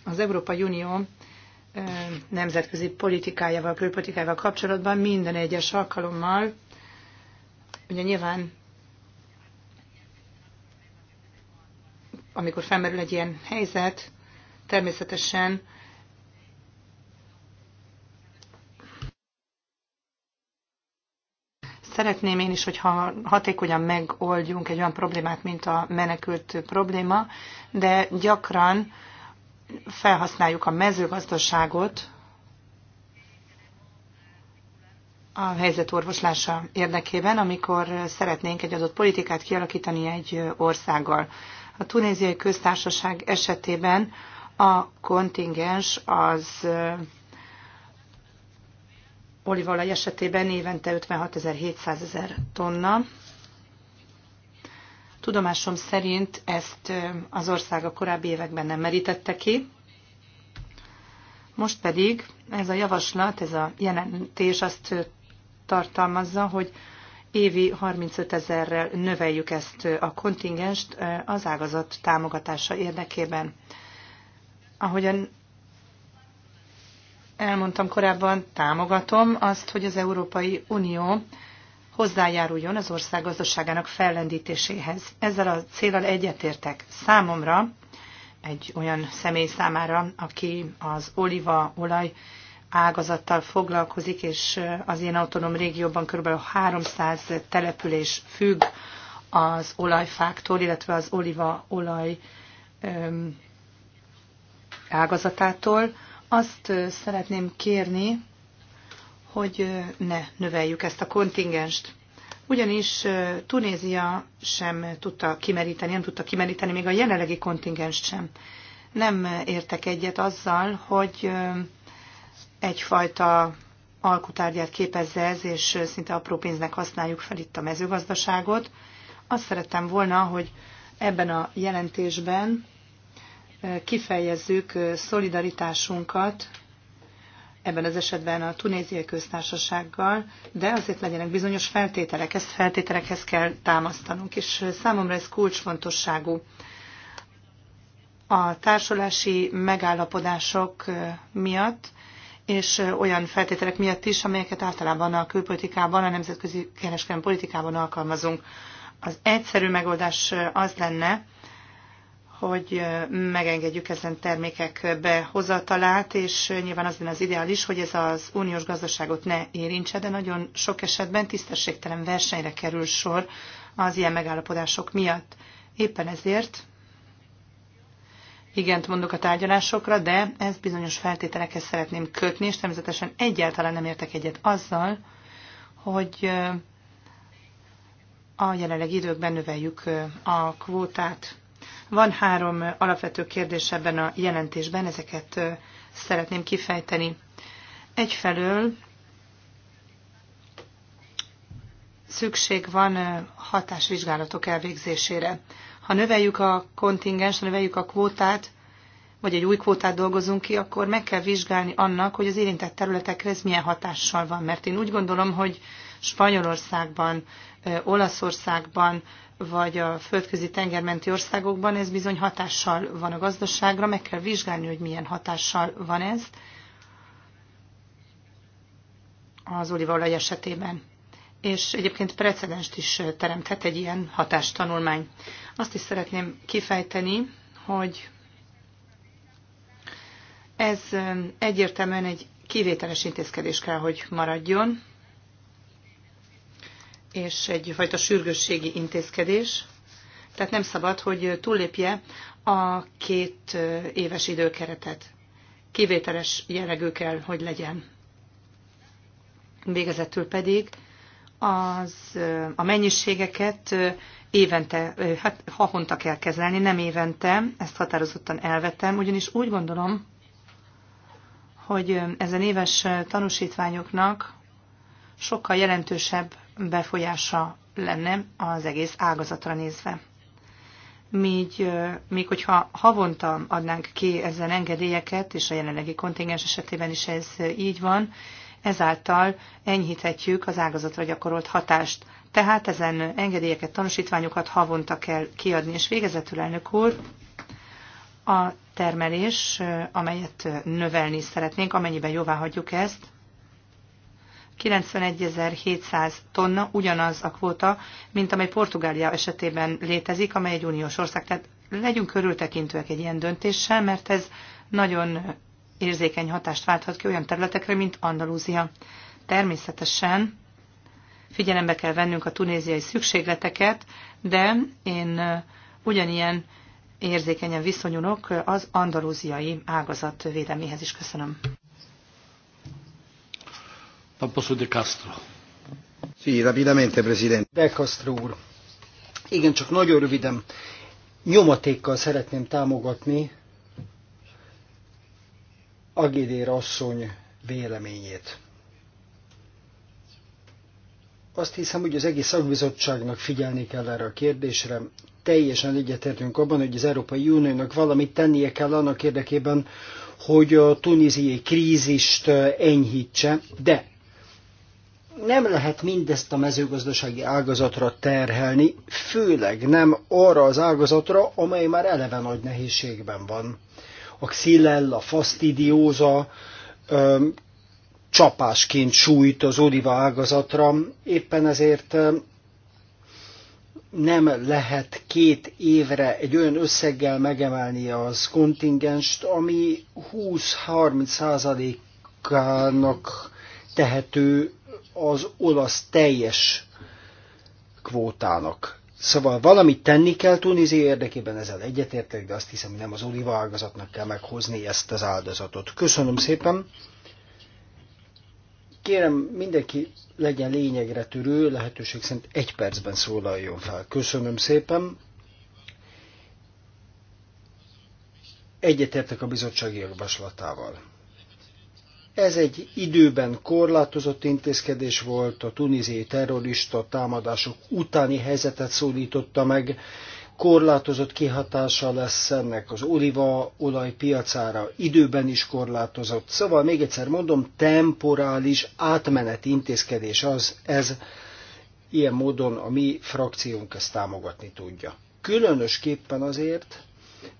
Az Európai Unió nemzetközi politikájával, külpolitikájával kapcsolatban minden egyes alkalommal, ugye nyilván amikor felmerül egy ilyen helyzet, természetesen szeretném én is, hogyha hatékonyan megoldjunk egy olyan problémát, mint a menekült probléma, de gyakran felhasználjuk a mezőgazdaságot a helyzet orvoslása érdekében, amikor szeretnénk egy adott politikát kialakítani egy országgal. A tunéziai köztársaság esetében a kontingens az olívaolaj esetében évente 5,6700 tonna, Tudomásom szerint ezt az ország a korábbi években nem merítette ki. Most pedig ez a javaslat, ez a jelentés azt tartalmazza, hogy évi 35 ezerrel növeljük ezt a kontingenst az ágazat támogatása érdekében. Ahogyan elmondtam korábban, támogatom azt, hogy az Európai Unió hozzájáruljon az ország gazdaságának fellendítéséhez. Ezzel a célral egyetértek. Számomra, egy olyan személy számára, aki az olaj ágazattal foglalkozik, és az én autonóm régióban kb. 300 település függ az olajfáktól, illetve az olívaolaj ágazatától. Azt szeretném kérni, hogy ne növeljük ezt a kontingenst. Ugyanis Tunézia sem tudta kimeríteni, nem tudta kimeríteni még a jelenlegi kontingenst sem. Nem értek egyet azzal, hogy egyfajta alkutárgyát képezze ez, és szinte apró pénznek használjuk fel itt a mezőgazdaságot. Azt szerettem volna, hogy ebben a jelentésben kifejezzük szolidaritásunkat ebben az esetben a tunéziai köztársasággal, de azért legyenek bizonyos feltételek, ezt feltételekhez kell támasztanunk, és számomra ez kulcsfontosságú. A társulási megállapodások miatt, és olyan feltételek miatt is, amelyeket általában a külpolitikában, a nemzetközi kereskedelmi politikában alkalmazunk. Az egyszerű megoldás az lenne, hogy megengedjük ezen termékek behozatalát, és nyilván az az ideális, hogy ez az uniós gazdaságot ne érintse, de nagyon sok esetben tisztességtelen versenyre kerül sor az ilyen megállapodások miatt. Éppen ezért igent mondok a tárgyalásokra, de ezt bizonyos feltételekhez szeretném kötni, és természetesen egyáltalán nem értek egyet azzal, hogy a jelenlegi időkben növeljük a kvótát van három alapvető kérdés ebben a jelentésben, ezeket szeretném kifejteni. Egyfelől szükség van hatásvizsgálatok elvégzésére. Ha növeljük a kontingens, ha növeljük a kvótát, vagy egy új kvótát dolgozunk ki, akkor meg kell vizsgálni annak, hogy az érintett területekre ez milyen hatással van. Mert én úgy gondolom, hogy Spanyolországban, Olaszországban, vagy a földközi tengermenti országokban, ez bizony hatással van a gazdaságra, meg kell vizsgálni, hogy milyen hatással van ez az olívaolaj esetében. És egyébként precedenst is teremthet egy ilyen hatástanulmány. Azt is szeretném kifejteni, hogy ez um, egyértelműen egy kivételes intézkedés kell, hogy maradjon, és egyfajta sürgősségi intézkedés, tehát nem szabad, hogy túllépje a két éves időkeretet. Kivételes jellegű kell, hogy legyen. Végezetül pedig az, a mennyiségeket évente, hát havonta kell kezelni, nem évente, ezt határozottan elvetem, ugyanis úgy gondolom, hogy ezen éves tanúsítványoknak sokkal jelentősebb befolyása lenne az egész ágazatra nézve. Míg, míg hogyha havonta adnánk ki ezen engedélyeket, és a jelenlegi kontingens esetében is ez így van, ezáltal enyhíthetjük az ágazatra gyakorolt hatást. Tehát ezen engedélyeket, tanúsítványokat havonta kell kiadni, és végezetül elnök úr, a termelés, amelyet növelni szeretnénk, amennyiben jóvá hagyjuk ezt, 91.700 tonna ugyanaz a kvóta, mint amely Portugália esetében létezik, amely egy uniós ország. Tehát legyünk körültekintőek egy ilyen döntéssel, mert ez nagyon érzékeny hatást válthat ki olyan területekre, mint Andalúzia. Természetesen figyelembe kell vennünk a tunéziai szükségleteket, de én ugyanilyen érzékenyen viszonyulok az andalúziai ágazat védelméhez is. Köszönöm. Pan De Castro. Sí, rapidamente, president. De Castro úr. Igen, csak nagyon röviden. Nyomatékkal szeretném támogatni Agidér asszony véleményét. Azt hiszem, hogy az egész szakbizottságnak figyelni kell erre a kérdésre. Teljesen egyetértünk abban, hogy az Európai Uniónak valamit tennie kell annak érdekében, hogy a tunéziai krízist eh, enyhítse, de nem lehet mindezt a mezőgazdasági ágazatra terhelni, főleg nem arra az ágazatra, amely már eleve nagy nehézségben van. A xilella, fastidióza öm, csapásként sújt az oliva ágazatra, éppen ezért nem lehet két évre egy olyan összeggel megemelni az kontingenst, ami 20-30 százalékának tehető az olasz teljes kvótának. Szóval valamit tenni kell Tunézia érdekében, ezzel egyetértek, de azt hiszem, hogy nem az olívaágazatnak kell meghozni ezt az áldozatot. Köszönöm szépen! Kérem, mindenki legyen lényegre törő, lehetőség szerint egy percben szólaljon fel. Köszönöm szépen! Egyetértek a bizottság javaslatával ez egy időben korlátozott intézkedés volt, a tunéziai terrorista támadások utáni helyzetet szólította meg, korlátozott kihatása lesz ennek az oliva olaj piacára, időben is korlátozott. Szóval még egyszer mondom, temporális átmeneti intézkedés az, ez ilyen módon a mi frakciónk ezt támogatni tudja. Különösképpen azért,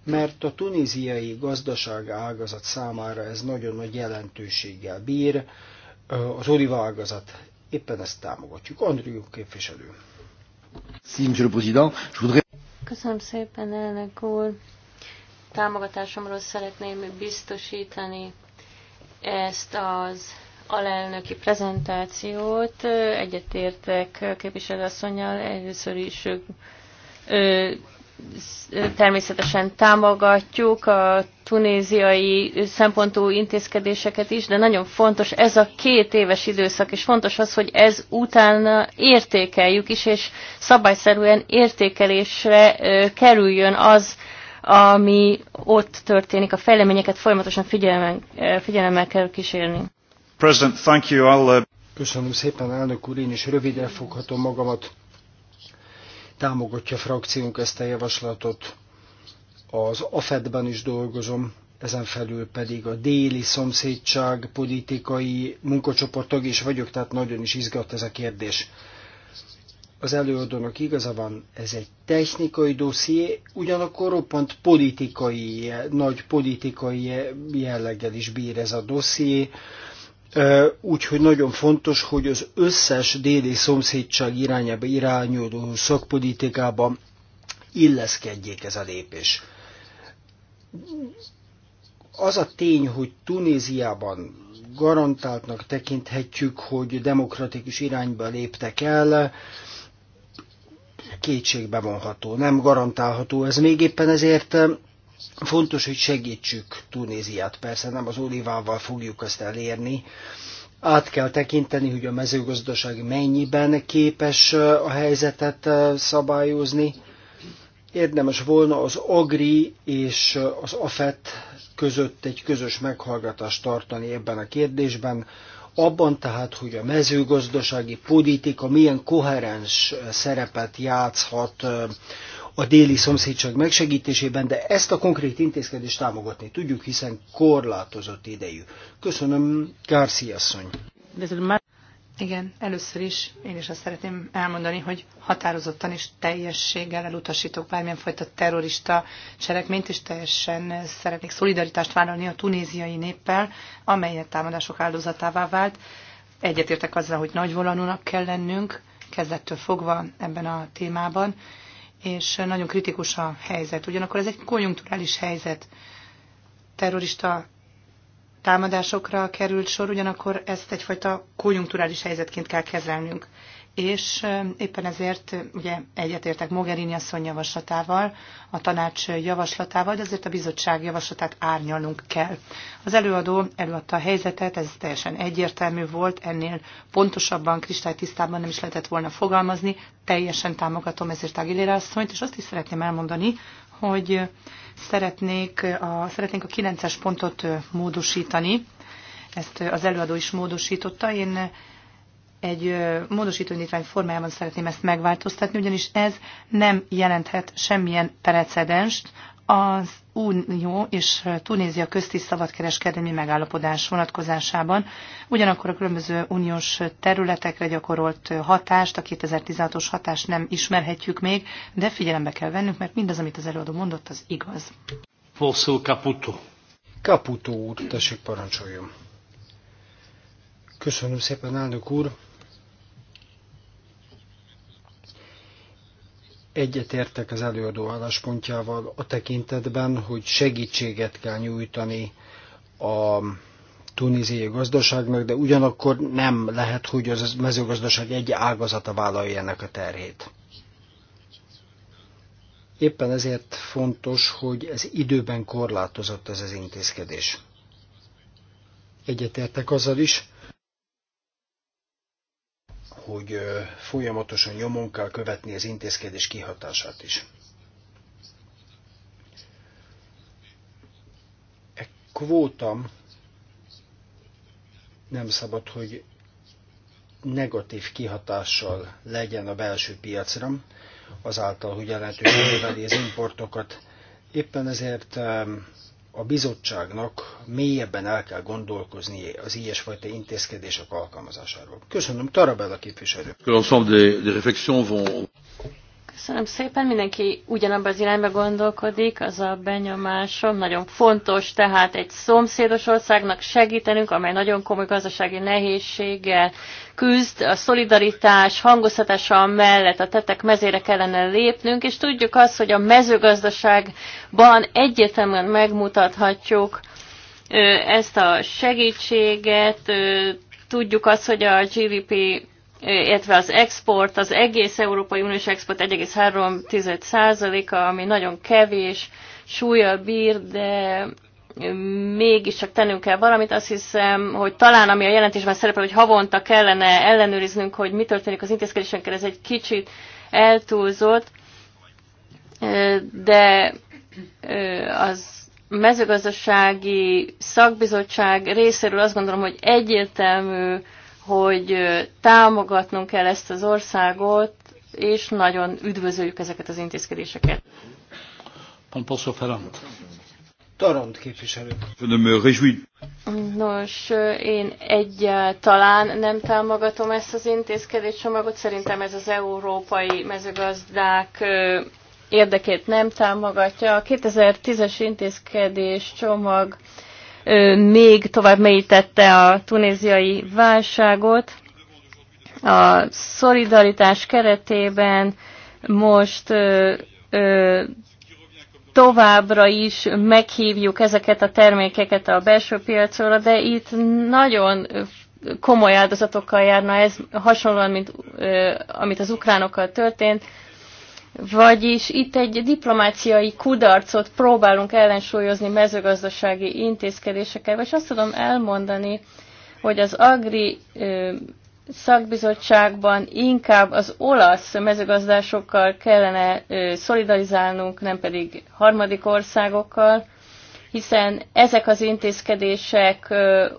mert a tunéziai gazdaság ágazat számára ez nagyon nagy jelentőséggel bír, az oliva ágazat éppen ezt támogatjuk. Andrió képviselő. Köszönöm szépen, elnök úr. Támogatásomról szeretném biztosítani ezt az alelnöki prezentációt. Egyetértek képviselőasszonyjal először is természetesen támogatjuk a tunéziai szempontú intézkedéseket is, de nagyon fontos ez a két éves időszak, és fontos az, hogy ez utána értékeljük is, és szabályszerűen értékelésre kerüljön az, ami ott történik, a fejleményeket folyamatosan figyelemmel, figyelemmel kell kísérni. President, thank you. I'll, uh... Köszönöm szépen, elnök úr, én is rövidre foghatom magamat támogatja frakciónk ezt a javaslatot. Az AFED-ben is dolgozom, ezen felül pedig a déli szomszédság politikai munkacsoportok is vagyok, tehát nagyon is izgat ez a kérdés. Az előadónak igaza van, ez egy technikai dosszié, ugyanakkor roppant politikai, nagy politikai jelleggel is bír ez a dosszié. Úgyhogy nagyon fontos, hogy az összes déli szomszédság irányába irányuló szakpolitikába illeszkedjék ez a lépés. Az a tény, hogy Tunéziában garantáltnak tekinthetjük, hogy demokratikus irányba léptek el, kétségbe vonható, nem garantálható. Ez még éppen ezért Fontos, hogy segítsük Tunéziát, persze nem az olivával fogjuk ezt elérni, át kell tekinteni, hogy a mezőgazdaság mennyiben képes a helyzetet szabályozni. Érdemes volna az AGRI és az AFET között egy közös meghallgatást tartani ebben a kérdésben, abban tehát, hogy a mezőgazdasági politika milyen koherens szerepet játszhat a déli szomszédság megsegítésében, de ezt a konkrét intézkedést támogatni tudjuk, hiszen korlátozott idejű. Köszönöm, Kárszi asszony. Igen, először is én is azt szeretném elmondani, hogy határozottan és teljességgel elutasítok bármilyen fajta terrorista cselekményt, és teljesen szeretnék szolidaritást vállalni a tunéziai néppel, amelyet támadások áldozatává vált. Egyetértek azzal, hogy nagyvolanúnak kell lennünk, kezdettől fogva ebben a témában, és nagyon kritikus a helyzet. Ugyanakkor ez egy konjunkturális helyzet. Terrorista támadásokra került sor, ugyanakkor ezt egyfajta konjunkturális helyzetként kell kezelnünk és eh, éppen ezért eh, ugye egyetértek Mogherini asszony javaslatával, a tanács javaslatával, de azért a bizottság javaslatát árnyalnunk kell. Az előadó előadta a helyzetet, ez teljesen egyértelmű volt, ennél pontosabban, kristálytisztában nem is lehetett volna fogalmazni, teljesen támogatom ezért Aguilera asszonyt, és azt is szeretném elmondani, hogy eh, szeretnék a, szeretnénk a 9-es pontot módosítani, ezt az előadó is módosította, én egy módosító indítvány formájában szeretném ezt megváltoztatni, ugyanis ez nem jelenthet semmilyen precedenst az Unió és Tunézia közti szabadkereskedelmi megállapodás vonatkozásában, ugyanakkor a különböző uniós területekre gyakorolt hatást, a 2016-os hatást nem ismerhetjük még, de figyelembe kell vennünk, mert mindaz, amit az előadó mondott, az igaz. Fosszul Caputo. Caputo úr, tessék parancsoljon. Köszönöm szépen, elnök úr. egyetértek az előadó álláspontjával a tekintetben, hogy segítséget kell nyújtani a tunéziai gazdaságnak, de ugyanakkor nem lehet, hogy az mezőgazdaság egy ágazata vállalja ennek a terhét. Éppen ezért fontos, hogy ez időben korlátozott ez az intézkedés. Egyetértek azzal is, hogy folyamatosan nyomon kell követni az intézkedés kihatását is. E kvótam nem szabad, hogy negatív kihatással legyen a belső piacra, azáltal, hogy jelentősen növeli az importokat. Éppen ezért a bizottságnak mélyebben el kell gondolkozni az ilyesfajta intézkedések alkalmazásáról. Köszönöm, Tarabella képviselő. Köszönöm szépen, mindenki ugyanabban az irányba gondolkodik, az a benyomásom. Nagyon fontos tehát egy szomszédos országnak segítenünk, amely nagyon komoly gazdasági nehézséggel küzd, a szolidaritás hangoztatása mellett a tettek mezére kellene lépnünk, és tudjuk azt, hogy a mezőgazdaságban egyértelműen megmutathatjuk ezt a segítséget, tudjuk azt, hogy a GDP illetve az export, az egész Európai Uniós export 1,3%-a, ami nagyon kevés, súlya bír, de mégiscsak tennünk kell valamit. Azt hiszem, hogy talán ami a jelentésben szerepel, hogy havonta kellene ellenőriznünk, hogy mi történik az intézkedésenkkel, ez egy kicsit eltúlzott, de az mezőgazdasági szakbizottság részéről azt gondolom, hogy egyértelmű hogy támogatnunk kell ezt az országot, és nagyon üdvözöljük ezeket az intézkedéseket. Pan poseł Ferrand. Tarant képviselő. Nos, én egyáltalán nem támogatom ezt az csomagot Szerintem ez az európai mezőgazdák érdekét nem támogatja. A 2010-es intézkedés csomag még tovább mélyítette a tunéziai válságot. A szolidaritás keretében most ö, ö, továbbra is meghívjuk ezeket a termékeket a belső piacra, de itt nagyon komoly áldozatokkal járna ez, hasonlóan, mint ö, amit az ukránokkal történt. Vagyis itt egy diplomáciai kudarcot próbálunk ellensúlyozni mezőgazdasági intézkedésekkel, és azt tudom elmondani, hogy az Agri szakbizottságban inkább az olasz mezőgazdásokkal kellene szolidarizálnunk, nem pedig harmadik országokkal, hiszen ezek az intézkedések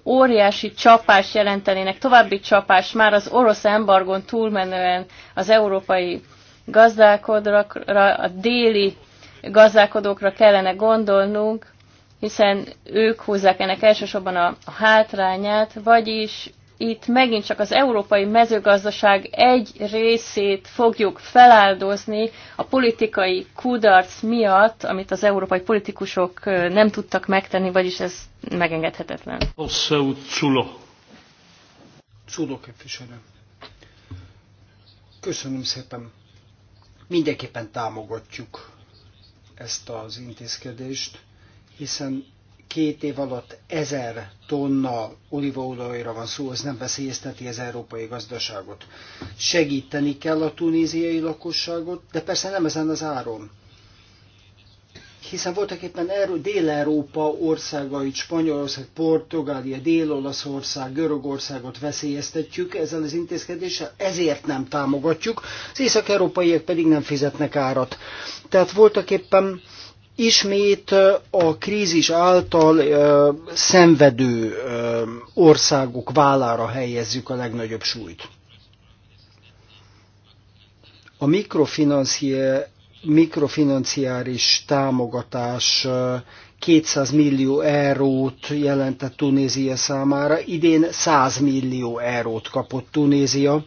óriási csapást jelentenének, további csapást már az orosz embargon túlmenően az európai gazdálkodókra, a déli gazdálkodókra kellene gondolnunk, hiszen ők húzzák ennek elsősorban a, a hátrányát, vagyis itt megint csak az európai mezőgazdaság egy részét fogjuk feláldozni a politikai kudarc miatt, amit az európai politikusok nem tudtak megtenni, vagyis ez megengedhetetlen. Hosszú Csulo. Csulo képviselő. Köszönöm szépen. Mindenképpen támogatjuk ezt az intézkedést, hiszen két év alatt ezer tonna olívaolajra van szó, ez nem veszélyezteti az európai gazdaságot. Segíteni kell a tunéziai lakosságot, de persze nem ezen az áron hiszen voltak éppen erről Dél-Európa országait, Spanyolország, Portugália, Dél-Olaszország, Görögországot veszélyeztetjük ezzel az intézkedéssel, ezért nem támogatjuk, az észak-európaiak pedig nem fizetnek árat. Tehát voltak éppen ismét a krízis által ö, szenvedő ö, országok vállára helyezzük a legnagyobb súlyt. A mikrofinanszír mikrofinanciáris támogatás 200 millió eurót jelentett Tunézia számára, idén 100 millió eurót kapott Tunézia,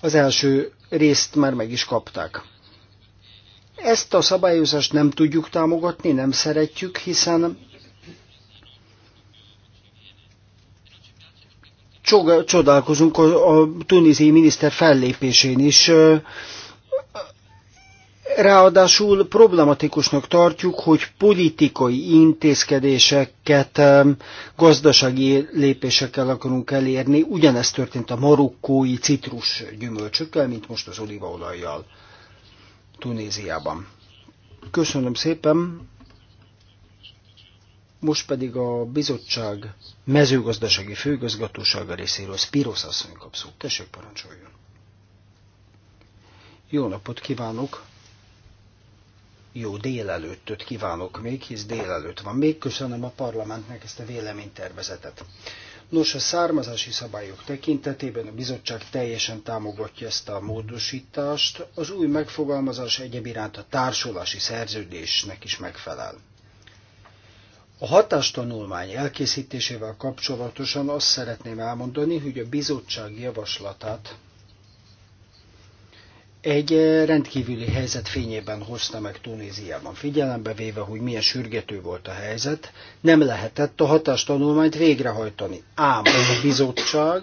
az első részt már meg is kapták. Ezt a szabályozást nem tudjuk támogatni, nem szeretjük, hiszen csodálkozunk a tunizi miniszter fellépésén is, Ráadásul problematikusnak tartjuk, hogy politikai intézkedéseket gazdasági lépésekkel akarunk elérni. Ugyanezt történt a marokkói citrus gyümölcsökkel, mint most az olívaolajjal Tunéziában. Köszönöm szépen! Most pedig a bizottság mezőgazdasági főgazgatósága részéről Spiros asszony kap szót. Tessék, parancsoljon! Jó napot kívánok! jó délelőttöt kívánok még, hisz délelőtt van még. Köszönöm a parlamentnek ezt a véleménytervezetet. Nos, a származási szabályok tekintetében a bizottság teljesen támogatja ezt a módosítást, az új megfogalmazás egyebiránt a társulási szerződésnek is megfelel. A hatástanulmány elkészítésével kapcsolatosan azt szeretném elmondani, hogy a bizottság javaslatát egy rendkívüli helyzet fényében hozta meg Tunéziában, figyelembe véve, hogy milyen sürgető volt a helyzet, nem lehetett a hatástanulmányt végrehajtani. Ám a bizottság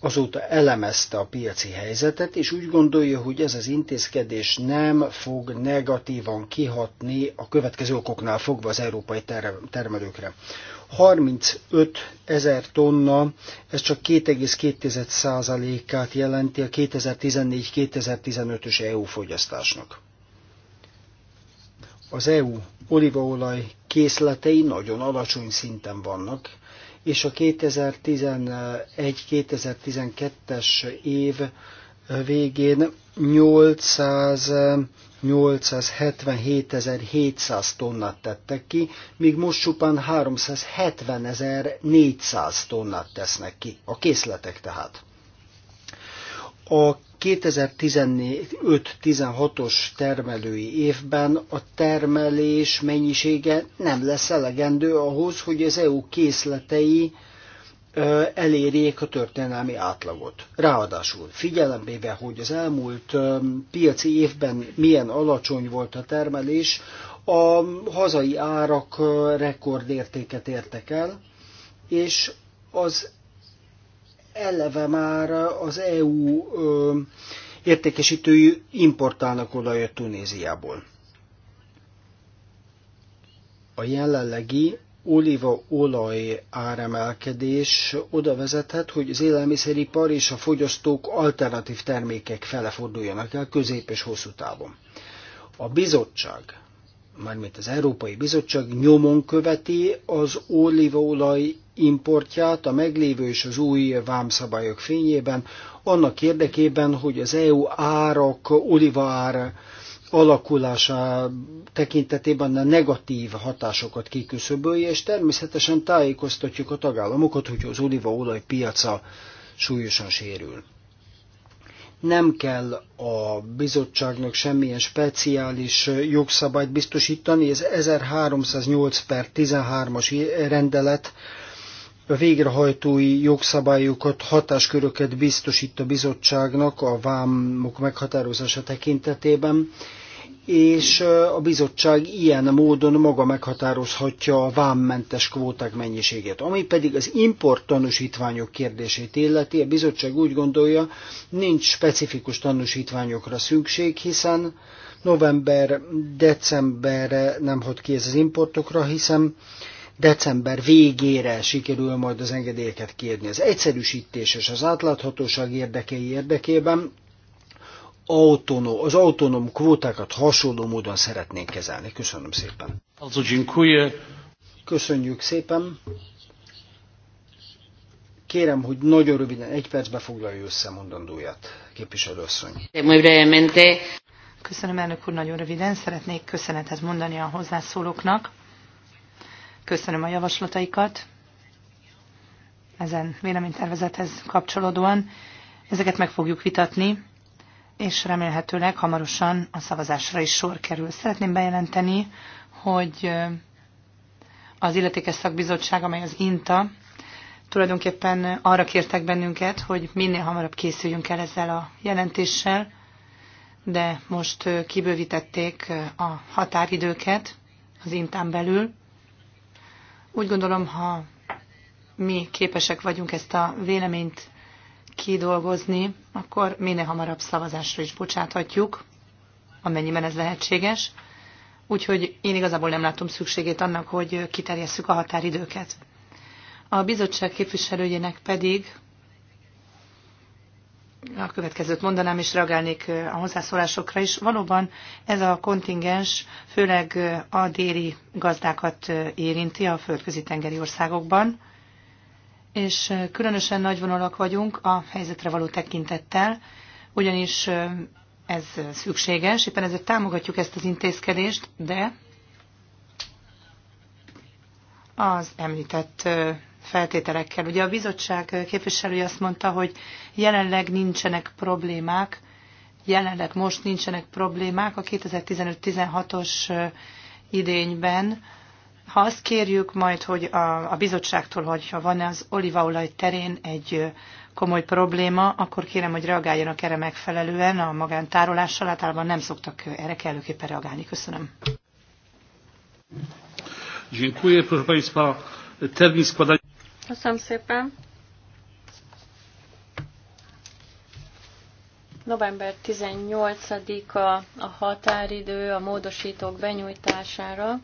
azóta elemezte a piaci helyzetet, és úgy gondolja, hogy ez az intézkedés nem fog negatívan kihatni a következő okoknál fogva az európai termelőkre. 35 ezer tonna, ez csak 2,2%-át jelenti a 2014-2015-ös EU fogyasztásnak. Az EU olívaolaj készletei nagyon alacsony szinten vannak, és a 2011-2012-es év végén 800 877.700 tonnát tettek ki, míg most csupán 370.400 tonnát tesznek ki. A készletek tehát. A 2015-16-os termelői évben a termelés mennyisége nem lesz elegendő ahhoz, hogy az EU készletei elérjék a történelmi átlagot. Ráadásul figyelembe, hogy az elmúlt piaci évben milyen alacsony volt a termelés, a hazai árak rekordértéket értek el, és az eleve már az EU értékesítői importálnak olajat Tunéziából. A jelenlegi olívaolaj áremelkedés oda vezethet, hogy az élelmiszeripar és a fogyasztók alternatív termékek fele forduljanak el közép és hosszú távon. A bizottság, mármint az Európai Bizottság nyomon követi az olívaolaj importját a meglévő és az új vámszabályok fényében, annak érdekében, hogy az EU árak, olívaár alakulása tekintetében a negatív hatásokat kiküszöbölje, és természetesen tájékoztatjuk a tagállamokat, hogy az olívaolaj piaca súlyosan sérül. Nem kell a bizottságnak semmilyen speciális jogszabályt biztosítani, ez 1308 per 13-as rendelet, a végrehajtói jogszabályokat, hatásköröket biztosít a bizottságnak a vámok meghatározása tekintetében, és a bizottság ilyen módon maga meghatározhatja a vámmentes kvóták mennyiségét. Ami pedig az import tanúsítványok kérdését illeti, a bizottság úgy gondolja, nincs specifikus tanúsítványokra szükség, hiszen november, decemberre nem hat ki ez az importokra, hiszen december végére sikerül majd az engedélyeket kérni. Az egyszerűsítés és az átláthatóság érdekei érdekében autonó, az autonóm kvótákat hasonló módon szeretnénk kezelni. Köszönöm szépen. Köszönjük szépen. Kérem, hogy nagyon röviden, egy percbe foglalja össze mondandóját, képviselőasszony. Köszönöm, elnök úr, nagyon röviden. Szeretnék köszönetet mondani a hozzászólóknak. Köszönöm a javaslataikat ezen véleménytervezethez kapcsolódóan. Ezeket meg fogjuk vitatni és remélhetőleg hamarosan a szavazásra is sor kerül. Szeretném bejelenteni, hogy az illetékes szakbizottság, amely az INTA, tulajdonképpen arra kértek bennünket, hogy minél hamarabb készüljünk el ezzel a jelentéssel, de most kibővítették a határidőket az intán belül. Úgy gondolom, ha mi képesek vagyunk ezt a véleményt kidolgozni, akkor minél hamarabb szavazásra is bocsáthatjuk, amennyiben ez lehetséges. Úgyhogy én igazából nem látom szükségét annak, hogy kiterjesszük a határidőket. A bizottság képviselőjének pedig a következőt mondanám, és reagálnék a hozzászólásokra is. Valóban ez a kontingens főleg a déli gazdákat érinti a földközi tengeri országokban és különösen nagyvonalak vagyunk a helyzetre való tekintettel, ugyanis ez szükséges, éppen ezért támogatjuk ezt az intézkedést, de az említett feltételekkel. Ugye a bizottság képviselője azt mondta, hogy jelenleg nincsenek problémák, jelenleg most nincsenek problémák a 2015-16-os idényben ha azt kérjük majd, hogy a, a bizottságtól, hogyha van az olívaolaj terén egy komoly probléma, akkor kérem, hogy reagáljanak erre megfelelően a magántárolással. Általában nem szoktak erre kellőképpen reagálni. Köszönöm. Köszönöm szépen. November 18-a a határidő a módosítók benyújtására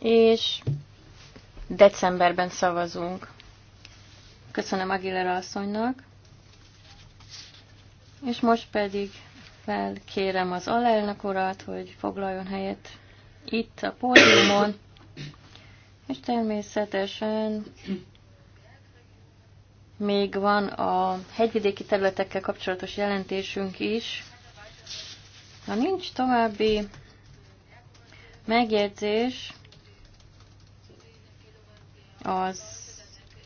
és decemberben szavazunk. Köszönöm Aguilera asszonynak. És most pedig felkérem az alelnök urat, hogy foglaljon helyet itt a pódiumon, és természetesen még van a hegyvidéki területekkel kapcsolatos jelentésünk is. Ha nincs további megjegyzés, az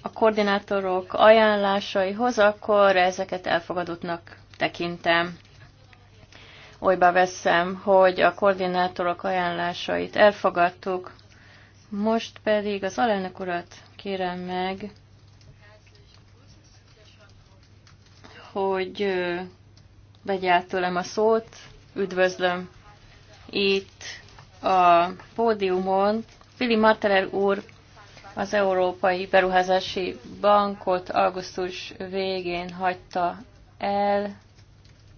a koordinátorok ajánlásaihoz, akkor ezeket elfogadottnak tekintem. Olyba veszem, hogy a koordinátorok ajánlásait elfogadtuk. Most pedig az alelnök urat kérem meg, hogy vegye át tőlem a szót. Üdvözlöm itt a pódiumon Fili Marteler úr az Európai Beruházási Bankot augusztus végén hagyta el,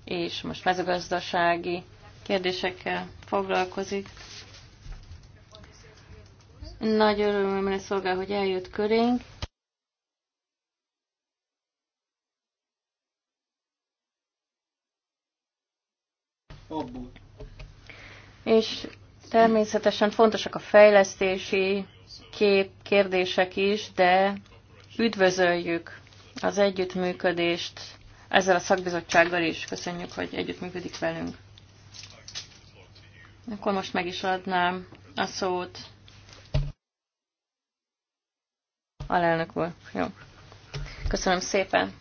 és most mezőgazdasági kérdésekkel foglalkozik. Nagy örömmel szolgál, hogy eljött körénk. És természetesen fontosak a fejlesztési kép kérdések is, de üdvözöljük az együttműködést ezzel a szakbizottsággal is. Köszönjük, hogy együttműködik velünk. Akkor most meg is adnám a szót. Alelnök úr. Jó. Köszönöm szépen.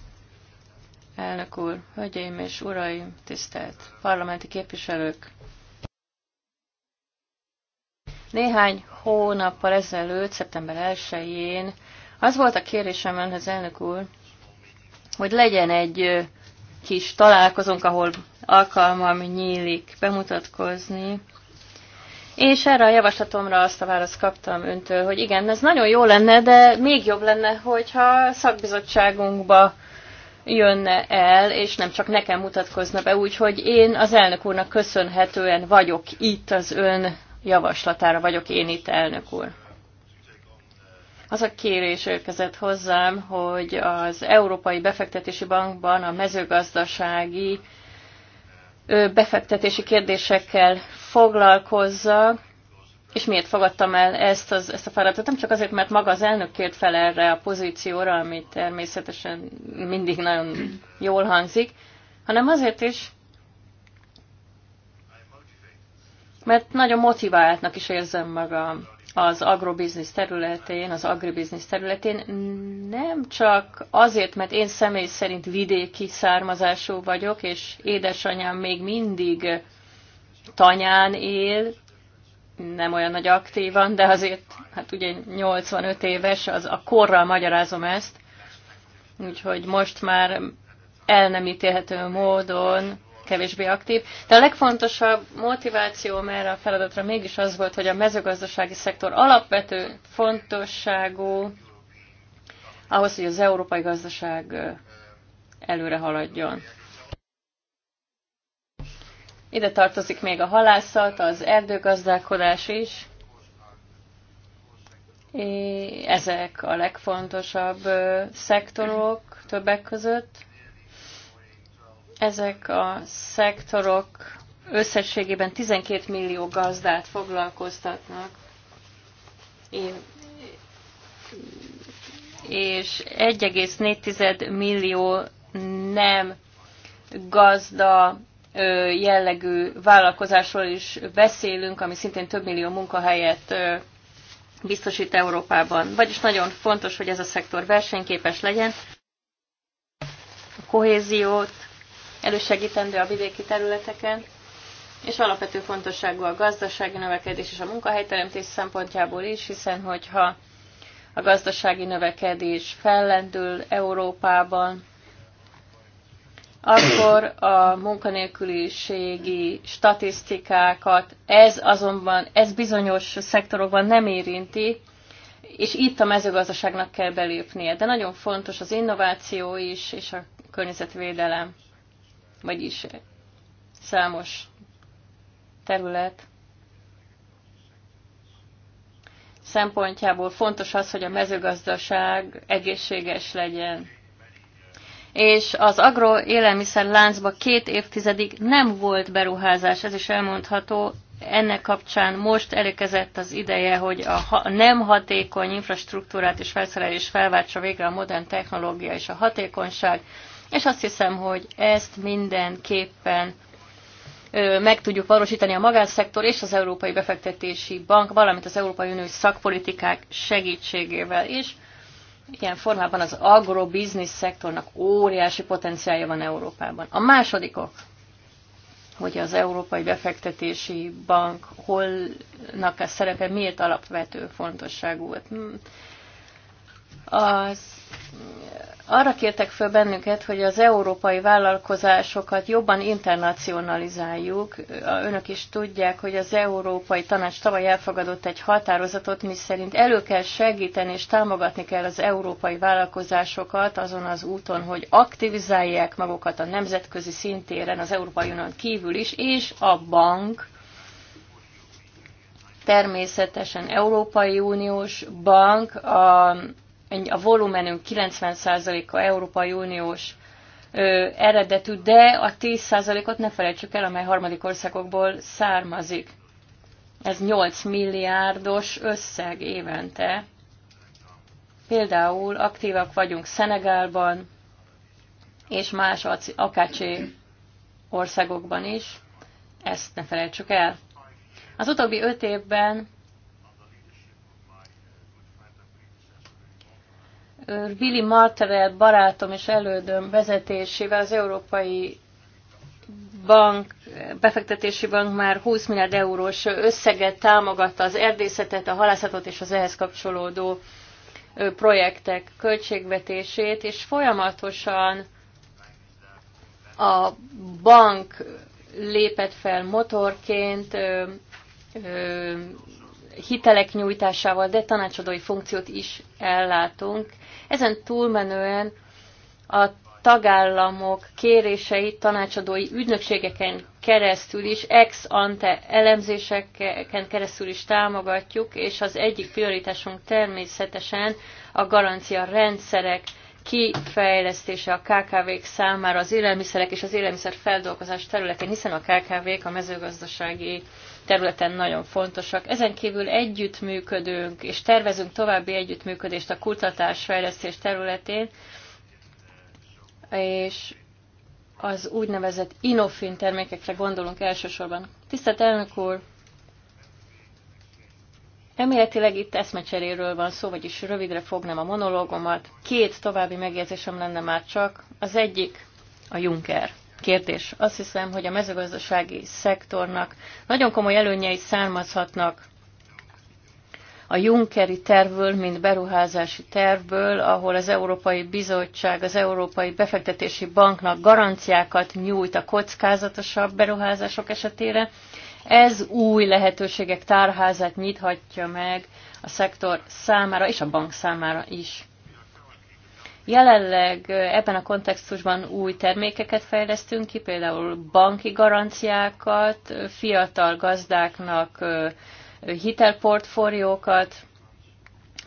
Elnök úr, hölgyeim és uraim, tisztelt parlamenti képviselők, néhány hónappal ezelőtt, szeptember 1-én az volt a kérésem önhez elnök úr, hogy legyen egy kis találkozónk, ahol alkalmam nyílik bemutatkozni. És erre a javaslatomra azt a választ kaptam öntől, hogy igen, ez nagyon jó lenne, de még jobb lenne, hogyha szakbizottságunkba jönne el, és nem csak nekem mutatkozna be, úgyhogy én az elnök úrnak köszönhetően vagyok itt az ön javaslatára vagyok én itt, elnök úr. Az a kérés érkezett hozzám, hogy az Európai Befektetési Bankban a mezőgazdasági befektetési kérdésekkel foglalkozza, és miért fogadtam el ezt, az, ezt a feladatot? Nem csak azért, mert maga az elnök kért fel erre a pozícióra, ami természetesen mindig nagyon jól hangzik, hanem azért is, mert nagyon motiváltnak is érzem magam az agrobiznisz területén, az agribiznisz területén, nem csak azért, mert én személy szerint vidéki származású vagyok, és édesanyám még mindig tanyán él, nem olyan nagy aktívan, de azért, hát ugye 85 éves, az a korral magyarázom ezt, úgyhogy most már el nem ítélhető módon kevésbé aktív. De a legfontosabb motiváció, erre a feladatra mégis az volt, hogy a mezőgazdasági szektor alapvető fontosságú ahhoz, hogy az európai gazdaság előre haladjon. Ide tartozik még a halászat, az erdőgazdálkodás is. Ezek a legfontosabb szektorok többek között. Ezek a szektorok összességében 12 millió gazdát foglalkoztatnak, és 1,4 millió nem gazda jellegű vállalkozásról is beszélünk, ami szintén több millió munkahelyet biztosít Európában. Vagyis nagyon fontos, hogy ez a szektor versenyképes legyen. A kohéziót elősegítendő a vidéki területeken, és alapvető fontosságú a gazdasági növekedés és a munkahelyteremtés szempontjából is, hiszen hogyha a gazdasági növekedés fellendül Európában, akkor a munkanélküliségi statisztikákat, ez azonban, ez bizonyos szektorokban nem érinti, és itt a mezőgazdaságnak kell belépnie. De nagyon fontos az innováció is, és a környezetvédelem vagyis számos terület szempontjából fontos az, hogy a mezőgazdaság egészséges legyen. És az agroélelmiszer láncba két évtizedig nem volt beruházás, ez is elmondható. Ennek kapcsán most elékezett az ideje, hogy a nem hatékony infrastruktúrát és felszerelés felváltsa végre a modern technológia és a hatékonyság és azt hiszem, hogy ezt mindenképpen meg tudjuk valósítani a magánszektor és az Európai Befektetési Bank, valamint az Európai Unió szakpolitikák segítségével is. Ilyen formában az agrobiznisz szektornak óriási potenciálja van Európában. A másodikok, hogy az Európai Befektetési Bank holnak a szerepe miért alapvető fontosságú volt. Hmm. Az arra kértek föl bennünket, hogy az európai vállalkozásokat jobban internacionalizáljuk. Önök is tudják, hogy az Európai Tanács tavaly elfogadott egy határozatot, miszerint elő kell segíteni és támogatni kell az európai vállalkozásokat azon az úton, hogy aktivizálják magukat a nemzetközi szintéren, az Európai Unión kívül is, és a bank, természetesen Európai Uniós bank, a a volumenünk 90%-a Európai Uniós ö, eredetű, de a 10%-ot ne felejtsük el, amely harmadik országokból származik. Ez 8 milliárdos összeg évente. Például aktívak vagyunk Szenegálban, és más akácsi országokban is. Ezt ne felejtsük el. Az utóbbi öt évben Billy Marterel barátom és elődöm vezetésével az Európai Bank, befektetési bank már 20 milliárd eurós összeget támogatta az erdészetet, a halászatot és az ehhez kapcsolódó projektek költségvetését, és folyamatosan a bank lépett fel motorként, hitelek nyújtásával, de tanácsadói funkciót is ellátunk, ezen túlmenően a tagállamok kérései tanácsadói ügynökségeken keresztül is, ex ante elemzéseken keresztül is támogatjuk, és az egyik prioritásunk természetesen a garancia rendszerek kifejlesztése a KKV-k számára az élelmiszerek és az élelmiszer feldolgozás területén, hiszen a KKV-k a mezőgazdasági területen nagyon fontosak. Ezen kívül együttműködünk, és tervezünk további együttműködést a kutatás-fejlesztés területén, és az úgynevezett inofin termékekre gondolunk elsősorban. Tisztelt elnök úr! Emléletileg itt eszmecseréről van szó, vagyis rövidre fognám a monológomat. Két további megjegyzésem lenne már csak. Az egyik a Juncker kérdés. Azt hiszem, hogy a mezőgazdasági szektornak nagyon komoly előnyei származhatnak a Junckeri tervből, mint beruházási tervből, ahol az Európai Bizottság, az Európai Befektetési Banknak garanciákat nyújt a kockázatosabb beruházások esetére. Ez új lehetőségek tárházát nyithatja meg a szektor számára és a bank számára is. Jelenleg ebben a kontextusban új termékeket fejlesztünk ki, például banki garanciákat, fiatal gazdáknak hitelportfóliókat,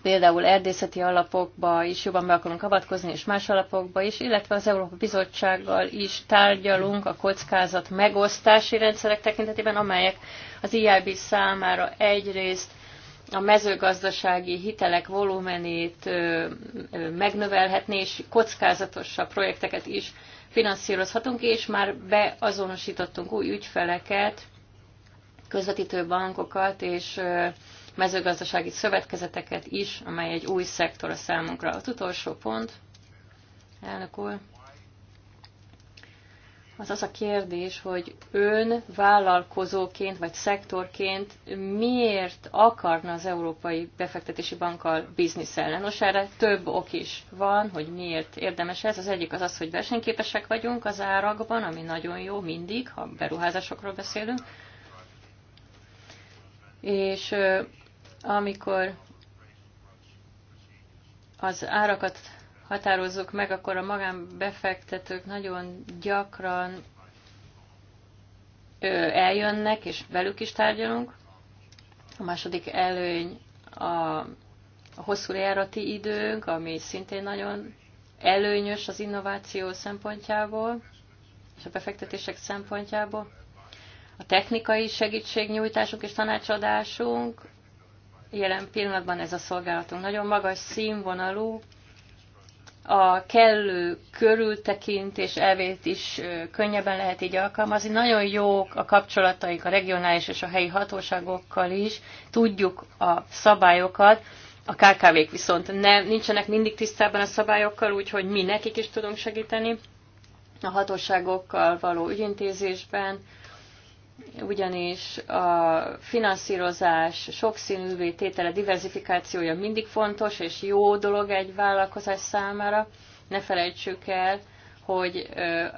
például erdészeti alapokba is jobban be akarunk avatkozni, és más alapokba is, illetve az Európa Bizottsággal is tárgyalunk a kockázat megosztási rendszerek tekintetében, amelyek az IIB számára egyrészt a mezőgazdasági hitelek volumenét megnövelhetné, és kockázatosabb projekteket is finanszírozhatunk, és már beazonosítottunk új ügyfeleket, közvetítő bankokat és mezőgazdasági szövetkezeteket is, amely egy új szektor a számunkra. Az utolsó pont, elnök úr, az az a kérdés, hogy ön vállalkozóként vagy szektorként miért akarna az Európai Befektetési Bankkal bizniszelni? Nos, erre több ok is van, hogy miért érdemes ez. Az egyik az az, hogy versenyképesek vagyunk az árakban, ami nagyon jó mindig, ha beruházásokról beszélünk. És amikor az árakat határozzuk meg, akkor a magánbefektetők nagyon gyakran eljönnek, és velük is tárgyalunk. A második előny a, hosszú lejárati időnk, ami szintén nagyon előnyös az innováció szempontjából, és a befektetések szempontjából. A technikai segítségnyújtásunk és tanácsadásunk, jelen pillanatban ez a szolgálatunk nagyon magas színvonalú, a kellő körültekintés elvét is könnyebben lehet így alkalmazni. Nagyon jók a kapcsolataink a regionális és a helyi hatóságokkal is, tudjuk a szabályokat, a KKV-k viszont nem, nincsenek mindig tisztában a szabályokkal, úgyhogy mi nekik is tudunk segíteni a hatóságokkal való ügyintézésben, ugyanis a finanszírozás sokszínűvé tétele, diversifikációja mindig fontos és jó dolog egy vállalkozás számára. Ne felejtsük el, hogy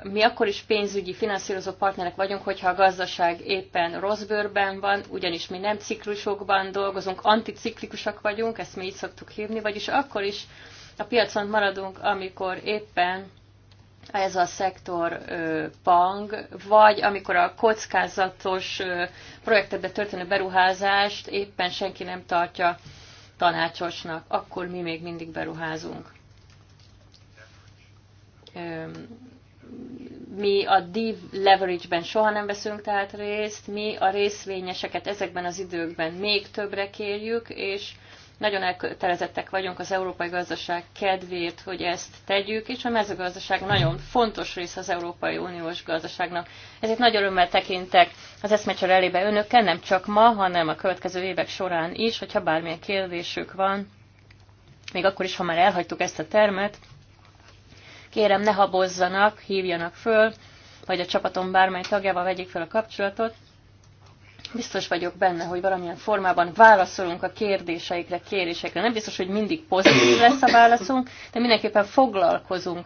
mi akkor is pénzügyi finanszírozó partnerek vagyunk, hogyha a gazdaság éppen rossz bőrben van, ugyanis mi nem ciklusokban dolgozunk, anticiklikusak vagyunk, ezt mi így szoktuk hívni, vagyis akkor is a piacon maradunk, amikor éppen ez a szektor bank, vagy amikor a kockázatos projektekbe történő beruházást éppen senki nem tartja tanácsosnak, akkor mi még mindig beruházunk. Mi a div leverage ben soha nem veszünk tehát részt, mi a részvényeseket ezekben az időkben még többre kérjük, és nagyon elkötelezettek vagyunk az európai gazdaság kedvéért, hogy ezt tegyük, és a mezőgazdaság nagyon fontos része az Európai Uniós gazdaságnak. Ezért nagy örömmel tekintek az eszmecsor elébe önökkel, nem csak ma, hanem a következő évek során is, hogyha bármilyen kérdésük van, még akkor is, ha már elhagytuk ezt a termet, kérem ne habozzanak, hívjanak föl, vagy a csapatom bármely tagjával vegyék fel a kapcsolatot, biztos vagyok benne, hogy valamilyen formában válaszolunk a kérdéseikre, kérésekre. Nem biztos, hogy mindig pozitív lesz a válaszunk, de mindenképpen foglalkozunk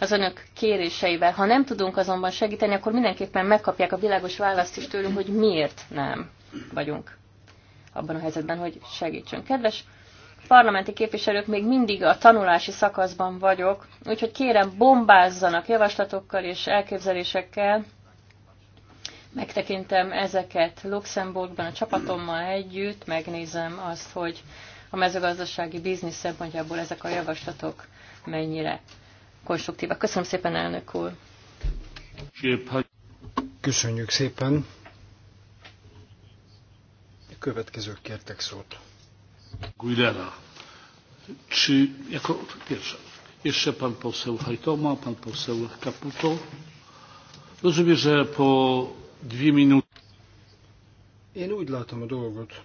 az önök kéréseivel. Ha nem tudunk azonban segíteni, akkor mindenképpen megkapják a világos választ is tőlünk, hogy miért nem vagyunk abban a helyzetben, hogy segítsünk. Kedves parlamenti képviselők, még mindig a tanulási szakaszban vagyok, úgyhogy kérem bombázzanak javaslatokkal és elképzelésekkel, megtekintem ezeket Luxemburgban a csapatommal együtt, megnézem azt, hogy a mezőgazdasági biznisz szempontjából ezek a javaslatok mennyire konstruktívak. Köszönöm szépen, elnök úr! Köszönjük szépen! A következők kértek szót. Guidera. Czy jako pierwsza? Jeszcze pan poseł Hajtoma, pan poseł Kaputo. Rozumiem, że po én úgy látom a dolgot,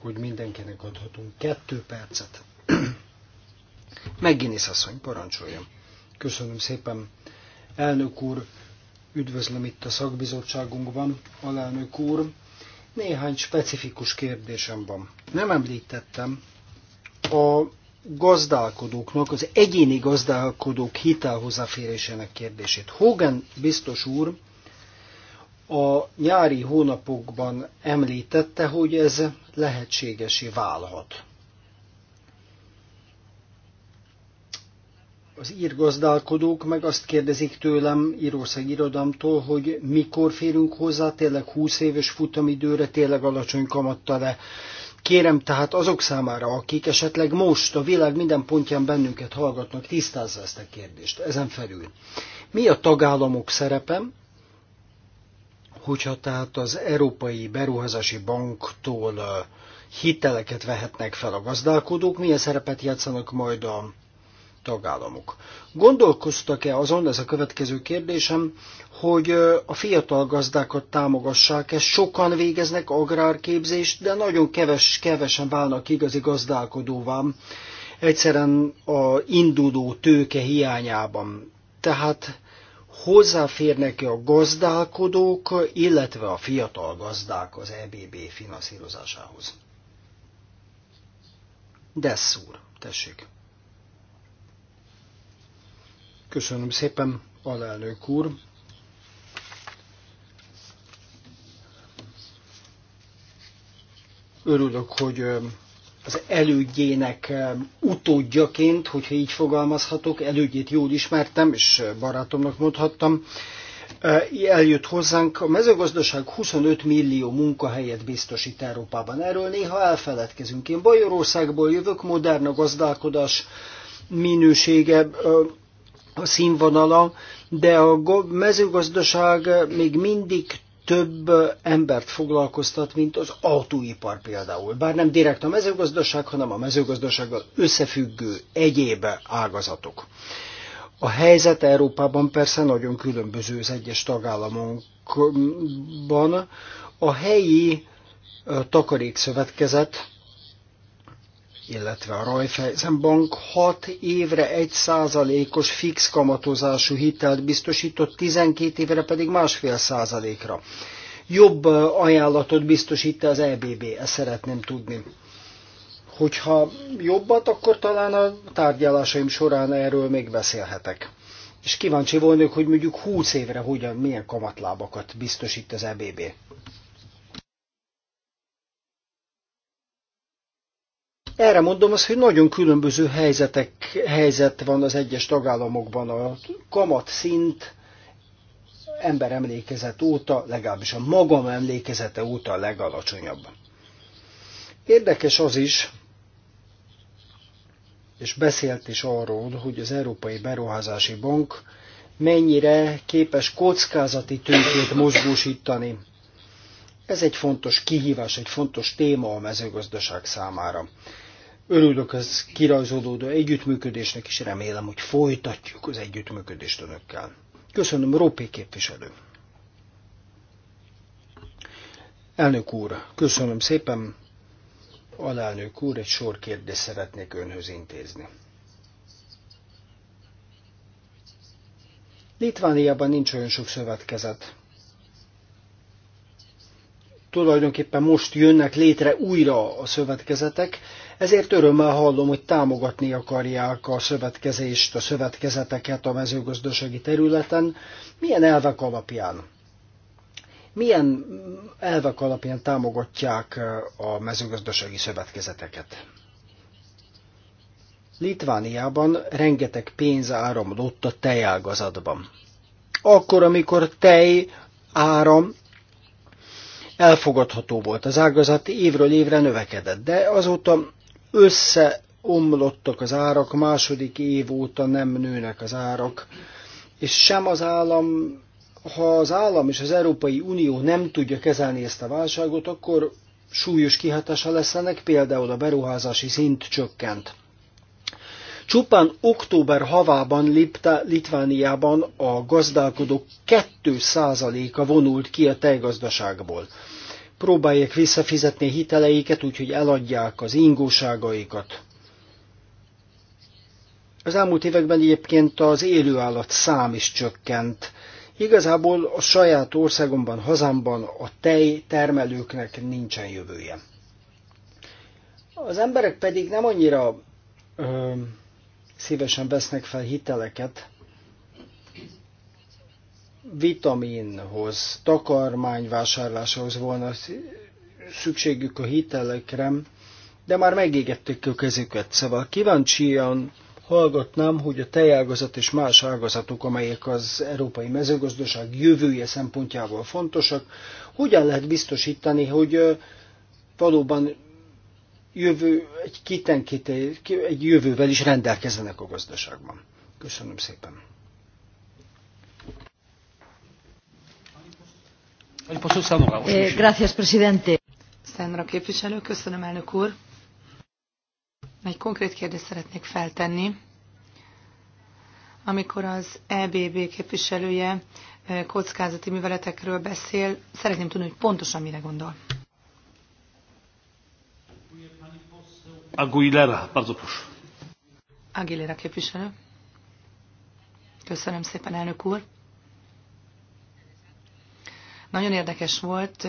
hogy mindenkinek adhatunk kettő percet. Megginis asszony, parancsoljam. Köszönöm szépen. Elnök úr, üdvözlöm itt a szakbizottságunkban, alelnök úr. Néhány specifikus kérdésem van. Nem említettem a gazdálkodóknak, az egyéni gazdálkodók hitelhozzáférésének kérdését. Hogan biztos úr a nyári hónapokban említette, hogy ez lehetségesi válhat. Az írgazdálkodók meg azt kérdezik tőlem, Írószeg irodamtól, hogy mikor férünk hozzá, tényleg 20 éves futamidőre, tényleg alacsony kamattal le. Kérem tehát azok számára, akik esetleg most a világ minden pontján bennünket hallgatnak, tisztázza ezt a kérdést, ezen felül. Mi a tagállamok szerepe, Hogyha tehát az Európai Beruházási Banktól hiteleket vehetnek fel a gazdálkodók, milyen szerepet játszanak majd a tagállamok. Gondolkoztak-e azon, ez a következő kérdésem, hogy a fiatal gazdákat támogassák ezt? Sokan végeznek agrárképzést, de nagyon keves, kevesen válnak igazi gazdálkodóvá, egyszerűen a induló tőke hiányában. Tehát hozzáférnek-e a gazdálkodók, illetve a fiatal gazdák az EBB finanszírozásához. Dessz úr, tessék. Köszönöm szépen, alelnök úr. Örülök, hogy az elődjének utódjaként, hogyha így fogalmazhatok, elődjét jól ismertem, és barátomnak mondhattam, eljött hozzánk. A mezőgazdaság 25 millió munkahelyet biztosít Európában. Erről néha elfeledkezünk. Én Bajorországból jövök, modern a gazdálkodás minősége, a színvonala, de a mezőgazdaság még mindig több embert foglalkoztat, mint az autóipar például. Bár nem direkt a mezőgazdaság, hanem a mezőgazdasággal összefüggő egyéb ágazatok. A helyzet Európában persze nagyon különböző az egyes tagállamokban. A helyi takarékszövetkezet illetve a Raiffeisen Bank 6 évre 1 százalékos fix kamatozású hitelt biztosított, 12 évre pedig másfél százalékra. Jobb ajánlatot biztosít az EBB, ezt szeretném tudni. Hogyha jobbat, akkor talán a tárgyalásaim során erről még beszélhetek. És kíváncsi volnék, hogy mondjuk 20 évre hogyan, milyen kamatlábakat biztosít az EBB. Erre mondom azt, hogy nagyon különböző helyzetek, helyzet van az egyes tagállamokban. A kamat szint ember emlékezet óta, legalábbis a magam emlékezete óta a legalacsonyabb. Érdekes az is, és beszélt is arról, hogy az Európai Beruházási Bank mennyire képes kockázati tőkét mozgósítani. Ez egy fontos kihívás, egy fontos téma a mezőgazdaság számára. Örülök az kirajzolódó együttműködésnek, és remélem, hogy folytatjuk az együttműködést önökkel. Köszönöm, Rópi képviselő. Elnök úr, köszönöm szépen. Alelnök úr, egy sor kérdést szeretnék önhöz intézni. Litvániában nincs olyan sok szövetkezet. Tulajdonképpen most jönnek létre újra a szövetkezetek, ezért örömmel hallom, hogy támogatni akarják a szövetkezést, a szövetkezeteket a mezőgazdasági területen. Milyen elvek alapján? Milyen elvek alapján támogatják a mezőgazdasági szövetkezeteket? Litvániában rengeteg pénz áramlott a tejágazatban. Akkor, amikor tej áram elfogadható volt, az ágazat évről évre növekedett, de azóta összeomlottak az árak, második év óta nem nőnek az árak, és sem az állam, ha az állam és az Európai Unió nem tudja kezelni ezt a válságot, akkor súlyos kihatása lesz ennek, például a beruházási szint csökkent. Csupán október havában Lipta, Litvániában a gazdálkodók 2%-a vonult ki a tejgazdaságból próbálják visszafizetni hiteleiket, úgyhogy eladják az ingóságaikat. Az elmúlt években egyébként az élőállat szám is csökkent. Igazából a saját országomban, hazámban a tej termelőknek nincsen jövője. Az emberek pedig nem annyira ö, szívesen vesznek fel hiteleket, vitaminhoz, takarmány volna szükségük a hitelekre, de már megégették a kezüket. Szóval kíváncsian hallgatnám, hogy a tejágazat és más ágazatok, amelyek az európai mezőgazdaság jövője szempontjából fontosak, hogyan lehet biztosítani, hogy valóban jövő, egy, kiten, egy jövővel is rendelkezzenek a gazdaságban. Köszönöm szépen. E, gracias, presidente. képviselő, köszönöm, elnök úr. Egy konkrét kérdést szeretnék feltenni. Amikor az EBB képviselője e, kockázati műveletekről beszél, szeretném tudni, hogy pontosan mire gondol. Aguilera, bardzo proszę. Aguilera képviselő. Köszönöm szépen, elnök úr. Nagyon érdekes volt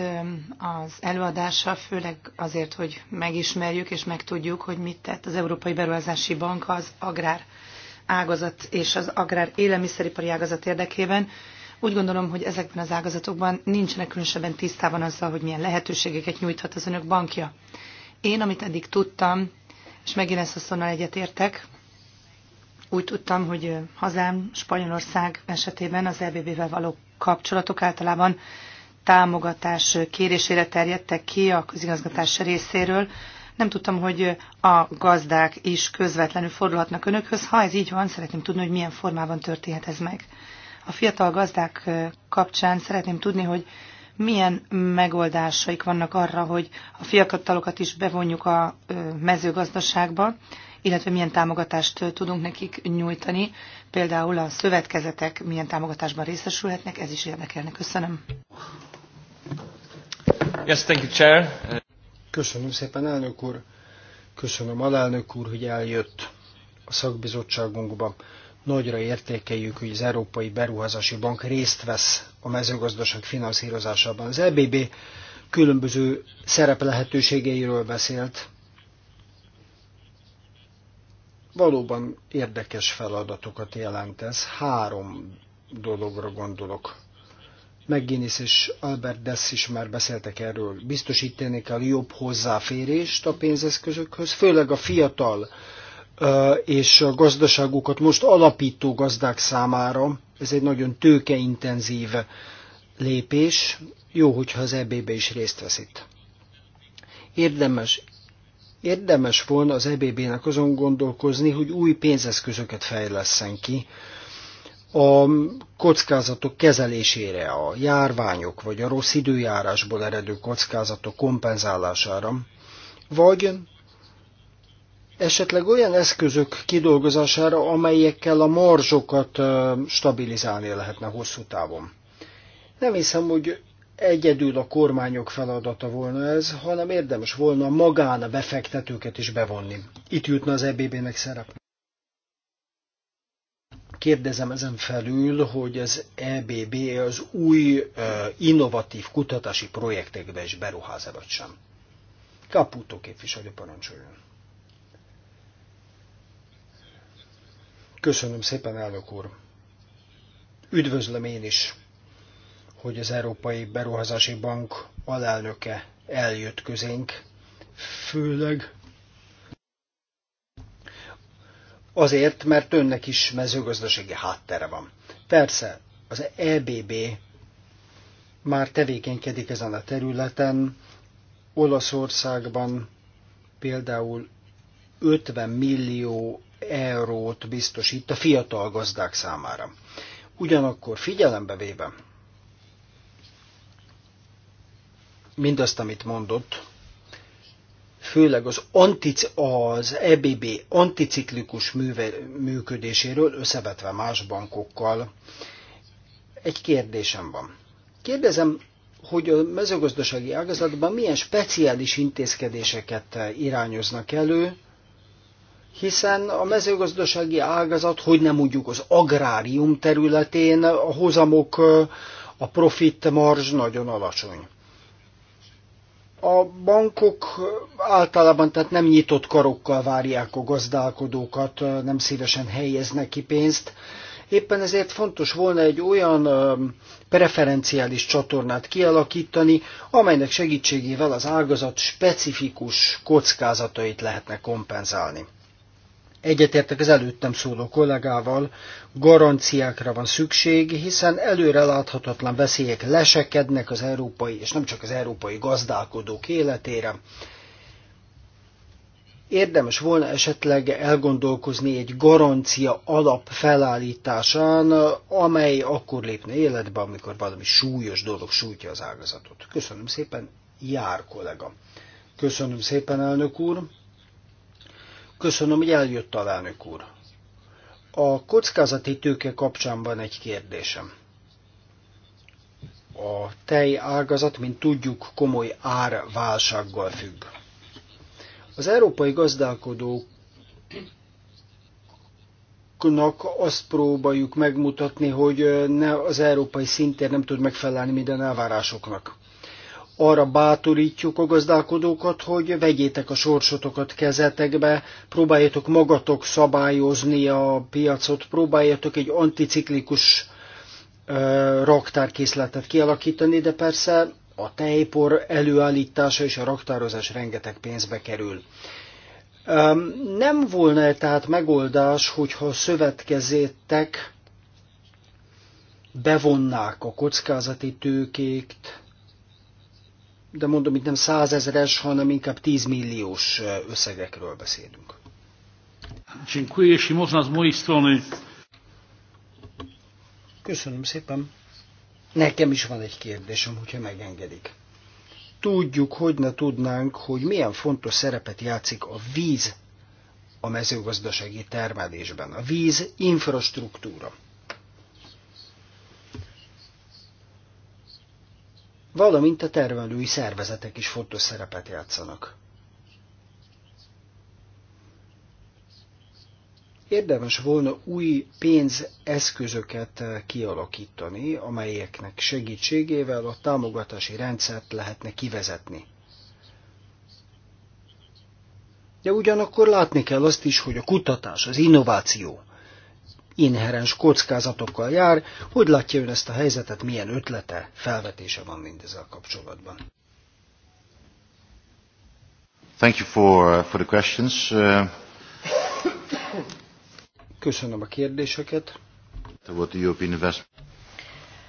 az előadása, főleg azért, hogy megismerjük és megtudjuk, hogy mit tett az Európai Beruházási Bank az agrár ágazat és az agrár élelmiszeripari ágazat érdekében. Úgy gondolom, hogy ezekben az ágazatokban nincsenek különösebben tisztában azzal, hogy milyen lehetőségeket nyújthat az önök bankja. Én, amit eddig tudtam, és megint ezt szonnal egyetértek, úgy tudtam, hogy hazám, Spanyolország esetében az EBB-vel való kapcsolatok általában támogatás kérésére terjedtek ki a közigazgatás részéről. Nem tudtam, hogy a gazdák is közvetlenül fordulhatnak önökhöz. Ha ez így van, szeretném tudni, hogy milyen formában történhet ez meg. A fiatal gazdák kapcsán szeretném tudni, hogy milyen megoldásaik vannak arra, hogy a fiatalokat is bevonjuk a mezőgazdaságba, illetve milyen támogatást tudunk nekik nyújtani. Például a szövetkezetek milyen támogatásban részesülhetnek, ez is érdekelne. Köszönöm. Yes, thank you, Chair. Köszönöm szépen, elnök úr. Köszönöm alelnök úr, hogy eljött a szakbizottságunkba. Nagyra értékeljük, hogy az Európai Beruházási Bank részt vesz a mezőgazdaság finanszírozásában. Az EBB különböző szerep lehetőségeiről beszélt. Valóban érdekes feladatokat jelent ez. Három dologra gondolok. McGuinness és Albert Dess is már beszéltek erről. Biztosítani kell jobb hozzáférést a pénzeszközökhöz, főleg a fiatal és a gazdaságukat most alapító gazdák számára. Ez egy nagyon tőkeintenzív lépés. Jó, hogyha az EBB be is részt vesz itt. Érdemes, érdemes volna az EBB-nek azon gondolkozni, hogy új pénzeszközöket fejleszen ki, a kockázatok kezelésére, a járványok vagy a rossz időjárásból eredő kockázatok kompenzálására, vagy esetleg olyan eszközök kidolgozására, amelyekkel a marzsokat stabilizálni lehetne hosszú távon. Nem hiszem, hogy egyedül a kormányok feladata volna ez, hanem érdemes volna magán a befektetőket is bevonni. Itt jutna az EBB-nek szerep. Kérdezem ezen felül, hogy az EBB az új innovatív kutatási projektekbe is beruház vagy sem. Kaputó képviselő parancsoljon. Köszönöm szépen, elnök úr. Üdvözlöm én is, hogy az Európai Beruházási Bank alelnöke eljött közénk, főleg Azért, mert önnek is mezőgazdasági háttere van. Persze, az EBB már tevékenykedik ezen a területen. Olaszországban például 50 millió eurót biztosít a fiatal gazdák számára. Ugyanakkor figyelembe véve mindazt, amit mondott, főleg az, antic, az EBB anticiklikus műve, működéséről összevetve más bankokkal. Egy kérdésem van. Kérdezem, hogy a mezőgazdasági ágazatban milyen speciális intézkedéseket irányoznak elő, hiszen a mezőgazdasági ágazat, hogy nem mondjuk az agrárium területén a hozamok, a profit marzs nagyon alacsony. A bankok általában tehát nem nyitott karokkal várják a gazdálkodókat, nem szívesen helyeznek ki pénzt. Éppen ezért fontos volna egy olyan preferenciális csatornát kialakítani, amelynek segítségével az ágazat specifikus kockázatait lehetne kompenzálni egyetértek az előttem szóló kollégával, garanciákra van szükség, hiszen előreláthatatlan veszélyek lesekednek az európai, és nem csak az európai gazdálkodók életére. Érdemes volna esetleg elgondolkozni egy garancia alap felállításán, amely akkor lépne életbe, amikor valami súlyos dolog sújtja az ágazatot. Köszönöm szépen, jár kollega. Köszönöm szépen, elnök úr. Köszönöm, hogy eljött lánök úr. A kockázati tőke kapcsán van egy kérdésem. A tej ágazat, mint tudjuk, komoly árválsággal függ. Az európai gazdálkodóknak azt próbáljuk megmutatni, hogy ne, az európai szintér nem tud megfelelni minden elvárásoknak arra bátorítjuk a gazdálkodókat, hogy vegyétek a sorsotokat kezetekbe, próbáljatok magatok szabályozni a piacot, próbáljatok egy anticiklikus raktárkészletet kialakítani, de persze a tejpor előállítása és a raktározás rengeteg pénzbe kerül. Nem volna -e tehát megoldás, hogyha szövetkezétek bevonnák a kockázati tőkékt, de mondom, itt nem százezeres, hanem inkább tízmilliós összegekről beszélünk. Köszönöm szépen. Nekem is van egy kérdésem, hogyha megengedik. Tudjuk, hogy ne tudnánk, hogy milyen fontos szerepet játszik a víz a mezőgazdasági termelésben. A víz infrastruktúra. valamint a termelői szervezetek is fontos szerepet játszanak. Érdemes volna új pénzeszközöket kialakítani, amelyeknek segítségével a támogatási rendszert lehetne kivezetni. De ugyanakkor látni kell azt is, hogy a kutatás, az innováció inherens kockázatokkal jár. Hogy látja ön ezt a helyzetet, milyen ötlete, felvetése van mindezzel kapcsolatban? Thank you for, uh, for the questions. Uh, Köszönöm a kérdéseket. What the European Investment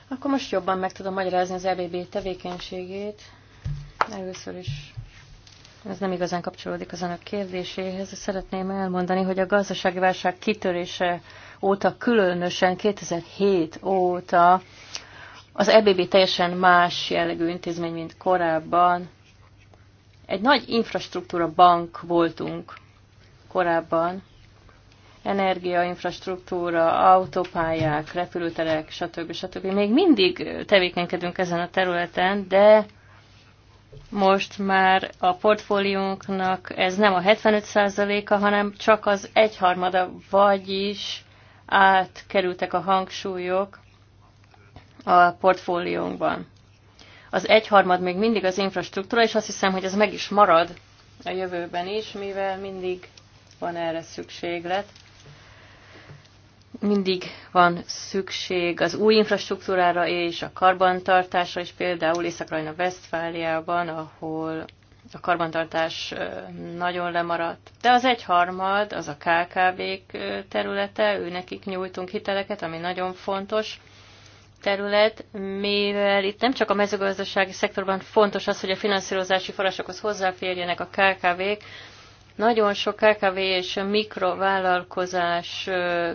akkor most jobban meg tudom magyarázni az EBB tevékenységét. Először is ez nem igazán kapcsolódik az önök kérdéséhez. Szeretném elmondani, hogy a gazdasági válság kitörése óta, különösen 2007 óta az EBB teljesen más jellegű intézmény, mint korábban. Egy nagy infrastruktúra bank voltunk korábban. energia infrastruktúra autópályák, repülőterek, stb. stb. Még mindig tevékenykedünk ezen a területen, de most már a portfóliónknak ez nem a 75%-a, hanem csak az egyharmada, vagyis átkerültek a hangsúlyok a portfóliónkban. Az egyharmad még mindig az infrastruktúra, és azt hiszem, hogy ez meg is marad a jövőben is, mivel mindig van erre szükséglet. Mindig van szükség az új infrastruktúrára és a karbantartásra is, például Észak-Rajna-Vesztfáliában, ahol a karbantartás nagyon lemaradt. De az egyharmad, az a KKV-k területe, nekik nyújtunk hiteleket, ami nagyon fontos terület, mivel itt nem csak a mezőgazdasági szektorban fontos az, hogy a finanszírozási forrásokhoz hozzáférjenek a KKV-k, nagyon sok KKV és mikrovállalkozás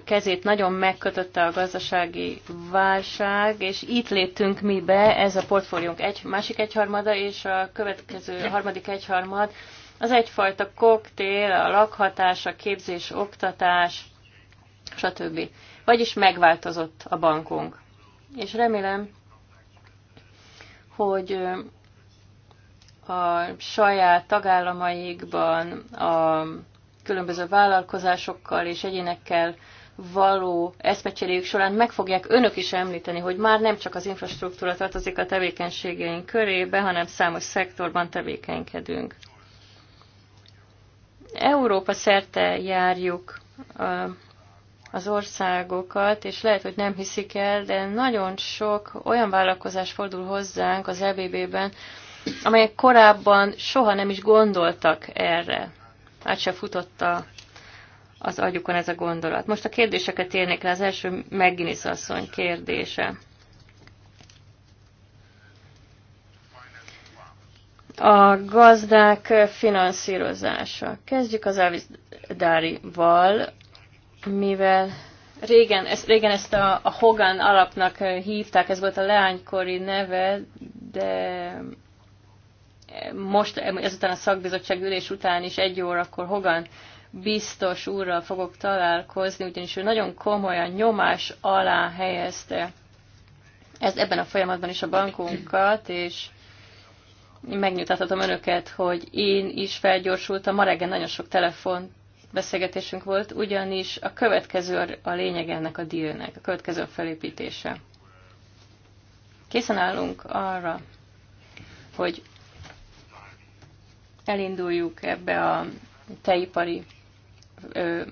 kezét nagyon megkötötte a gazdasági válság, és itt léptünk mi be, ez a portfóliónk egy, másik egyharmada, és a következő harmadik egyharmad az egyfajta koktél, a lakhatás, a képzés, oktatás, stb. Vagyis megváltozott a bankunk. És remélem, hogy a saját tagállamaikban a különböző vállalkozásokkal és egyénekkel való eszmecseréjük során meg fogják önök is említeni, hogy már nem csak az infrastruktúra tartozik a tevékenységeink körébe, hanem számos szektorban tevékenykedünk. Európa szerte járjuk az országokat, és lehet, hogy nem hiszik el, de nagyon sok olyan vállalkozás fordul hozzánk az EBB-ben, amelyek korábban soha nem is gondoltak erre. Át se futotta az agyukon ez a gondolat. Most a kérdéseket érnék le. Az első Megginisz asszony kérdése. A gazdák finanszírozása. Kezdjük az Álvizdári-val, mivel régen, ezt, régen ezt a, a Hogan alapnak hívták, ez volt a leánykori neve, de most ezután a szakbizottság ülés után is egy órakor Hogan biztos úrral fogok találkozni, ugyanis ő nagyon komolyan nyomás alá helyezte ez ebben a folyamatban is a bankunkat, és megnyugtathatom önöket, hogy én is felgyorsultam. Ma reggel nagyon sok telefon beszélgetésünk volt, ugyanis a következő a lényeg ennek a dílnek, a következő a felépítése. Készen állunk arra, hogy elinduljuk ebbe a teipari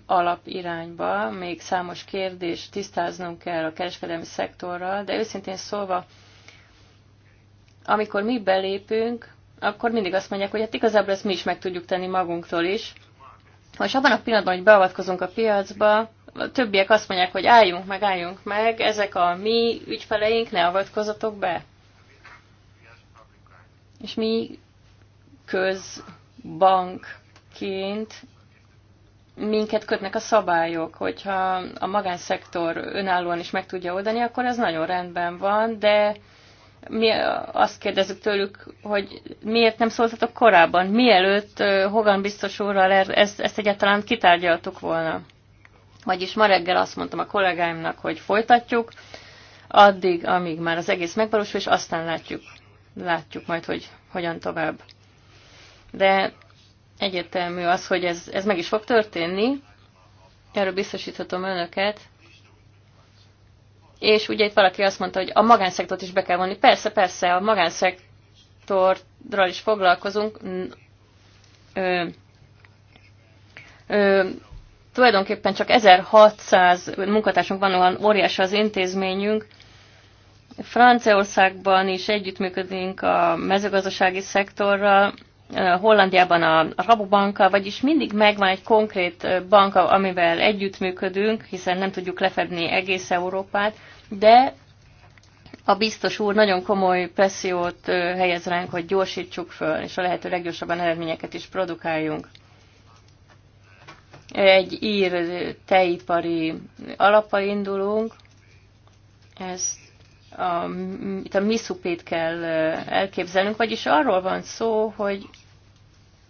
alapirányba, még számos kérdést tisztáznunk kell a kereskedelmi szektorral, de őszintén szólva, amikor mi belépünk, akkor mindig azt mondják, hogy hát igazából ezt mi is meg tudjuk tenni magunktól is. Most abban a pillanatban, hogy beavatkozunk a piacba, a többiek azt mondják, hogy álljunk meg, álljunk meg, ezek a mi ügyfeleink, ne avatkozatok be. És mi közbankként minket kötnek a szabályok, hogyha a magánszektor önállóan is meg tudja oldani, akkor ez nagyon rendben van, de mi azt kérdezzük tőlük, hogy miért nem szóltatok korábban, mielőtt Hogan biztos úrral er-, ezt, ezt egyáltalán kitárgyaltuk volna. Vagyis ma reggel azt mondtam a kollégáimnak, hogy folytatjuk, addig, amíg már az egész megvalósul, és aztán látjuk, látjuk majd, hogy hogyan tovább de egyértelmű az, hogy ez, ez meg is fog történni, erről biztosíthatom önöket. És ugye itt valaki azt mondta, hogy a magánszektort is be kell vonni. Persze, persze, a magánszektorral is foglalkozunk. Ö, ö, tulajdonképpen csak 1600 munkatársunk van, olyan óriási az intézményünk. Franciaországban is együttműködünk a mezőgazdasági szektorral, Hollandiában a Rabobank, vagyis mindig megvan egy konkrét bank, amivel együttműködünk, hiszen nem tudjuk lefedni egész Európát, de a biztos úr nagyon komoly pressziót helyez ránk, hogy gyorsítsuk föl, és a lehető leggyorsabban eredményeket is produkáljunk. Egy ír teipari alappal indulunk, ez a, itt a miszupét kell elképzelnünk, vagyis arról van szó, hogy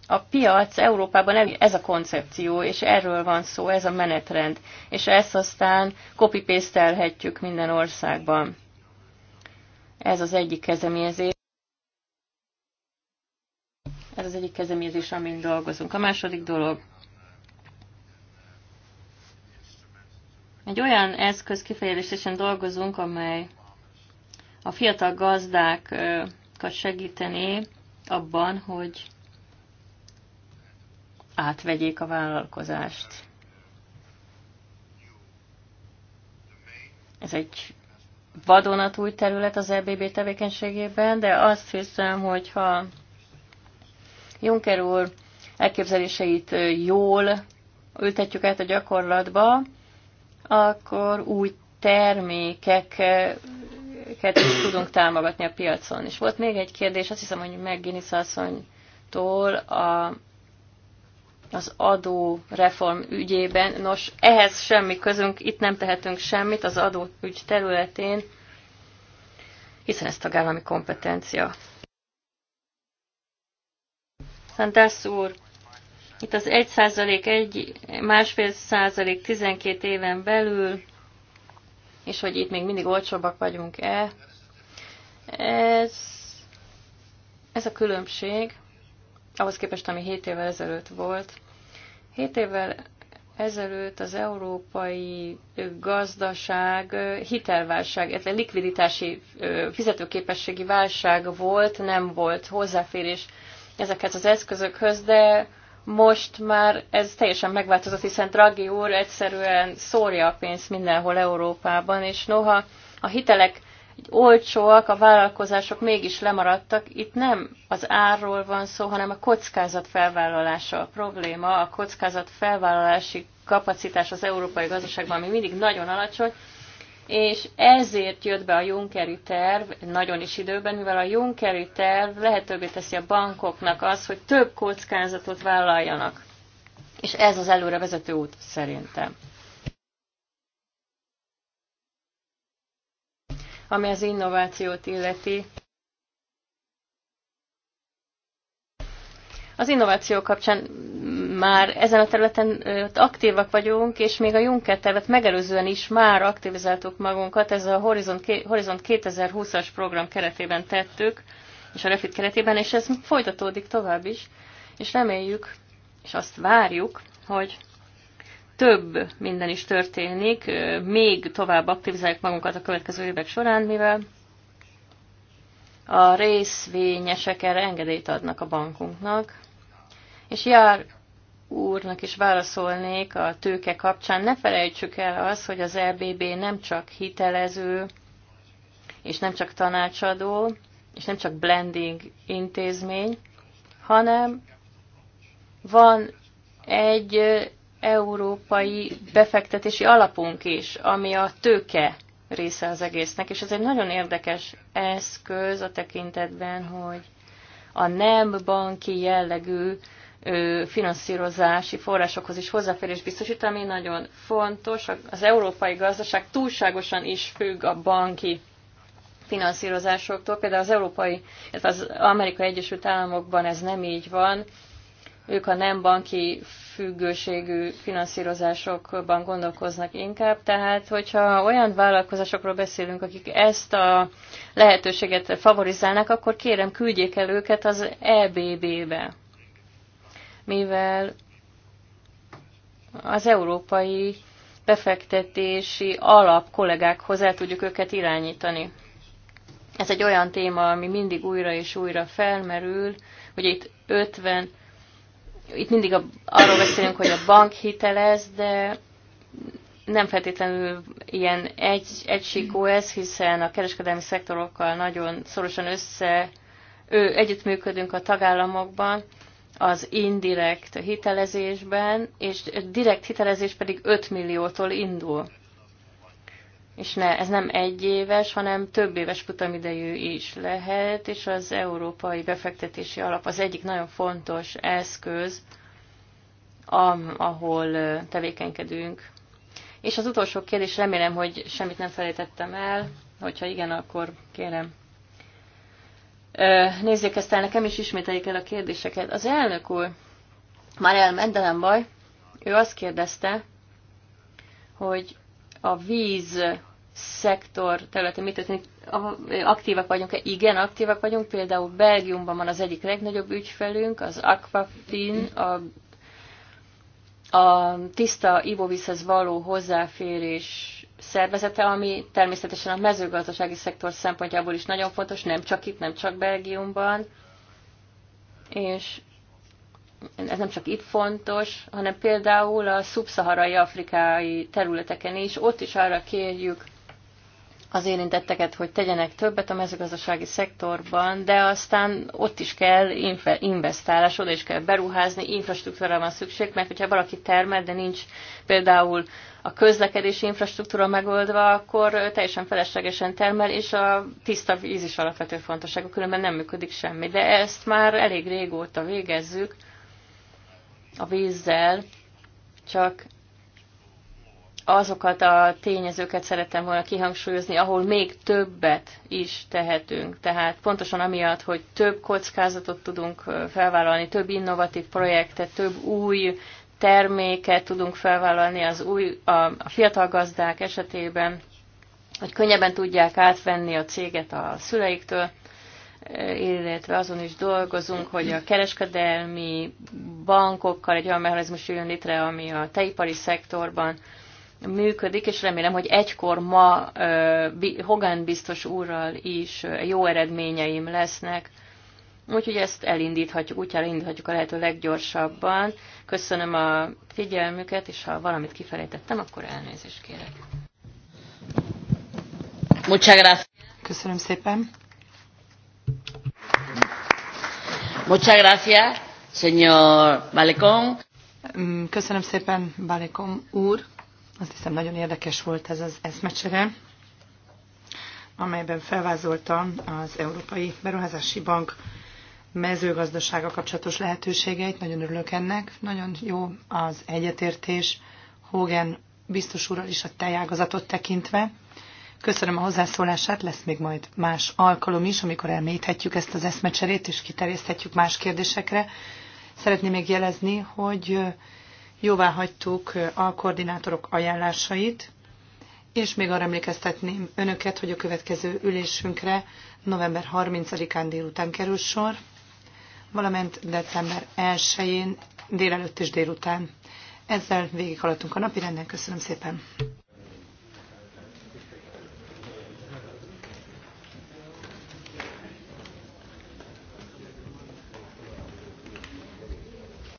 a piac Európában ez a koncepció, és erről van szó, ez a menetrend, és ezt aztán copy paste minden országban. Ez az egyik kezdeményezés. Ez az egyik kezdeményezés, amin dolgozunk. A második dolog, egy olyan eszköz kifejezésen dolgozunk, amely a fiatal gazdákat segíteni abban, hogy átvegyék a vállalkozást. Ez egy vadonatúj terület az EBB tevékenységében, de azt hiszem, hogyha Juncker úr elképzeléseit jól ültetjük át a gyakorlatba, akkor új termékek őket is tudunk támogatni a piacon. És volt még egy kérdés, azt hiszem, hogy McGinnis asszonytól a, az adó reform ügyében. Nos, ehhez semmi közünk, itt nem tehetünk semmit az adó ügy területén, hiszen ez tagállami kompetencia. Szentász úr, itt az 1 százalék, 1, másfél százalék 12 éven belül, és hogy itt még mindig olcsóbbak vagyunk-e. Ez, ez a különbség ahhoz képest, ami 7 évvel ezelőtt volt. 7 évvel ezelőtt az európai gazdaság hitelválság, illetve likviditási fizetőképességi válság volt, nem volt hozzáférés ezekhez az eszközökhöz, de most már ez teljesen megváltozott, hiszen Draghi úr egyszerűen szórja a pénzt mindenhol Európában, és noha a hitelek olcsóak, a vállalkozások mégis lemaradtak. Itt nem az árról van szó, hanem a kockázat felvállalása a probléma, a kockázat felvállalási kapacitás az európai gazdaságban, ami mindig nagyon alacsony, és ezért jött be a Junkeri terv, nagyon is időben, mivel a Junkeri terv lehetővé teszi a bankoknak az, hogy több kockázatot vállaljanak. És ez az előre vezető út szerintem. Ami az innovációt illeti, az innováció kapcsán már ezen a területen aktívak vagyunk, és még a Juncker tervet megelőzően is már aktivizáltuk magunkat, ez a Horizont 2020-as program keretében tettük, és a Refit keretében, és ez folytatódik tovább is, és reméljük, és azt várjuk, hogy több minden is történik, még tovább aktivizáljuk magunkat a következő évek során, mivel a részvényesek erre engedélyt adnak a bankunknak, és jár úrnak is válaszolnék a tőke kapcsán. Ne felejtsük el azt, hogy az RBB nem csak hitelező, és nem csak tanácsadó, és nem csak blending intézmény, hanem van egy európai befektetési alapunk is, ami a tőke része az egésznek, és ez egy nagyon érdekes eszköz a tekintetben, hogy a nem banki jellegű finanszírozási forrásokhoz is hozzáférés biztosít, ami nagyon fontos. Az európai gazdaság túlságosan is függ a banki finanszírozásoktól. Például az európai, illetve az Amerikai Egyesült Államokban ez nem így van. Ők a nem banki függőségű finanszírozásokban gondolkoznak inkább. Tehát, hogyha olyan vállalkozásokról beszélünk, akik ezt a lehetőséget favorizálnak, akkor kérem küldjék el őket az EBB-be mivel az európai befektetési alap kollégákhoz el tudjuk őket irányítani. Ez egy olyan téma, ami mindig újra és újra felmerül, hogy itt 50, itt mindig a, arról beszélünk, hogy a bank hitelez, de nem feltétlenül ilyen egy, egysíkú ez, hiszen a kereskedelmi szektorokkal nagyon szorosan össze ő, együttműködünk a tagállamokban, az indirekt hitelezésben, és direkt hitelezés pedig 5 milliótól indul. És ne, ez nem egy éves, hanem több éves futamidejű is lehet, és az Európai Befektetési Alap az egyik nagyon fontos eszköz, ahol tevékenykedünk. És az utolsó kérdés, remélem, hogy semmit nem felejtettem el, hogyha igen, akkor kérem nézzék ezt el nekem, és ismételjék el a kérdéseket. Az elnök úr már elment, de nem baj. Ő azt kérdezte, hogy a víz szektor területén mit történik, aktívak vagyunk-e? Igen, aktívak vagyunk. Például Belgiumban van az egyik legnagyobb ügyfelünk, az Aquafin, a, a tiszta ivóvízhez való hozzáférés szervezete, ami természetesen a mezőgazdasági szektor szempontjából is nagyon fontos, nem csak itt, nem csak Belgiumban, és ez nem csak itt fontos, hanem például a szubszaharai afrikai területeken is, ott is arra kérjük az érintetteket, hogy tegyenek többet a mezőgazdasági szektorban, de aztán ott is kell investálás, oda is kell beruházni, infrastruktúra van szükség, mert hogyha valaki termel, de nincs például a közlekedési infrastruktúra megoldva, akkor teljesen feleslegesen termel, és a tiszta víz is alapvető fontosságú, különben nem működik semmi. De ezt már elég régóta végezzük a vízzel, csak azokat a tényezőket szerettem volna kihangsúlyozni, ahol még többet is tehetünk. Tehát pontosan amiatt, hogy több kockázatot tudunk felvállalni, több innovatív projektet, több új terméket tudunk felvállalni az új, a, a fiatal gazdák esetében, hogy könnyebben tudják átvenni a céget a szüleiktől, illetve azon is dolgozunk, hogy a kereskedelmi bankokkal egy olyan mechanizmus jön létre, ami a teipari szektorban működik, és remélem, hogy egykor ma Hogan biztos úrral is jó eredményeim lesznek. Úgyhogy ezt elindíthatjuk, úgy, elindíthatjuk a lehető leggyorsabban. Köszönöm a figyelmüket, és ha valamit kifelejtettem, akkor elnézést kérek. Muchas gracias. Köszönöm szépen. Muchas gracias, señor Balecón. Mm, köszönöm szépen, Balecón úr. Azt hiszem nagyon érdekes volt ez az eszmecsere, amelyben felvázolta az Európai Beruházási Bank mezőgazdasága kapcsolatos lehetőségeit. Nagyon örülök ennek. Nagyon jó az egyetértés Hogan biztos úrral is a tejágazatot tekintve. Köszönöm a hozzászólását, lesz még majd más alkalom is, amikor elmélyíthetjük ezt az eszmecserét, és kiterjeszthetjük más kérdésekre. Szeretném még jelezni, hogy jóvá hagytuk a koordinátorok ajánlásait, és még arra emlékeztetném önöket, hogy a következő ülésünkre november 30-án délután kerül sor, valamint december 1-én délelőtt és délután. Ezzel végighaladtunk a napirenden. Köszönöm szépen!